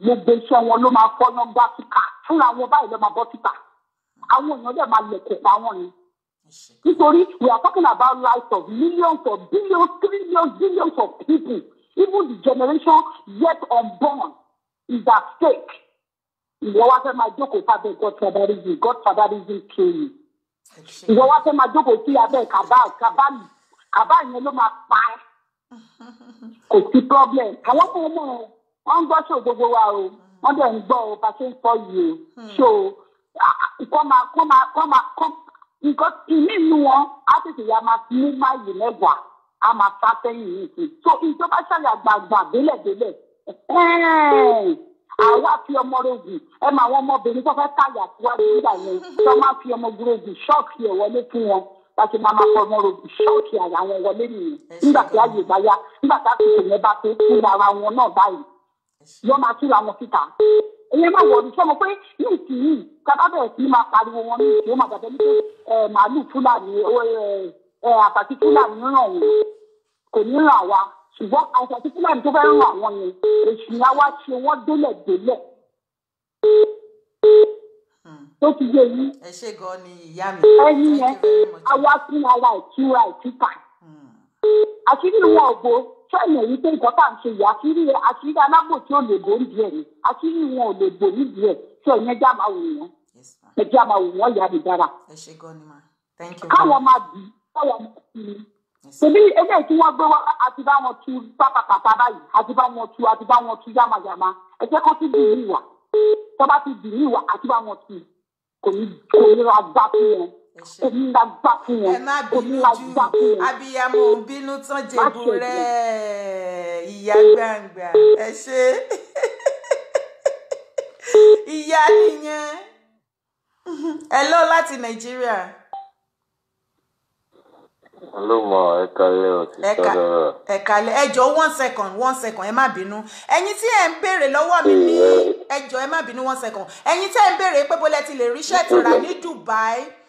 gbogbo iṣẹ́ wọn ló máa fọ́ nọ́mbà síta fúnra wọn báyìí ló máa bọ́ síta àwọn èèyàn dẹ̀ máa lẹ̀kọ̀ pa wọn ni. Nítorí we are talking about lives of millions of billions, trillions, billions of people. Even the generation yet unborn is at stake. Ìwọ wá fẹ́ máa jókòó sábẹ́ Godfatherism, Godfatherism training. Ìwọ wá fẹ́ máa jókòó sí abẹ́ kàbá kàbá kàbá yẹn ló máa pa ẹ́. Kò sí problem. Àwọn ọmọ ọmọ wọn gbọ́ ṣò gbogbo wa o. Wọ́n dẹ̀ ń gbọ́ o bá ṣe ń sọ yìí o. Ṣò hmm. kọ́ máa kọ́ máa kọ́ máa kọ́ nǹkan ìmí inú wọn á tètè ya máa mú máìlì mẹ́wàá á máa ta sẹ́yìn yìí sí so ìjọba ṣàlẹ̀ àgbààgbà délẹ̀délẹ̀ àwa fi ọmọ rogùn ẹ máa wọn ọmọbìnrin tó fẹ́ káyà síwájú nígbà yẹn tó máa fi ọmọ rogùn ṣọ́ọ̀kì ẹ̀ wọlé fún wọn láti máa máa fọ ọmọ rogùn ṣọ́ọ̀kì àyà wọn wọlé nìyẹn nígbà tí ààyè bá yá nígbà tí àsìkò yẹn bá tó fún ara wọn náà báyìí wọ́n máa túra wọn síta èyàn máa wọ̀ ní sọ́mọ pé ní ìsìn kàtà bẹ̀rẹ̀ sí máa pariwo wọn ní ìsìn ó máa dàbẹ́ nípa màálù fúlàní àpàtì fúlàní ràn wọ́n kò ní ràn àwa ṣùgbọ́n àpàtì fúlàní tó fẹ́ ràn àwọn yẹn èṣù yẹn wá ṣe wọ́n délẹ̀ délẹ̀ tó ti yé yín. ẹ ṣe gan ni ìyá mi. ẹni yẹn àwa fún ara ìtura ìtúpa hmm. àṣírí wọn ò fẹ́ẹ̀mì èyí pé nǹkan tá à ń ṣe yìí àṣírí àṣírí alábò tí ò lè bò ń díẹ̀ ni àṣírí wọn ò lè bò ní díẹ̀ tí ẹ̀yẹn já máa wò wọ́n ẹ̀jẹ̀ máa wò wọ́n yára dára. ẹ ṣe gan ni ma thank you. káwọn máa bì í káwọn máa bì í. ṣèbí eléyìí tí wọ́n gbé wá àti bá wọn tu pápákàtà báyìí àti bá wọn tu àti bá wọn tu yámayàmá ẹ jẹ́ kó ti dì ní ìwà tó bá ti dì ní ìwà àti bá wọn tu kò ní kò ní ra gbá fún wọn lágbá fún wọn. ẹ má bínú ju abiyamọ òbínú tán jẹ̀bù rẹ̀ ìyá gbangba ẹ ṣe ìyá nìyẹn ẹ lọ láti nàìjíríà. Hello ma, ẹ kalẹ̀ o ti sọ́dọ̀. Ẹ kalẹ̀ ẹ one second one second ẹ má bínú. Ẹ̀yin tí ẹ ń béèrè lọ́wọ́ mi ní ẹ jọ ẹ má bínú one second. Ẹ̀yin tí ẹ ń béèrè pé bólẹ̀ ti lè ríṣẹ́ ti ní Dubai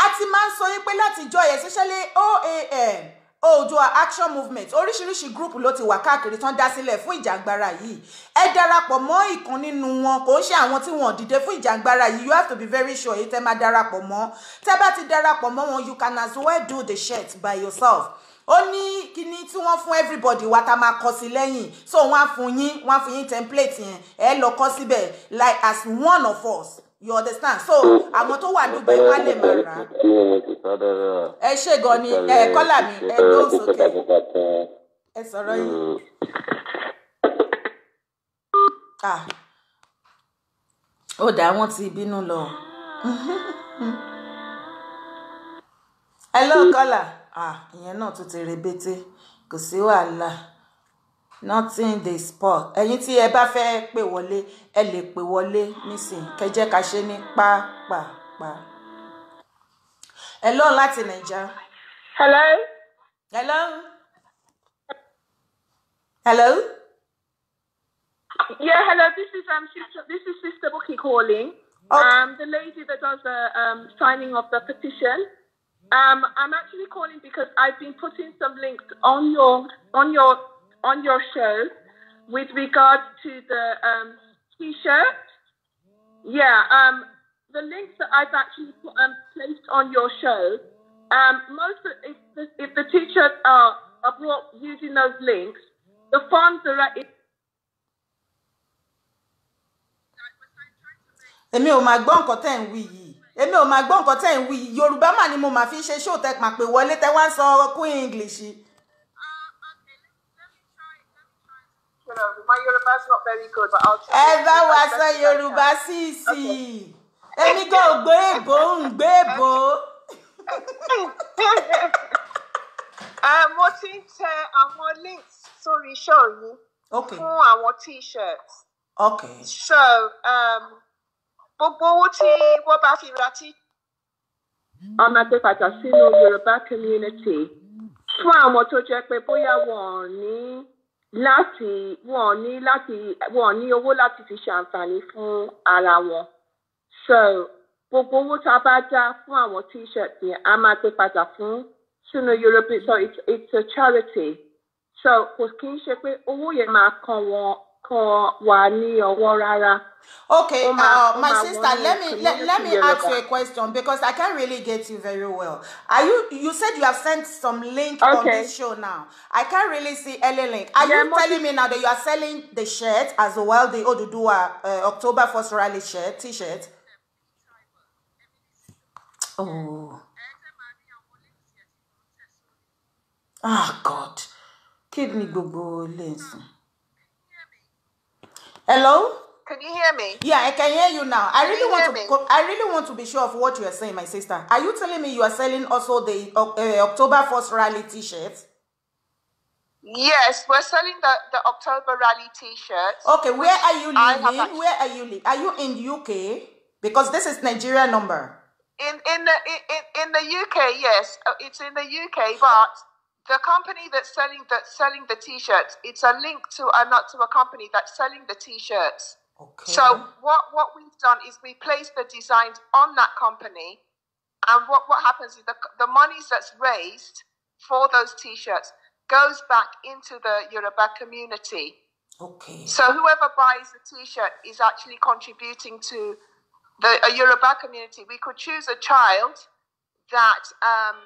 a ti máa ń sọ yín pé látijọ́ yẹn especially OAM Oòduà Action Movement oríṣiríṣi gúrùpù ló ti wà káàkiri tán dá sílẹ̀ fún ìjàngbara yìí ẹ darapọ̀ mọ́ ìkan nínú wọn kò ń ṣe àwọn tí wọn dìde fún ìjàngbara yìí you have to be very sure èyí tẹ́ máa darapọ̀ mọ́ tẹ́ bá ti darapọ̀ mọ́ wọn you can as well do the shirt by yourself ó ní kíní tí wọ́n fún everybody wa ta máa kọ sí lẹ́yìn so wọ́n á fún yín wọ́n á fún yín template yẹn ẹ lọ kọ síbẹ̀ like as one of us you understand so àwọn tó wà Dubai wá lè máa rà á. ẹ ṣe gan ni ẹ kọ́là mi ẹ gbóhùn sókè ẹ sọ̀rọ̀ yìí. ó dá wọn ti bínú lọ. hello kọ́là ìyẹn náà tún ti rebete kò sí wàhálà. nothing dey spoil ẹ̀yin tí ẹ bá fẹ́ pè wọlé ẹ lè pè wọlé nísìn kẹjẹ ká ṣe ní pápápá. hello láti naija. hello. hello. hello. yeah hello this is um this is sister Buki calling. Okay. Oh. Um, the lady that does the um, signing of the petition. Um, I'm actually calling because I've been putting some links on your on your on your show with regards to the um, t-shirt. Yeah, um, the links that I've actually put, um, placed on your show, um, most of, if the, if the t-shirts are, are brought using those links, the funds are at. èmi ò máa gbọ́ nǹkan tẹ́ ń wí yìí èmi ò máa gbọ́ nǹkan tẹ́ ń yorùbá mà ni mo ma fi ṣe ṣóòtẹ́ pàpè wọlé tẹ́ wá sọ queen english you know, my Yoruba is not very good, but I'll try. Ẹ bá wa sọ Yorùbá sí sí. Èmi kò gbé um, Mo ti ń tẹ àwọn links sórí show yìí fún àwọn t-shirts. Okay. So, um, gbogbo owó tí wọ́n bá fi ra tí. A máa gbé padà sínú Yorùbá community fún àwọn tó jẹ́ pé bóyá wọn ní láti wọn ní láti wọn ní owó láti fi ṣàǹfààní fún ara wọn so gbogbo owó tá a bá dá fún àwọn t-shirt yẹn a máa gbé padà fún sínú Europe so it's, it's a charity so kò kí n ṣe pé owó yẹn máa kàn wọn kan wà ní ọwọ́ rárá. Okay, uh, my sister, let me let, let me ask you a question because I can't really get you very well. Are you you said you have sent some link okay. on this show now? I can't really see any link. Are yeah, you telling me now that you are selling the shirt as well, the Odudua uh, October first rally shirt, T-shirt? Oh. Ah, oh, God. Kí ni gbogbo lẹ́sìn. Hello? Can you hear me? Yeah, I can hear you now. I can really want to. Me? I really want to be sure of what you are saying, my sister. Are you telling me you are selling also the uh, uh October first rally T-shirt? Yes, we're selling the, the October rally T-shirts. Okay, where are you living? Where are you living? Are you in UK? Because this is Nigeria number. In in the in, in the UK, yes, uh, it's in the UK, but the company that's selling that's selling the t-shirts it's a link to a uh, not to a company that's selling the t-shirts okay. so what what we've done is we place the designs on that company and what what happens is the, the monies that's raised for those t-shirts goes back into the yoruba community okay so whoever buys the t-shirt is actually contributing to the a yoruba community we could choose a child that um,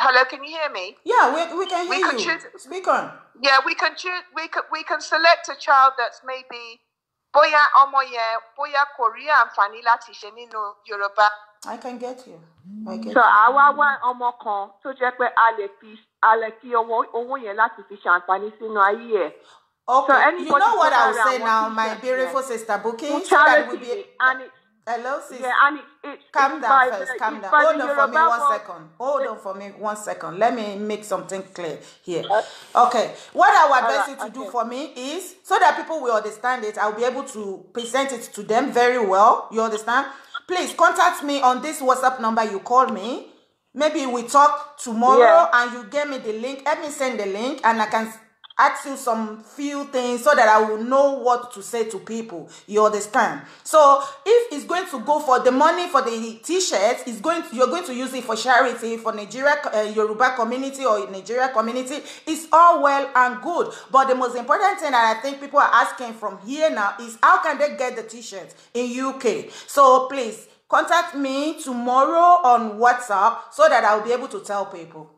Hello, can you hear me? Yeah, we, we can hear we you. choose, Speak on. Yeah, we can choose. We can we can select a child that's maybe bóyá ọmọ yẹn bóyá Korea and àǹfààní láti ṣe nínú Yorùbá. I can get you. I get so àwa wá ọmọ kan tó jẹ́ pé a lè fi a lè fi owó owó yẹn láti fi ṣàǹfààní sínú ayé Okay, so you know what I'll say now, my beautiful sister Buki, so that will be. And it Hello, sister. Yeah, and it, it, calm down first. The, calm down. Hold on for me one second. Hold on for me one second. Let me make something clear here. Uh, okay. What I would advise right, you to okay. do for me is so that people will understand it. I'll be able to present it to them very well. You understand? Please contact me on this WhatsApp number you call me. Maybe we talk tomorrow, yeah. and you give me the link. Let me send the link, and I can ask you some few things so that I will know what to say to people. You understand? So if it's going to go for the money for the t-shirts, it's going to, you're going to use it for charity for Nigeria uh, Yoruba community or Nigeria community. It's all well and good, but the most important thing that I think people are asking from here now is how can they get the t-shirts in UK? So please contact me tomorrow on WhatsApp so that I'll be able to tell people.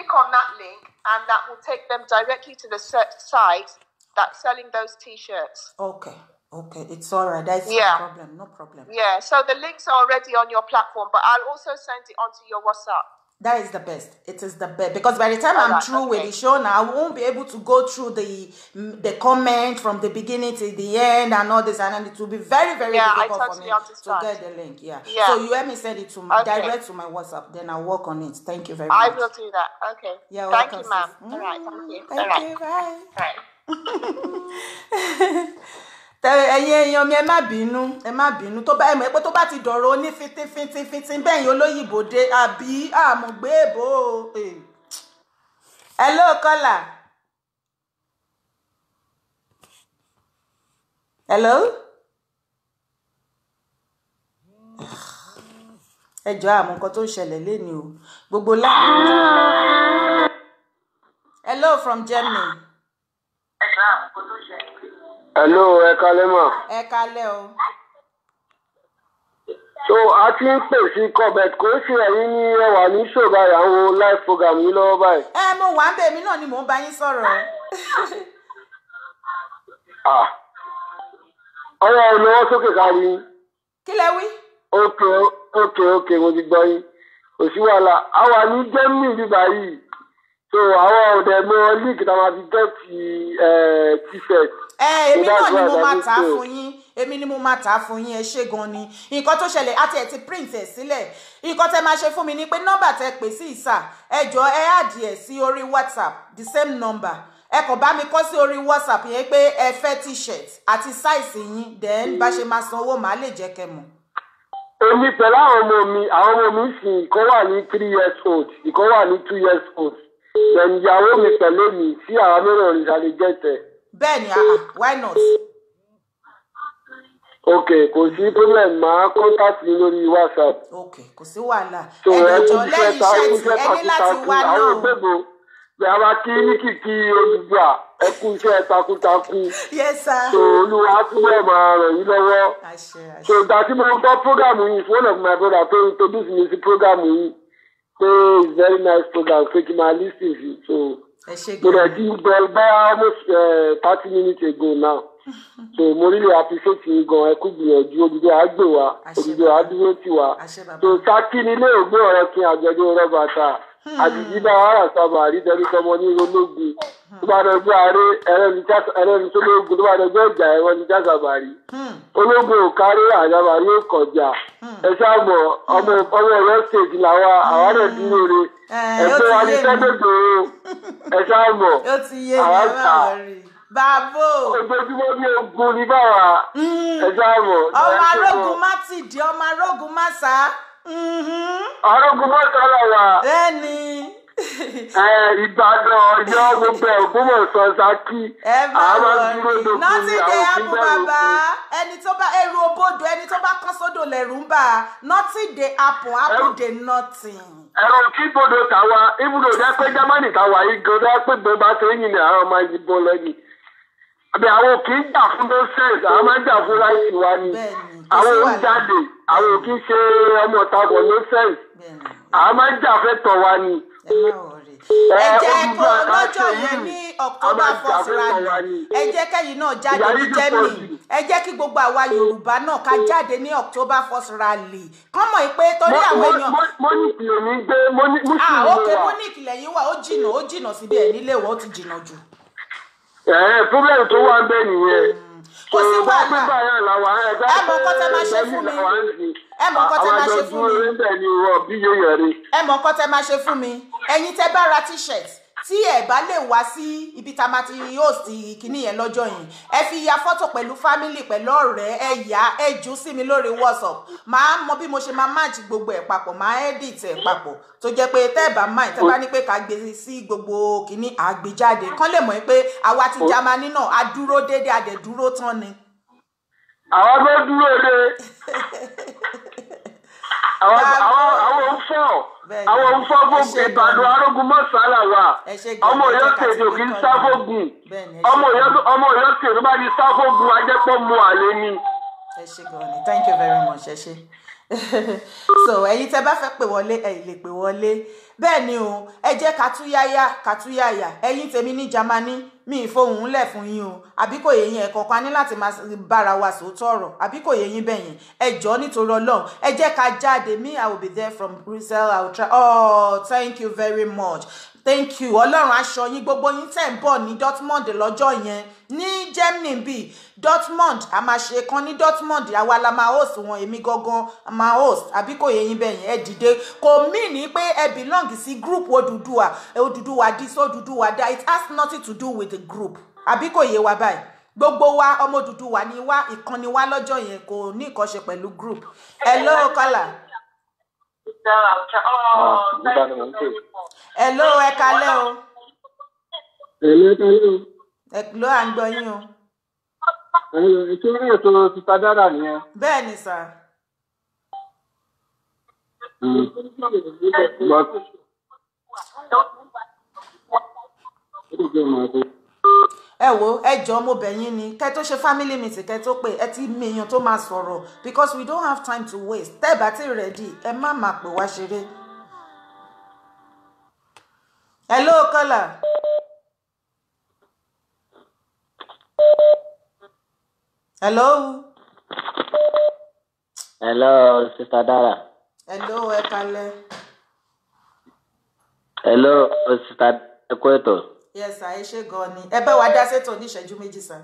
click on that link, and that will take them directly to the site that's selling those T-shirts. Okay. Okay, it's all right. That's yeah. no problem. No problem. Yeah. So the links are already on your platform, but I'll also send it onto your WhatsApp. That is the best. It is the best because by the time oh, I'm through okay. with the show now, I won't be able to go through the the comment from the beginning to the end and all this, and it will be very very yeah, difficult for me to get the link. Yeah. yeah. So you let me send it to my okay. direct to my WhatsApp, then I'll work on it. Thank you very much. I will do that. Okay. Yeah. Thank you, ma'am. Mm, all right. Thank you. Mm, thank all right. you. Bye. All right. ẹ̀yin èèyàn mi ẹ má bínú ẹ má bínú tó bá ẹ mọ̀ pé tó bá ti dọ̀rọ̀ oní fíntín fíntín fíntín bẹ́yìn olóyìnbó dé àbí àmùgbé èbó ẹ ló kọ́là. hello ẹ jọ àmọ́ nǹkan tó ń ṣẹlẹ̀ lẹ́nu o gbogbo láàrin hello from Germany. ẹ jọ àmọ́ nǹkan tó ń ṣẹlẹ̀ hello ẹ kalẹ́ mà. ẹ kalẹ́ o. so a ti ń pè sí cobet kò sí ẹ̀yin ní ẹwà ní ṣòbáyà àwọn live program yìí lọ́wọ́ báyìí. ẹ mo wà ń bẹ èmi náà ni mò ń bá yín sọ̀rọ̀. ọ̀rọ̀ ẹ̀ lọ́wọ́ sókè kárí. kí lẹ wí. ok ok ok mo ti gbọ́ yín kò sí wàhálà àwa ní Germany bíbá yìí so àwọn ọ̀dẹ̀ mọ league tá a máa fi gẹ́ẹ̀tì eh, t-shirt. Eh, ẹ èmi náà ni mo máa tà á fún yín èmi ni mo máa tà á fún yín ẹ ṣé gan ni nǹkan tó ṣẹlẹ̀ àti ẹ̀ ti print ẹ̀ sílẹ̀ nǹkan tẹ máa ṣe fún mi ni pé nọ́mbà tẹ pè sí ìsà ẹ jọ ẹ àdìẹ sí orí whatsapp the same number ẹ kàn bá mi kọ sí orí whatsapp yẹn pé ẹ fẹ́ t-shirt àti size yín then bá ṣe máa sanwó màá lè jẹ́ kẹ́ mọ̀. èmi pẹ̀lú àwọn ọmọ mi àwọn ọmọ mi sì ìkan wà ní three years old ìkan wà ní two years old bẹ̀ẹ̀ni ìyàwó mi pẹ̀lú mi sí àwọn mẹ́rẹ̀ẹ̀rin ta lè jẹ́ tẹ̀. bẹ́ẹ̀ni why not. ok kò sí problem máa contact mi lórí whatsapp. ok kò sí wàhálà ẹnìjọ lẹ́yìn iṣẹ́ ti ẹni láti wá náà. àwọn ògbébò yàrá kí ní kìkì olùgbà ẹ kú iṣẹ́ takuntakun. yes sir. so olúwa túbọ̀ máa ràn yín lọ́wọ́. so ìgbà tí mo gbọ́ program yìí fún one of my brother tó introduce mi sí program yìí pé it's very nice program So, kí n máa lis ten sí so mo rẹ̀ di gbọ́ bá almost eh, thirty minutes ago now so mo really appreciate yín gan ẹ kú gbìyànjú olùdó àgbè wa olùdó àdúró tì wá so sákì nílé ògbó ọ̀rọ̀ kí àjọ̀dún rọ́bà ta hmm. àdìjí bá wàrà sábà àrídẹ́rú tọmọ ní ológun tubaadɔjɔ are ɛrɛnja ɛrɛnjologun tubaadɔjɔ ja ɛrɛnja sabari ológun òkárẹ àjàbárí kọjá ẹsẹ hmm. àmọ ọmọ hmm. ọmọ ọlọ stage làwa àwọn náà hmm. dúró re eh, ẹgbẹ wa ní sẹgbẹgbẹ o ẹsẹ àmọ àwọn ta bàbá o. ojoojúmọ́ ní ogun ní báwa ẹsẹ àmọ. ọmọ arógun má ti di ọmọ arógun má sá. arógun má sá là wà ìgbàdàn ọjọ́ gbogbo ẹ̀gbọ́n sọ́sákì àwọn dúró lókun ní àwọn òfin bẹ́ẹ̀ lókun. ẹni tó bá ẹrù obodò ẹni tó bá kán sódò lẹ́rù ń bà nothing dey happen happen dey nothing. ẹ̀rọ kí gbọdọ tàwa ibùdó jẹ́ pé germany tàwa yìí gbọdọ̀ pé gbọdọ̀ bá tó yìn ní àwọn ọmọ yìí bọ́ lẹ́yìn. àbí àwọn kì í jà fún doses àwọn máa ń jà fún láìsí wa ni àwọn ò ń jáde àwọn kì í ṣe ọmọ ọ̀tàkọ̀ doses àwọn máa ń jà fẹ́ wa ni. Bẹ́ẹ̀ni, ẹ jẹ́ kó lọ́jọ́ yẹn ní October fọ́síwájú ẹ jẹ́ kẹ́yìn náà jáde ní Germany ẹ jẹ́ kí gbogbo àwa Yorùbá náà ká jáde ní October first rally kán mọ̀ pé torí àwọn èèyàn. monic ah, lè gbé monic lè wà. ok lẹ́yìn ó ó síbi ẹ̀ nílé ó ti kò sí wàhálà ẹ mọ nǹkan tẹ máa ṣe fún mi ẹ mọ nǹkan tẹ máa ṣe fún mi ẹ mọ nǹkan tẹ máa ṣe fún mi ẹ̀yin tẹ bá ra t-shirt tí ẹ bá lè wá sí ibi tá a máa ti host kínní yẹn lọ́jọ́ yẹn ẹ fi ya fọ́tò pẹ̀lú fámìlì pẹ̀lú ọ̀rẹ́ ẹ yá ẹ jù sí mi lórí whatsapp máa mọ bí mo ṣe máa match gbogbo ẹ̀ papọ̀ máa edit ẹ̀ papọ̀ tó jẹ́ pé tẹ́ ẹ bá mind tẹ́ bá ní pé ká gbé sí gbogbo kínní àgbéjáde kán lè mọ̀ pé àwa ti Jámánì náà a dúró déédéé a dẹ̀ dúró tán ni. àwọn tó dúró de. àwọn àwọn òǹfọ̀ àwọn òǹfọ̀ fògùn ìbàdàn arógun mọ́sálà wa ọmọ Ọ̀yọ́ tèmi ò kì í sá fògùn ọmọ Ọ̀yọ́ tèmi bá ní sá fògùn ajẹ́pọ̀ mu àlè ni. ẹ ṣe gan ni thank you very much ẹ ṣe so ẹ̀yin tẹ́ bá fẹ́ pè wọlé ẹ lè pè wọlé bẹ́ẹ̀ ni o ẹ jẹ́ kàtúyáyá kàtúyáyá ẹ̀yin tèmi ní Jámánì mi ìfohùn lẹ̀ fún yín o àbí kò yẹ yín ẹ̀kọ́ kan ní láti máa bára wa sòótọ́ ọ̀rọ̀ àbí kò yẹ yín bẹ́yẹn ẹ jọ̀ọ́ nítorí ọlọ́run ẹ jẹ́ ká jáde me i will be there from brussels i will try oh thank you very much thank you ọlọ́run aṣọ yín gbogbo yín tẹ̀ ń bọ̀ ní Dortmund lọ́jọ́ yẹn ní Germany bí Dortmund a máa ṣe kan ní Dortmund àwa la máa host wọn èmi gangan máa host àbí kò yẹ yín bẹ́ẹ̀ yẹn ẹ dìde kò mí ní pé ẹ belong sí group Odùduwà Odùduwà dis Odùduwà that it has nothing to do with the group àbí kò yẹ wa báyìí gbogbo wa ọmọ Odùduwà ni wá ìkànnì wa lọ́jọ́ yẹn kò ní ìkọ́ṣe pẹ̀lú group hello kọ́là. Hello, ẹ kalẹ́ o. Hello, ẹ kalẹ́ o. Ẹ ló à ń gbọ́ yín o. Ètò orí ètò títa dára nìyẹn. Bẹ́ẹ̀ni sà. Hmm. But ẹ wo ẹ jọ ni kẹ́ tó ṣe family meeting kẹ́ tó pé ẹ ti mèèyàn tó máa sọ̀rọ̀ because we don't have time to waste tẹ́ bá ti ready ẹ má máa pè wá ṣeré. hello caller. hello. hello sister Dara. hello ẹ kalẹ̀. hello sister ẹ yes sir ẹ ṣe gan ni ẹ bá wa dá sétò ní ìṣẹ́jú méjì sir.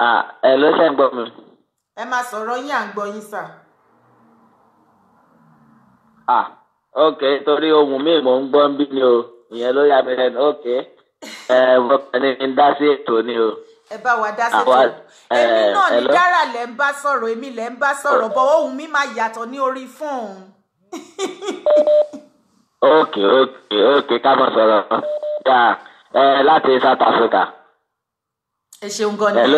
Ah, ẹ ló ṣe ń gbọ́ mi. ẹ máa sọ̀rọ̀ yín à ń gbọ́ yín sir. ah ok torí ohun mi mò ń gbọ́ ń bí ni o ìyẹn ló yà mí lẹ́nu ok ẹ wọ́n kàn ní dá sí ètò ni o ẹ bá wa dá sí tó èmi náà ní dára lẹ ń bá sọ̀rọ̀ èmi lẹ ń bá sọ̀rọ̀ bọ̀ ohùn mi máa yàtọ̀ ní orí fóònù ok ok ok ká mọ̀ sọ̀rọ̀ láti South Africa. ẹ ṣeun gan ni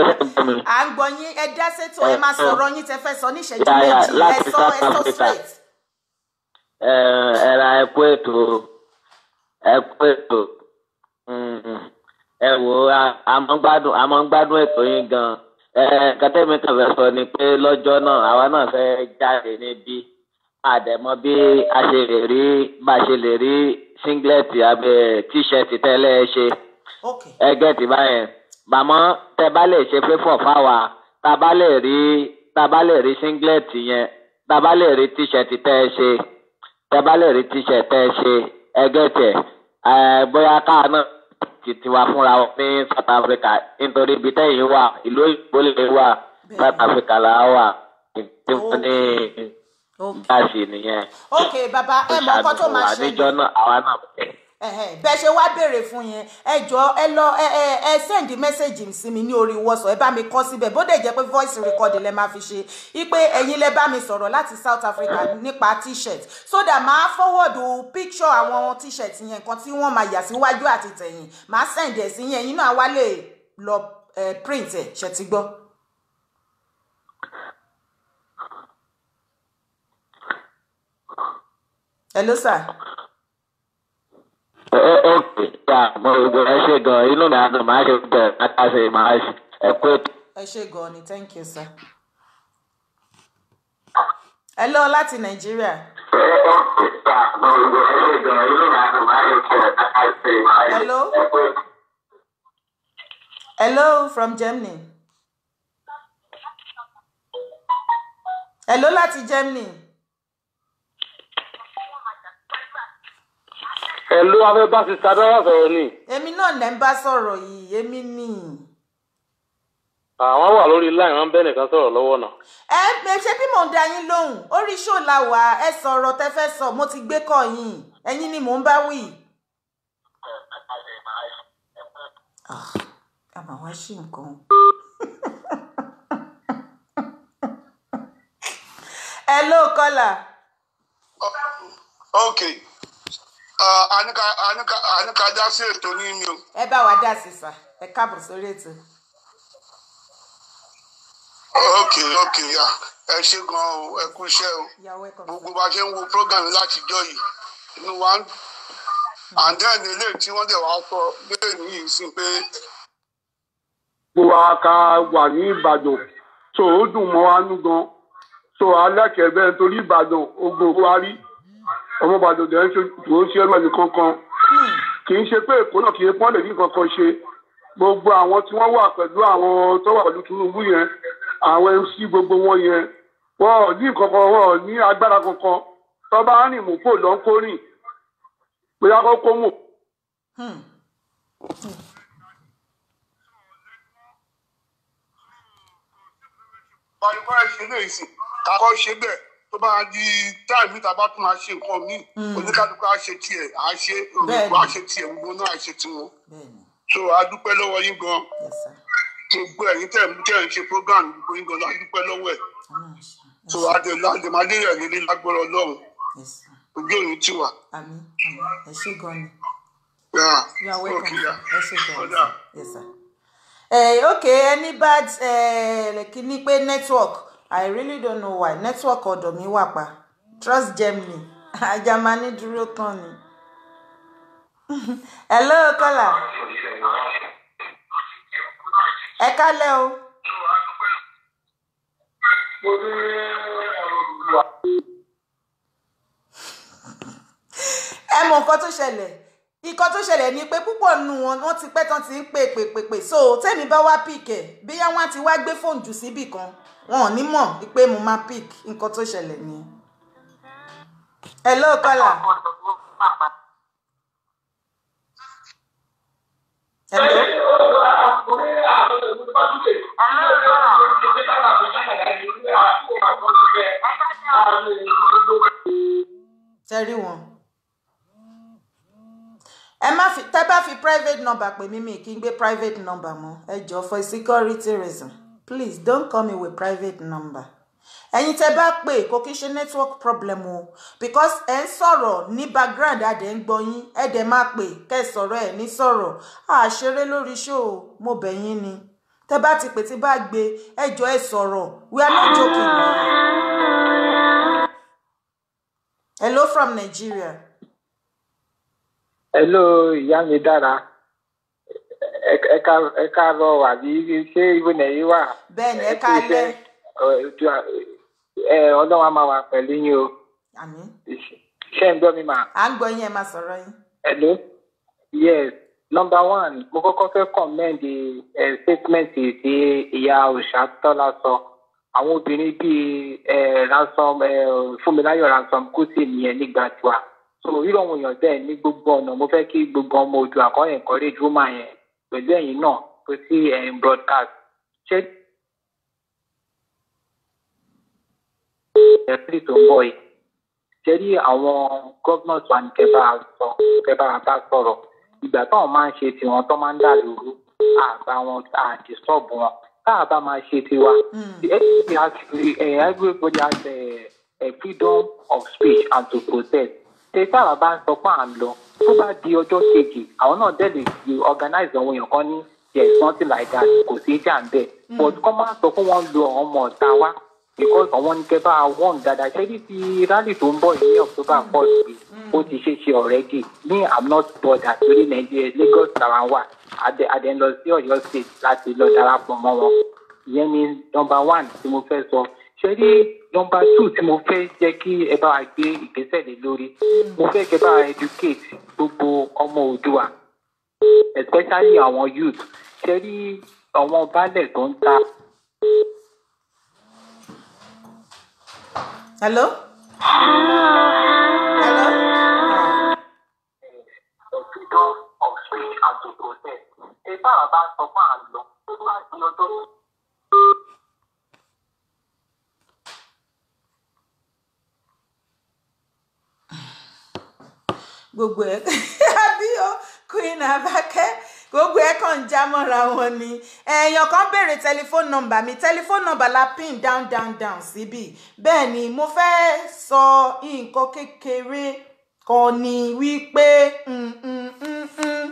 à ń gbọ́ yín ẹ dá sétò ẹ máa sọ̀rọ̀ yín tẹ fẹ́ sọ ní ìṣẹ́jú méjì ẹ sọ ẹ sọ straight. ẹ ẹ ra ẹ kú ètò ẹ kú ètò mm-hmm. ẹ wò ó a máa ń gbádùn ètò yín gan-an kẹtẹ́mi kan fẹ́ sọ ni pé lọ́jọ́ náà àwa náà fẹ́ jáde níbí àdẹ̀mọ́ bí a ṣe lè rí bá a ṣe lè rí singlet abẹ́ t-shirt tẹ́lẹ̀ ṣe ẹgẹ́ ti báyẹn bàmọ́ tẹ bá lè ṣe fífọ̀ fáwa tá bá lè rí tá bá lè rí singlet yẹn tá bá lè rí t-shirt tẹ́ ẹ ṣe tẹ bá lè rí t-shirt tẹ́ ẹ ṣe ẹgẹ́ tẹ̀ ẹ bóyá káà náà ti tiwa fúnra ní South Africa nítorí ibi tẹ́yìn wà ìlú òyìnbó lè wà South Africa là wà ní bá a ṣe nìyẹn. ok bàbá ẹ mọ ọkọ tó máa ṣe níjọ náà àwa náà bẹ. bẹ́ẹ̀ ṣe wá béèrè fún yẹn ẹ jọ ẹ lọ ẹ ẹ ẹ send message sí mi ní orí WhatsApp ẹ bá mi kọ síbẹ̀ bó dẹ̀ jẹ́ pé voice record lẹ máa fi ṣe ipe ẹ̀yin lẹ bá mi sọ̀rọ̀ láti South Africa nípa t-shirt so that máa forward picture àwọn t-shirt yẹn nǹkan tí wọ́n máa yà síwájú àti tẹ̀yìn máa send ẹ̀ sí yẹn ẹ̀yin náà wá lè lọ print ẹ̀ ṣe ti gbọ́. hello sir. ẹ ẹ pè ya mo gbọ́ ẹ ṣe gan inú mi àná màá ṣe gan àtàṣe màá ṣe ẹ thank you sir. Hello, lọ láti nàìjíríà. ẹ hello from germany. hello láti germany. ẹ̀lú afẹ́ bá sista Dara sọ̀rọ̀ ni. èmi náà lẹ́ ń bá sọ̀rọ̀ yìí èmi ni. àwọn wà lórí láì wọn bẹ́ẹ̀ nìkan sọ̀rọ̀ lọ́wọ́ náà. ẹ ẹ ṣé bí mò ń da yín lóhùn orí ṣó la wà ẹ sọ̀rọ̀ tẹ́ fẹ́ sọ mo ti gbé kọ́ yín ẹ̀yin ni mò ń bá wí. Ah, àmọ́ wá sí nǹkan. ẹ ló kọ́là. okay àníkà ah, àníkà àníkà dá sí ètò ní mi o. ẹ bá wa dá sí sà ẹ káàbọ̀ sórí ètò. ok ok ya ẹ ṣe gan o ẹ kú iṣẹ́ o gbogbo bá ṣe ń wo program látijọ́ yìí inú wa ń and then ilé tí wọ́n dẹ̀ wá sọ bẹ́ẹ̀ ní ìsìn pé. gbogbo wa ká wà ní Ìbàdàn tó o dùn mọ́ wa nú gan tó alẹ́ torí Ìbàdàn ogun wa rí ọmọ ìbàdàn dẹ̀ ń dúró sí ẹrù ẹnì kankan kì í ṣe pé èkó náà kì í pọ́n lè ní kankan ṣe gbogbo àwọn tí wọ́n wà pẹ̀lú àwọn tó wà pẹ̀lú Tinubu yẹn àwọn MC gbogbo wọn yẹn wọn ò ní kankan wọn ò ní agbára kankan tó bá rìn mú pò lọ́n kó rìn bóyá kó kó mú. Hmm. balùwẹ̀ ṣe lè sìn kakọ́ ṣe bẹ́ẹ̀ tó bá di táìmù tá a bá tún máa ṣe nǹkan míì hmm. oníkálukú á ṣe tiẹ̀ á ṣe òyìnbó á ṣe tiẹ̀ gbogbo náà á ṣe tiwọn so a dúpẹ́ lọ́wọ́ yín gan gbogbo ẹ̀yin tẹ̀ ń tẹ̀ ń ṣe program gbogbo yín gan la dúpẹ́ lọ́wọ́ ẹ̀ so àdèmàdé rẹ̀ nílé lágbọ́rọ̀ ọlọ́run ojú òní ti wà. ẹ ṣé gan ni. you are welcome ẹ ṣé gan ni. Eh, ok any bad eh, kìíní pé network. I really don't know why network ọ̀dọ̀ mi wà pa trust Germany ajamani dúró tán ni. hello kọ́là ẹ kálẹ̀ o. ẹ mọ nǹkan tó ṣẹlẹ̀ nǹkan tó ṣẹlẹ̀ ni pé púpọ̀ nù wọn wọ́n ti pẹ́ tán ti ń pè pè pè pè so tẹ́mi bá wá pìkẹ̀ bí wọ́n ti wá gbé fóònù jù síbì kan wọn ò ní mọ̀ wípé mo máa pick nǹkan tó ṣẹlẹ̀ ni. hello caller. hello. tẹ́rí wọn. ẹ má fi tẹ́ bá fi private number pè mí mi kí n gbé private number mọ́ ẹ jọ for security reason please don't call me with private number ẹ̀yin tẹ́ bá pè kò kí n ṣe network problem o because ẹ ń sọ̀rọ̀ ní background adẹ ń gbọ́ yín ẹ dẹ̀ máa pè kẹ́ sọ̀rọ̀ ẹ ní sọ̀rọ̀ àṣeré lórí show mo bẹ̀ yín ni tẹ́ bá ti pè tí bá gbé ẹjọ́ ẹ sọ̀rọ̀ we are not joking. hello from Nigeria. hello ìyá mi dára ẹ káàárọ̀ àbí ṣé ibo nẹ̀yìn wà. bẹ́ẹ̀ni ẹ káalẹ́. ẹ ọlọ́run á máa wà pẹ̀lú yín o. àmín. ṣé ń gbọ́ mi mà. à ń gbọ́ yín ẹ máa sọ̀rọ̀ yín. hello yes number one mo kọ́kọ́ fẹ́ comment ẹ statement ti ìyá òṣàtọ́lá sọ àwọn obìnrin bíi ransom fúnmiláyọ̀ ransom kùtì nìyẹn nígbà tiwa so rírọ̀ wọn yàn bẹ́ẹ̀ ní gbogbo ọ̀nà mo fẹ́ kí gbogbo ọmọ Oòduà àkọ́yẹ̀ encourage woman yẹn pẹ̀lú ẹ̀yin náà tó sí ẹ̀yin broadcast ṣé ẹ̀rí tó ń bọ̀ yìí ṣé rí àwọn gọ́vnọ̀tì wa ní kẹfà sọ kẹfà bá sọ̀rọ̀ ìgbà táwọn máa ń ṣe tiwọn tó máa ń dà lóru àgbà wọn àti sọ́ọ̀bù wọn tá máa ṣe tiwa hmm. eh, everybody has a eh, eh, freedom of speech and to protest tètè àwa bá ń sọ pé à ń lọ tó bá di ọjọ́ kejì àwọn náà dẹ̀ lè fi organize àwọn èèyàn kan ní yẹ something like that kò sí jà ń bẹ̀ hmm. but kọ́ máa sọ pé wọ́n lo àwọn ọmọ ọ̀tá wa because àwọn ní kẹfà wọ́n dada ṣẹ́bí ti rally tó ń bọ̀ ní october hmm. fourth bi hmm. ó ti ṣe ṣe already ní i'm not border torí nàìjíríà lagos làwọn wà àdẹ̀ sí ọ̀yọ́ state láti lọ darapọ̀ mọ́ wọn ìyẹn ni number one tí mo fẹ́ sọ. So ṣe rí nọmba two tí mo fẹ́ jẹ́ kí ẹ bá wa gbé ìgbésẹ̀ lé lórí mo fẹ́ kẹ́ bá educate gbogbo ọmọ òdua especially àwọn youth ṣe rí àwọn baálẹ̀ tó ń ta. hello. hello. freedom of speech and bá sọ fún àlọ́ tó bá di ọjọ́ yìí. gbogbo ẹ̀ àbí o queen abakẹ́ gbogbo ẹ̀ kàn ń já mọ́ra wọn ni èèyàn kan béèrè tẹlifóònù nọ́mbà mi tẹlifóònù nọ́mbà la pin down down down síbí bẹ́ẹ̀ ni mo fẹ́ sọ nǹkan kékeré kan ni wípé. Mm, mm, mm, mm.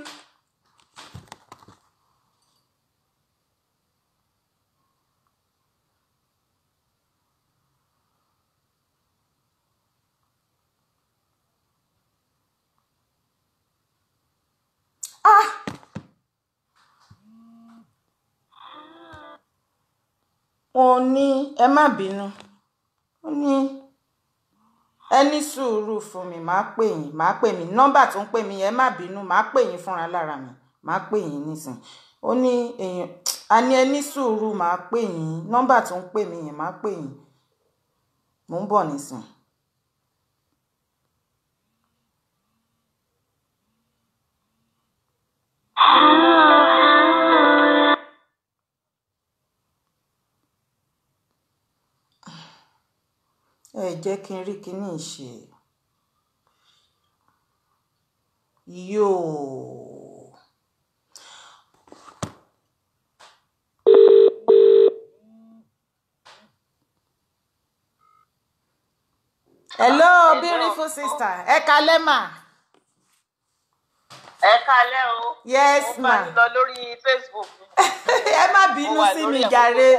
ní ẹ má bínú ó ní ẹ ní sùúrù fún mi màá pè yín màá pè mí nọ́mbà tó ń pè mí ẹ má bínú màá pè yín fúnra lára mi màá pè yín nísìn ó ní èèyàn a ní ẹ ní sùúrù màá pè yín nọ́mbà tó ń pè mí yẹn màá pè yín mò ń bọ̀ nísìn. Ah. ẹ jẹ́ kí n rí kíní ṣe yóò. hello beautiful sister ẹ kalẹ́ mà. ẹ kalẹ́ o. yes ma. mo bá yín lọ lórí Facebook. ẹ má bínú sí mi jàre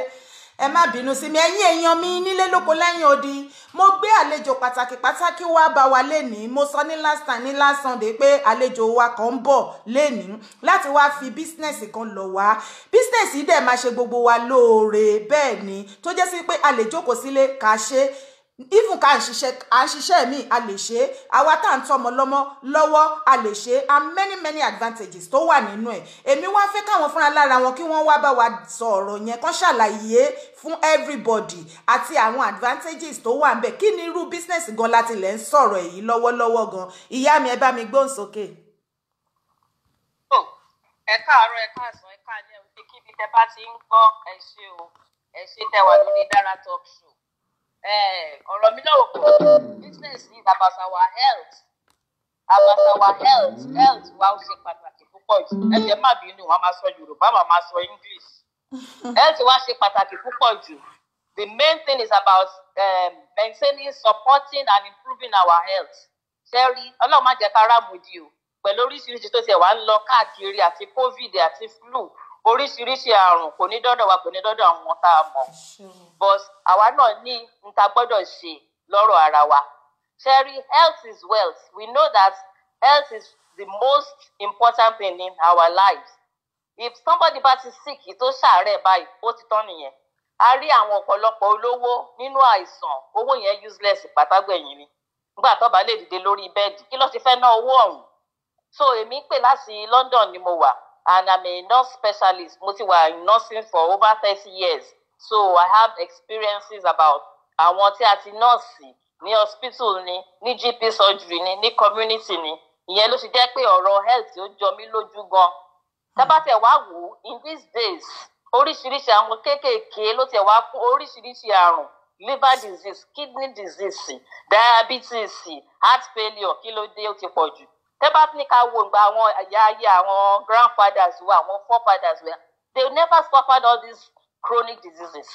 ẹ má bínú sí mi ẹ̀yin èèyàn mi nílé lóko lẹ́yìn odi mo gbé àlejò pàtàkì pàtàkì wá bá wa lénìí mo sọ ní last time ní last Sunday pé àlejò wa kan ń bọ̀ lénìí láti wá fi bísínẹ̀sì kan lọ wá bísínẹ̀sì dẹ̀ máa ṣe gbogbo wa lóore bẹ́ẹ̀ ni tó jẹ́ sí pé àlejò kò sílé kà á ṣe even ká ń ṣiṣẹ́ à ń mi a lè ṣe é àwa tá tọmọ lọ́mọ lọ́wọ́ a lè ṣe and many many advantages To wà nínú ẹ̀ èmi wá fẹ́ káwọn fúnra lára wọn kí wọ́n wá bá wa sọ ọ̀rọ̀ yẹn kán ṣàlàyé fún everybody àti àwọn advantages To wà ńbẹ̀ kí ni irú business gan láti lẹ̀ ń sọ̀rọ̀ èyí lọ́wọ́lọ́wọ́ gan ìyá mi ẹ bá mi gbóhùn sókè. ẹ káàárọ̀ ẹ káàsán ẹ káàlẹ́ òkè kíbi tẹ bá ti ń gbọ́ ẹ ṣé o ẹ ṣé tẹ wà lórí Dára Talk Show Eh, ọ̀rọ̀ mi náà kò business is about our health about our health health wa ó ṣe pàtàkì púpọ̀ jù ẹ jẹ́ má bínú wọn máa sọ Yorùbá wọn máa sọ English health wa ṣe pàtàkì púpọ̀ jù the main thing is about um, maintaining supporting and improving our health sẹ́rí ọlọ́run má jẹ́ ká ráàmù di o pẹ̀lú oríṣiríṣi tó ti ẹ̀ wá ń lọ káàkiri àti covid àti flu oríṣiríṣi àrùn kò ní dọ́dọ̀ wa kò ní dọ́dọ̀ àwọn tá a mọ̀ but àwa náà ní n ta ṣe lọ́rọ̀ ara wa sherry health is wealth we know that health is the most important thing in our lives if somebody bá ti sick tó ṣàárẹ̀ báyìí ó ti tán nìyẹn a rí àwọn ọ̀pọ̀lọpọ̀ olówó nínú àìsàn owó yẹn useless pátágbẹ̀yìn ni nígbà tó bá lè dìde lórí bẹ́ẹ̀dì kí ló ti fẹ́ ná owó ọ̀hún so èmi pè láti London ni mo wà and I'm a nurse specialist. Mo ti wà nursing for over thirty years. So I have experiences about àwọn tí a ti nọ́ọ̀sì ní hospital ni ní GP surgery ni ní community ni ìyẹn ló ṣe jẹ́ pé ọ̀rọ̀ health ó jọ mí lójú gan. tábàtẹ̀ wá wò ó in these days oríṣiríṣi àwọn kéékèèké ló tẹ̀ wá fún oríṣiríṣi àrùn liver disease kidney disease diabetes heart failure kí ló dé ó ti pọ̀ jù tẹ́ bá ní ká wo ìgbà àwọn ìyá ayé àwọn grandfathers wa àwọn forefathers wa they never suffered all these chronic diseases.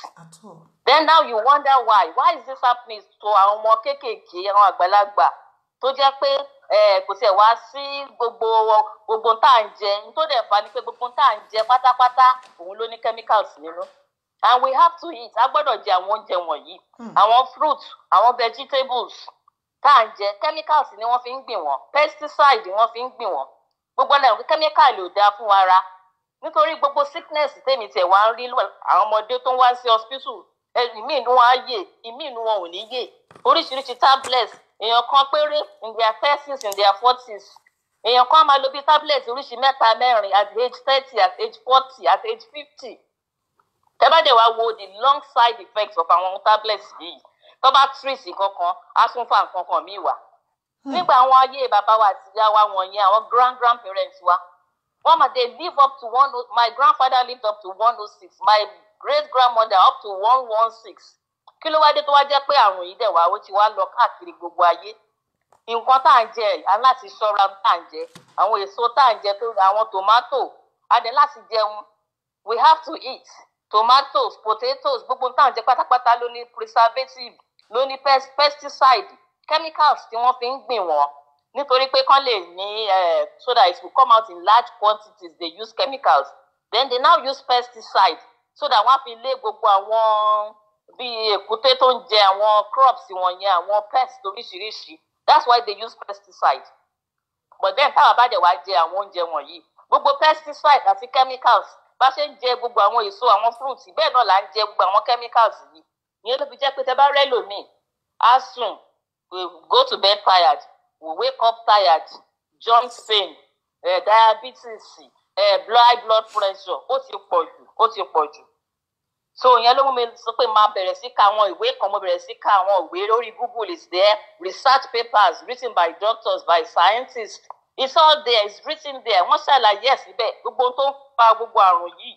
then now you wonder why why is this happening to àwọn ọmọ kéékèèké àwọn àgbàlagbà tó jẹ́ pé kò tiẹ̀ wá sí gbogbo gbogbo tá à ń jẹ tó dẹ̀ fa ni pé gbogbo tá à ń jẹ pátápátá òun ló ní chemicals nínú and we have to eat a gbọ́dọ̀ jẹ àwọn oúnjẹ wọ̀nyí hmm. àwọn fruits àwọn vegetables tá à ń jẹ chemicals ni wọ́n fi ń gbìn wọ́n pesticide wọ́n fi ń gbìn wọ́n gbogbo ẹlẹ́rìí pé chemical ò dáa fún ara nítorí gbogbo sickness tèmi tiẹ̀ wá ń rí àwọn ọmọdé tó ń wá sí hospital ìmí inú wọn á yè ìmí inú wọn ò ní yè oríṣiríṣi tablets èèyàn kan péré in their thirties in their forties èèyàn kan máa lo bíi tablets oríṣi mẹ́ta mẹ́rin at age thirty at age forty at age fifty tẹ́bàdé wa wo the long side effects of àwọn tablets yìí tó bá tírìsì kankan á tún fà kankan míì wá hmm. nígbà àwọn ayé bàbá wa àti ìyá wa wọ̀nyẹn àwọn grand grandparents wa wọ́n máa dey live up to one oh my grandfather lived up to one oh six my great grandmother up to one one six kí ló wá dé tó wá jẹ́ pé àrùn yìí dẹ̀ wá ó ti wá lọ káàkiri gbogbo ayé nǹkan tá à ń jẹ aláti ṣọ́ra tá à ń jẹ àwọn èso tá à ń jẹ àwọn tòmátò adẹ láti jẹun we have to eat tomatoes potatoes gbogbo tá à ń jẹ pátápátá ló ní preservative ló ní pesticide chemicals tí wọ́n fi ń gbìn wọ́n nítorí pé kán lè ní eh, so that it will come out in large quantities they use chemicals then they now use pesticide so that wọ́n á fi lé gbogbo àwọn bíi èkúté tó ń jẹ àwọn crops wọ̀nyẹn àwọn pests oríṣiríṣi that's why they use pesticide but then táwa bá dẹ̀ wá jẹ àwọn oúnjẹ wọ̀nyí gbogbo pesticide àti chemicals bá ṣe ń jẹ gbogbo àwọn èso àwọn fruits bẹ́ẹ̀ náà là ń jẹ gbogbo àwọn chemicals yìí ìyẹn ló fi jẹ́ pé tẹ bá rẹ́ lòmíì á we go to bed tired we wake up tired joint pain eh, diabetes eh, high blood pressure ó ti pọ̀ jù ó ti pọ̀ jù so ìyẹn ló mú mi sọ pé máa bẹ̀rẹ̀ sí ka àwọn ìwé kan mo bẹ̀rẹ̀ sí ka àwọn ìwé lórí google is there research papers written by doctors by scientists it's all there it's written there wọ́n ṣàlàyé ẹ̀ síbẹ̀ gbogbo tó ń fa gbogbo àrùn yìí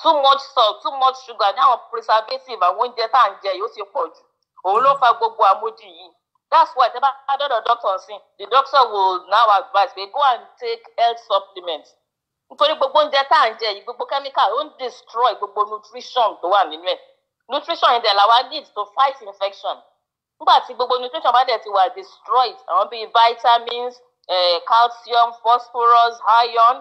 too much salt too much sugar ní àwọn preservative àwọn oúnjẹ tá à ń jẹ yìí ó ti pọ̀ jù òun ló fa gbogbo àmójì yìí that's why tẹ́lá dọ́dọ̀ doctor sin the doctor will now advise pé go and take health supplement nítorí gbogbo oúnjẹ tá à ń jẹ yìí gbogbo chemical ó ń destroy gbogbo nutrition tó wà nínú ẹ̀ nutrition yẹn dẹ̀ làwa need to fight infection nígbà tí gbogbo nutrition bá dẹ̀ ti wà destroyed àwọn bíi vitamins eh, calcium phosphorus iron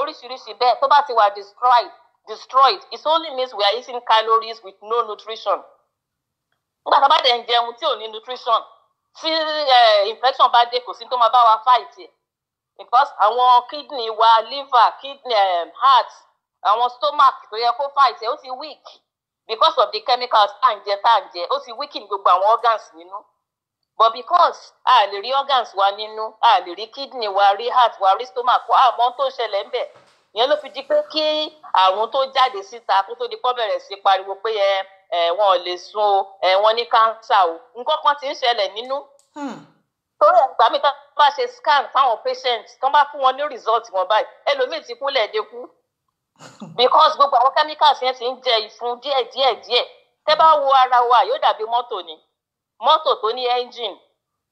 oríṣiríṣi bẹ́ẹ̀ tó bá ti wà destroyed destroyed it only means we are eating calories with no nutrition nígbà tá a bá dẹ̀ ń jẹun tí ò ní nutrition tí infection bá dé kò sí tó máa bá wa fight ẹ̀ because àwọn kidney wa liver kidney um, heart àwọn stomach tó yẹ kó fight ẹ̀ ó ti weak because of the chemicals tá à ń jẹ tá à ń jẹ ó ti weaken gbogbo àwọn organs nínú but because a lè rí organs wa nínú a lè rí kidney wa rí heart wa rí stomach wa àmọ́ tó ń ṣẹlẹ̀ ń bẹ̀ ìyẹn ló fi di pé kí àwọn tó jáde síta kó tó di pọ́ bẹ̀rẹ̀ sí pariwo pé ẹ ẹ wọn ò lè sùn o ẹ wọn ní káńsà o nǹkan kan ti ń ṣẹlẹ̀ nínú. Hmm. torí ẹgbàá mi tán bá ṣe scan fáwọn patient tán bá fún wọn ní result wọn báyìí ẹlòmíì ti kúnlẹ̀ dẹ́kú because gbogbo àwọn chemicals yẹn ti ń jẹ ìfun díẹ̀ díẹ̀ díẹ̀ tẹ́ bá wo ara wa yóò dàbí mọ́tò ni mọ́tò tó ní engine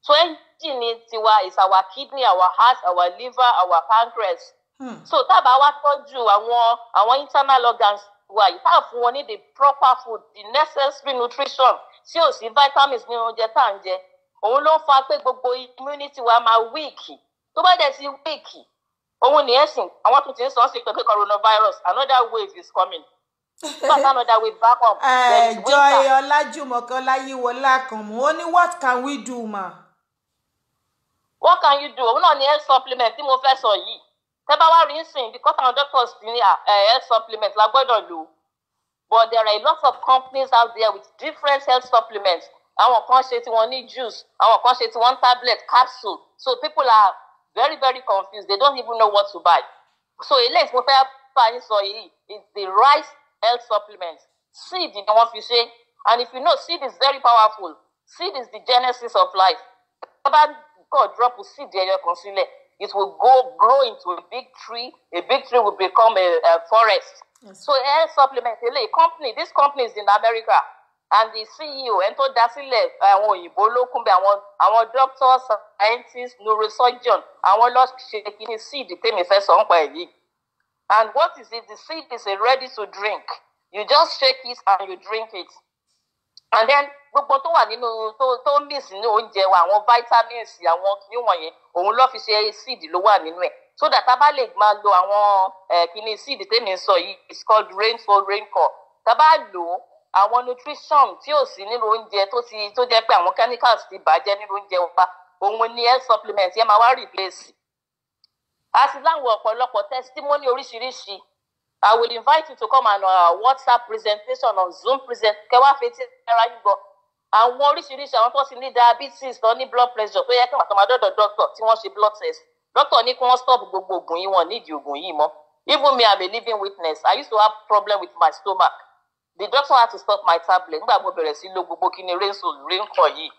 so engine tiwa is our kidney our heart our liver our pancreas Hmm. so tá a bá wá tọ́jú àwọn àwọn internal organs wa yìí tá a fún wọn ní the proper food the necessary nutrition tí ò sí vitamins nínú oúnjẹ tá à ń jẹ òun ló ń fa pé gbogbo immunity wa máa weak tó bá dẹ̀ sí weak òun ní ẹ̀sìn àwọn tó ti ń sọ́n sí pé pé coronavirus another wave is coming but another wave back up. Eh, joy Ọlájùmọ̀kẹ́ Ọláyíwọlá Àkànmú ó ní what can we do ma. what can you do òun náà ní health supplement tí mo fẹ́ sọ yìí tẹ́ bá wá rí sìn because àwọn doctors ti ní ah, eh, health supplement la gbọ́dọ̀ lò but there are a lot of companies out there with different health supplements àwọn kan ṣe tí wọ́n ní juice àwọn kan ṣe tí wọ́n tablet capsule so people are very very confused they don't even know what to buy so eléyìí tí mo fẹ́ fà yín sọ yìí is the rice health supplement seed ni wọ́n fi ṣe and if you know seed is very powerful seed is the genesis of life bá kọ̀ drop seed ẹyọ kan sílẹ̀ it will go grow into a big tree. A big tree will become a, a forest. Yes. So air supplement, a company, this company is in America. And the CEO, and tó dá sílẹ̀ àwọn òyìnbó ló kún I want doctors, scientists, neurosurgeon, àwọn lọ shaking his seed tèmi fẹ́ sọ nípa And what is it? The seed is ready to drink. You just shake it and you drink it. And then gbogbo tó wà nínú tó tó mix ní oúnjẹ wa àwọn vitamins àwọn níwọ̀n yẹn òun ló fi ṣe seed ló wà nínú ẹ̀ so that a bá lè máa lo àwọn kìíní seed tèmi ń sọ yìí it's called rainfall raincore tá a bá lò ó àwọn nutrition tí ò sí nínú oúnjẹ tó ti tó jẹ́ pé àwọn chemicals ti bàjẹ́ nínú oúnjẹ wa òun ni health supplement yẹn máa wá replace a sì láwọn ọ̀pọ̀lọpọ̀ testimony oríṣiríṣi I will invite you to come and uh, WhatsApp presentation on Zoom present kẹwàá fetí ẹ̀rọ ayúgbọ́ àwọn oríṣiríṣi àwọn tó ti ní diabetes tó ní blood pressure tó yẹ kí wọn àtọmọdọdọ doctor tí wọn ṣe blood test doctor ní kí wọn stop gbogbo oògùn yìí wọn nídìí oògùn yìí mọ́ even me i'm a living witness i used to have problem with my stomach the doctor had to stop my tablet nígbà mo bẹ̀rẹ̀ sí lo gbogbo kíni rain raincoat yìí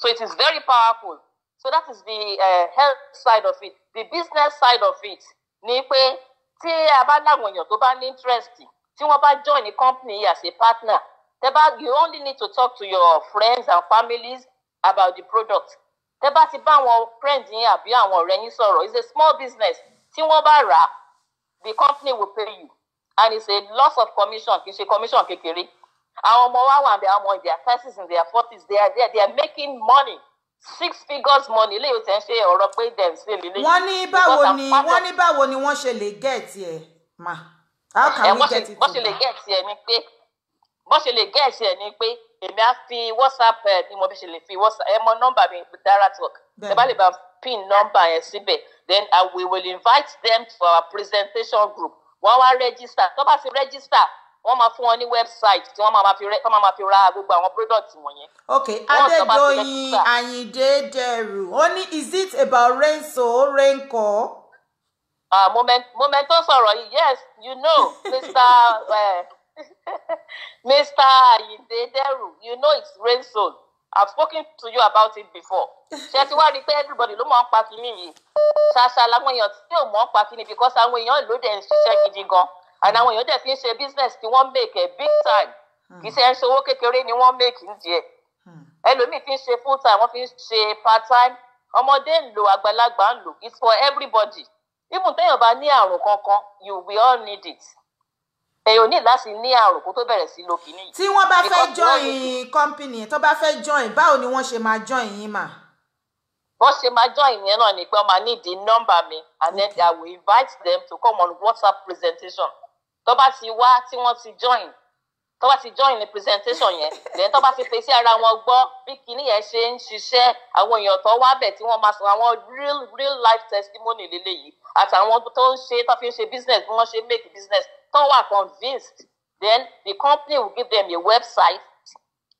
so it is very powerful so that is the uh, health side of it the business side of it ni pé tí a bá láwọn èèyàn tó bá ní interest tí wọ́n bá join the company as a partner tẹ́ you only need to talk to your friends and families about the product tẹ́ bá ti bá àwọn friends yín àbí àwọn ọ̀rẹ́ yín sọ̀rọ̀ it's a small business tí wọ́n bá rà á the company will pay you and it's a loss of commission kì í ṣe commission kékeré àwọn ọmọ wa wà àwọn ọmọ in their thirties in their forties they are there they are making money six figures money ilé ìwòsàn ṣe ọ̀rọ̀ pé dem ṣe lè lè. wọ́n ní báwo ni wọ́n ní báwo ni wọ́n ṣe lè gẹ̀ẹ́tì ẹ̀ mà how eh, can we get it to that. wọ́n ṣe lè gẹ̀ẹ́tì ẹ̀ ni pé bọ́n ṣe lè gẹ̀ẹ́sì ẹ̀ ni pé èmi á fi whatsapp ẹ̀ ni mo fi ṣe lè fi whatsapp ẹ̀ mọ nọ́mbà mi dára talk ẹ bá lè bá pin nọ́mbà yẹn síbẹ̀ then I will, will invite them to our presentation group wọ́n wá register tó bá ti register wọ́n máa fún wọn ní website tí wọ́n máa fi rẹ́ wọ́n máa fi ra gbogbo àwọn product wọ̀nyẹn. ok adédoyin àyìndé dẹrù ó ní is it about renso renko. Uh, moment moment tó sọ̀rọ̀ yìí yes you know mr. Uh, eh, Mr. Ayindederu, you know it's rain zone. I've spoken to you about it before. Ṣé ti wá rí pé everybody ló máa ń pa kínní yìí? Ṣàṣà làwọn èèyàn tí ò mọ̀ ń pa kínní because àwọn èèyàn ló dẹ̀ ń ṣiṣẹ́ gidi gan. And àwọn èèyàn dẹ̀ fi ń ṣe business tí wọ́n make a big time. Hmm. Kì í ṣe ń ṣe owó kékeré ni wọ́n make ń jẹ. Hmm. Ẹlòmíì fi ń ṣe full time, wọ́n fi ń ṣe part time. Ọmọdé ń lò, àgbàlagbà ń lò. It's for everybody. Even téèyàn bá ní àrùn kankan, you will all need it èèyàn ní láti ní àrùn tó bẹ̀rẹ̀ sí lo kìíní. tí wọ́n bá fẹ́ join company tó bá fẹ́ join báwo ni wọ́n ṣe máa join yín mà. wọ́n ṣe máa join yẹn náà ni pé wọ́n máa ní ìdí nọ́mbà mi and then I will invite them to come on WhatsApp presentation tó bá ti wá tí wọ́n ti join tó bá ti join ní presentation yẹn lẹ́yìn tó bá ti fèsì ara wọn gbọ́ bí kinní yẹn ṣe ń ṣiṣẹ́ àwọn èèyàn tó wá bẹ̀ tí wọ́n máa sọ àwọn real real life testimony lélẹ́yìí àtàwọn tó ń ṣe tó fi ń ṣe business bí wọ́n ṣe make business tó wà convinced then the company will give them a website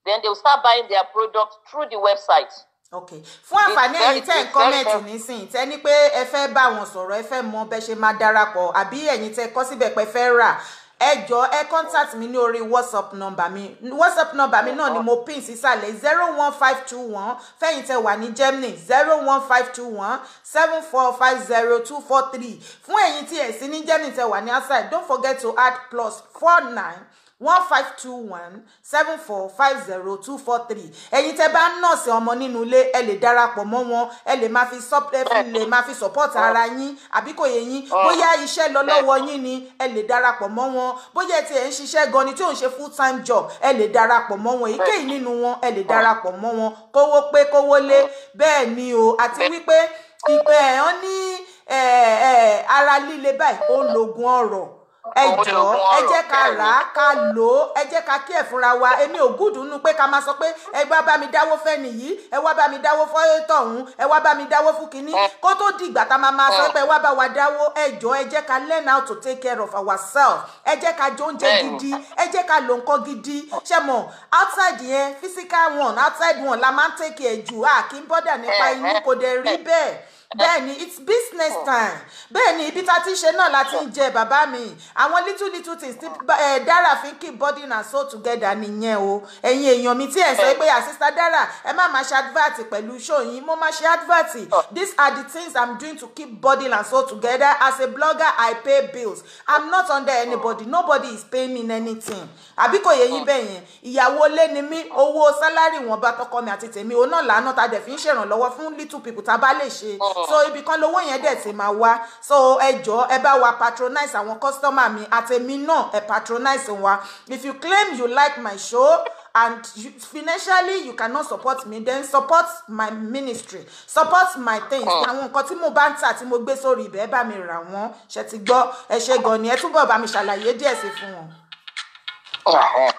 then they will start buying their products through the website. okay fún àǹfààní ẹ̀yin tẹ́ ń kọ́mẹ̀tì nísìnyí tẹ́ ní pé ẹ fẹ́ bá wọn sọ̀rọ̀ ẹ fẹ́ mọ bẹ́ ṣe máa darapọ̀ àbí ẹ̀yin tẹ́ kọ́ síbẹ̀ pé fẹ́ rà ẹ jọ ẹ contact mi ní orí whatsapp number mi whatsapp number mi náà ni mo pin sísàlẹ̀ zero one five two one fẹ̀yìntẹ́ wà ní germany zero one five two one seven four five zero two four three fún ẹ̀yin tí ẹ̀ sí ní germany tẹ́ wà ní outside don't forget to add plus four nine one five two one seven four five zero two four three ẹ̀yin tẹ́ bá ń nọ̀ọ̀sì ọmọ nínú ilé ẹ lè darapọ̀ mọ́ wọn ẹ lè máa fi lè máa fi support ara yín àbí kò yé yín oh. bóyá iṣẹ́ lọ lọ́wọ́ yín ni ẹ lè darapọ̀ mọ́ wọn bóyá ẹ ti ẹ̀ ń ṣiṣẹ́ gan ni tí ò ń ṣe full time job ẹ lè darapọ̀ mọ́ wọn èyíkéyìí nínú wọn ẹ lè darapọ̀ mọ́ wọn kówó pé kówó lé bẹ́ẹ̀ ni o àti wípé ìpẹ́ ẹ̀ ọ́ ní ara líle báyìí ó ń lo ọ̀rọ̀ ẹ jọ̀ọ́ ẹ jẹ́ ká rà á ká lò ó ẹ jẹ́ kí ẹ̀ fúnra wa èmi ò gùdù nínú pé ká máa sọ pé ẹ wá bá mi dáwó fẹ́ nìyí ẹ wá bá mi dáwó fọ́yọ́tọ̀ ọ̀hún ẹ wá bá mi dáwó fún kínní kó tó di ìgbà tá a máa máa sọ pé wá bá wa dáwó ẹ jọ̀ọ́ ẹ learn how to take care of ourselves ẹ jẹ́ ká jẹ oúnjẹ gidi ẹ jẹ́ ká nǹkan gidi ṣe mọ̀ outside yẹn physical one outside one la máa ń take care a à kí n bọ́dà nípa inú kò dẹ̀ rí bẹ́ẹ̀ bẹ́ẹ̀ni it's business oh. time bẹ́ẹ̀ni ibi tá a ti ṣe náà la ti ń jẹ bàbá mi àwọn little little things ti eh, Dara fi keep body and soul together nìyẹn o ẹ̀yin èèyàn mi tí ẹ sọ pé àsìsá ah, Dara ẹ má máa ṣe advert pẹ̀lú show yín mo máa ṣe advert oh. these are the things i'm doing to keep body and soul together as a blogger i pay bills i'm not under anybody nobody is paying me anything àbí kò yẹ yín oh. bẹ́ẹ̀ ìyàwó lé ni mí owó sálárì wọn bá tọkọ mi àti tèmi òun náà làánú ta dẹ̀ fi ń ṣèrànlọ́wọ́ fún little people tá a bá lè ṣe so ibi kan lówó yẹn dẹ̀ ti máa wá so ẹ jọ ẹ bá wa patronize àwọn customer mi àtẹ̀mí náà ẹ patronize wa if you claim you like my show and you, financially you cannot support me then support my ministry support my things oh. àwọn nǹkan tí mo bá ń tà tí mo gbé sórí ibẹ̀ ẹ mi rà wọ́n ṣe ti gbọ́ ẹ ṣe gan ni ẹ túbọ̀ bá mi ṣàlàyé díẹ̀ sí fún wọn. Oh.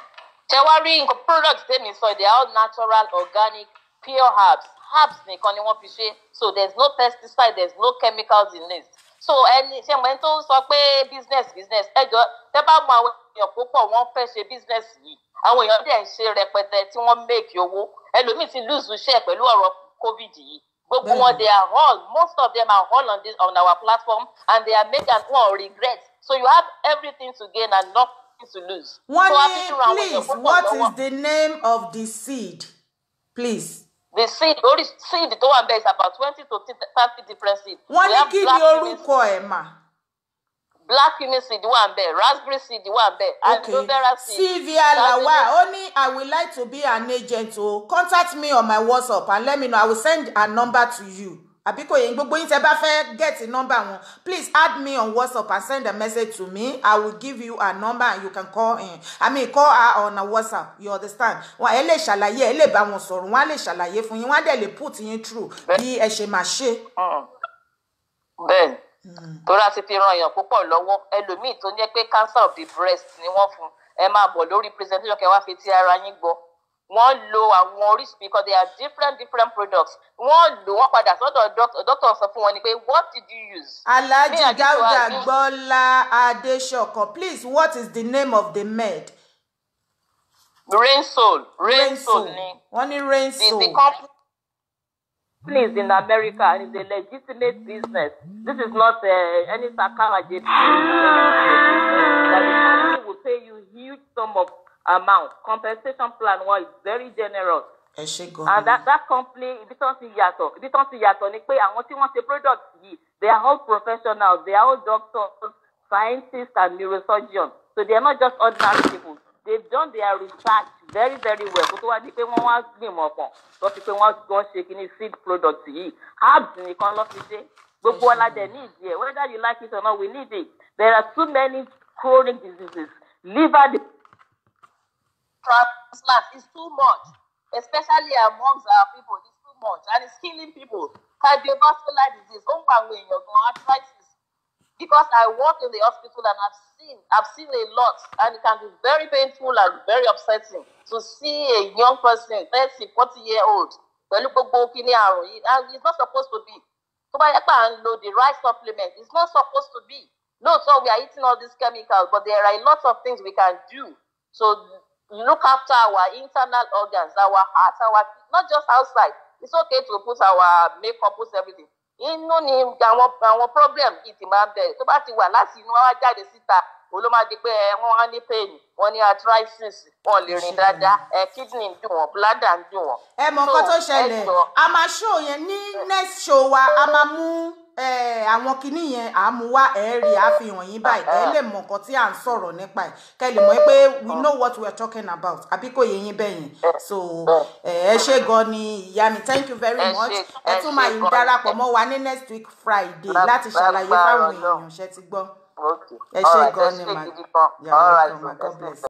ṣé wàá rí nǹkan product tèmi sọ they are all natural organic pure herbs herbs nìkan ni wọ́n fi ṣe so there's no pesticide there's no chemicals in this so ẹni ṣe mọ ẹni tó ń sọ pé business business ẹjọ tẹ bá mọ àwọn èèyàn púpọ̀ wọ́n fẹ́ ṣe business yìí àwọn èèyàn dẹ̀ ń ṣe rẹpẹtẹ tí wọ́n make owó ẹlòmíì ti lose iṣẹ́ pẹ̀lú ọ̀rọ̀ covid yìí gbogbo wọn they are all most of them are all on this on our platform and they are make and won regret so you have everything to gain and nothing to lose. wọ́n ní please what is the name of the seed please the seed lórí seed tó wà bẹ́ẹ̀ is about twenty to thirty different seed. wọ́n ní kí ni orúkọ ẹ̀ mà. black kidney seed wà bẹ́ẹ̀ raspberry seed wà bẹ́ẹ̀ okay. aloe vera seed. sylvia lawa ó ní i would like to be an agent o oh. contact me on my whatsapp and let me know i will send her number to you àbí kò yẹ gbogbo yín tẹ bá fẹ́ get number wọn please add me on whatsapp and send a message to me i will give you a number and you can call in i mean call her on her whatsapp you understand wọn ẹ lè ṣàlàyé ẹ lè bá wọn sọ̀rọ̀ wọn lè ṣàlàyé fún yín wọn á lè put yín through bí ẹ ṣe máa ṣe. Mm-hmm. bẹ́ẹ̀ mm-hmm. tó láti fi ran èèyàn púpọ̀ lọ́wọ́ ẹlòmíì tó ń jẹ́ pé cancer of the breast ni wọ́n fún ẹ máa bọ̀ lórí presentation kẹ́ fi ti ara yín gbọ́ wọ́n lo àwọn oríṣi because they are different different products wọ́n lò wọ́n padà sọ́dọ̀ doctor sọ fún wọn ni pé what did you use. alhaji gauda gbọ́lá adesoko please what is the name of the med. rainsol rainsol ni wọ́n ní rainsol. the the company companies in America and it's a legitimate business. This is not uh, any sarcasm. That the company will pay you huge sum of amount. Compensation plan was very generous. and that that company this tán ti yàtọ̀ ibi tán ti yàtọ̀ ni pé àwọn product they are all professionals they are all doctors scientists and neurosurgeons so they are not just ordinary people they've done their research very very well So what wá di to wọ́n wá gbìmọ̀ pọ̀ lọ seed product yìí herbs and lọ́ fi dé gbogbo ọ̀làdẹ̀ need. whether you like it or not we need it there are too many chronic diseases liver disease slack is too much, especially amongst our people. It's too much, and it's killing people. Cardiovascular disease, arthritis. Because I work in the hospital and I've seen, I've seen a lot, and it can be very painful and very upsetting to see a young person, 30, 40 year old, and it's not supposed to be. So by yẹ the right supplement, it's not supposed to be. No, so we are eating all these chemicals, but there are a lot of things we can do. So look after our internal organs, our heart, our not just outside. It's okay to put our makeup, put everything. Inú ni àwọn àwọn problem yìí ti máa ń bẹ̀rẹ̀ tó bá ti wà láti inú wá jáde síta ló máa di pé eh, wọ́n á ní pain wọ́n ní arthritis wọ́n lè rìn dáadáa eh, kidney ń dùn wọ́n bladder ń dùn wọ́n. ẹ mọ nǹkan tó ṣẹlẹ̀ a máa ṣó yẹn ní next show wa a máa mú àwọn kinní yẹn à mú wá ẹ̀ẹ́rì àfihàn yín báyìí ẹ lè mọ nǹkan tí à ń sọ̀rọ̀ nípa ẹ̀ kẹ́ lè mọ̀ pé we know what we are talking about àbí kò yé yín bẹ́yìn so ẹ ṣé gan ni ìyá mi thank you very much ẹ tún máa yín darapọ̀ mọ́ wa ní next week Friday láti ṣàlàyé fáwọn èèyàn ṣe ti gbọ́ ẹ ṣé gan ni ma God bless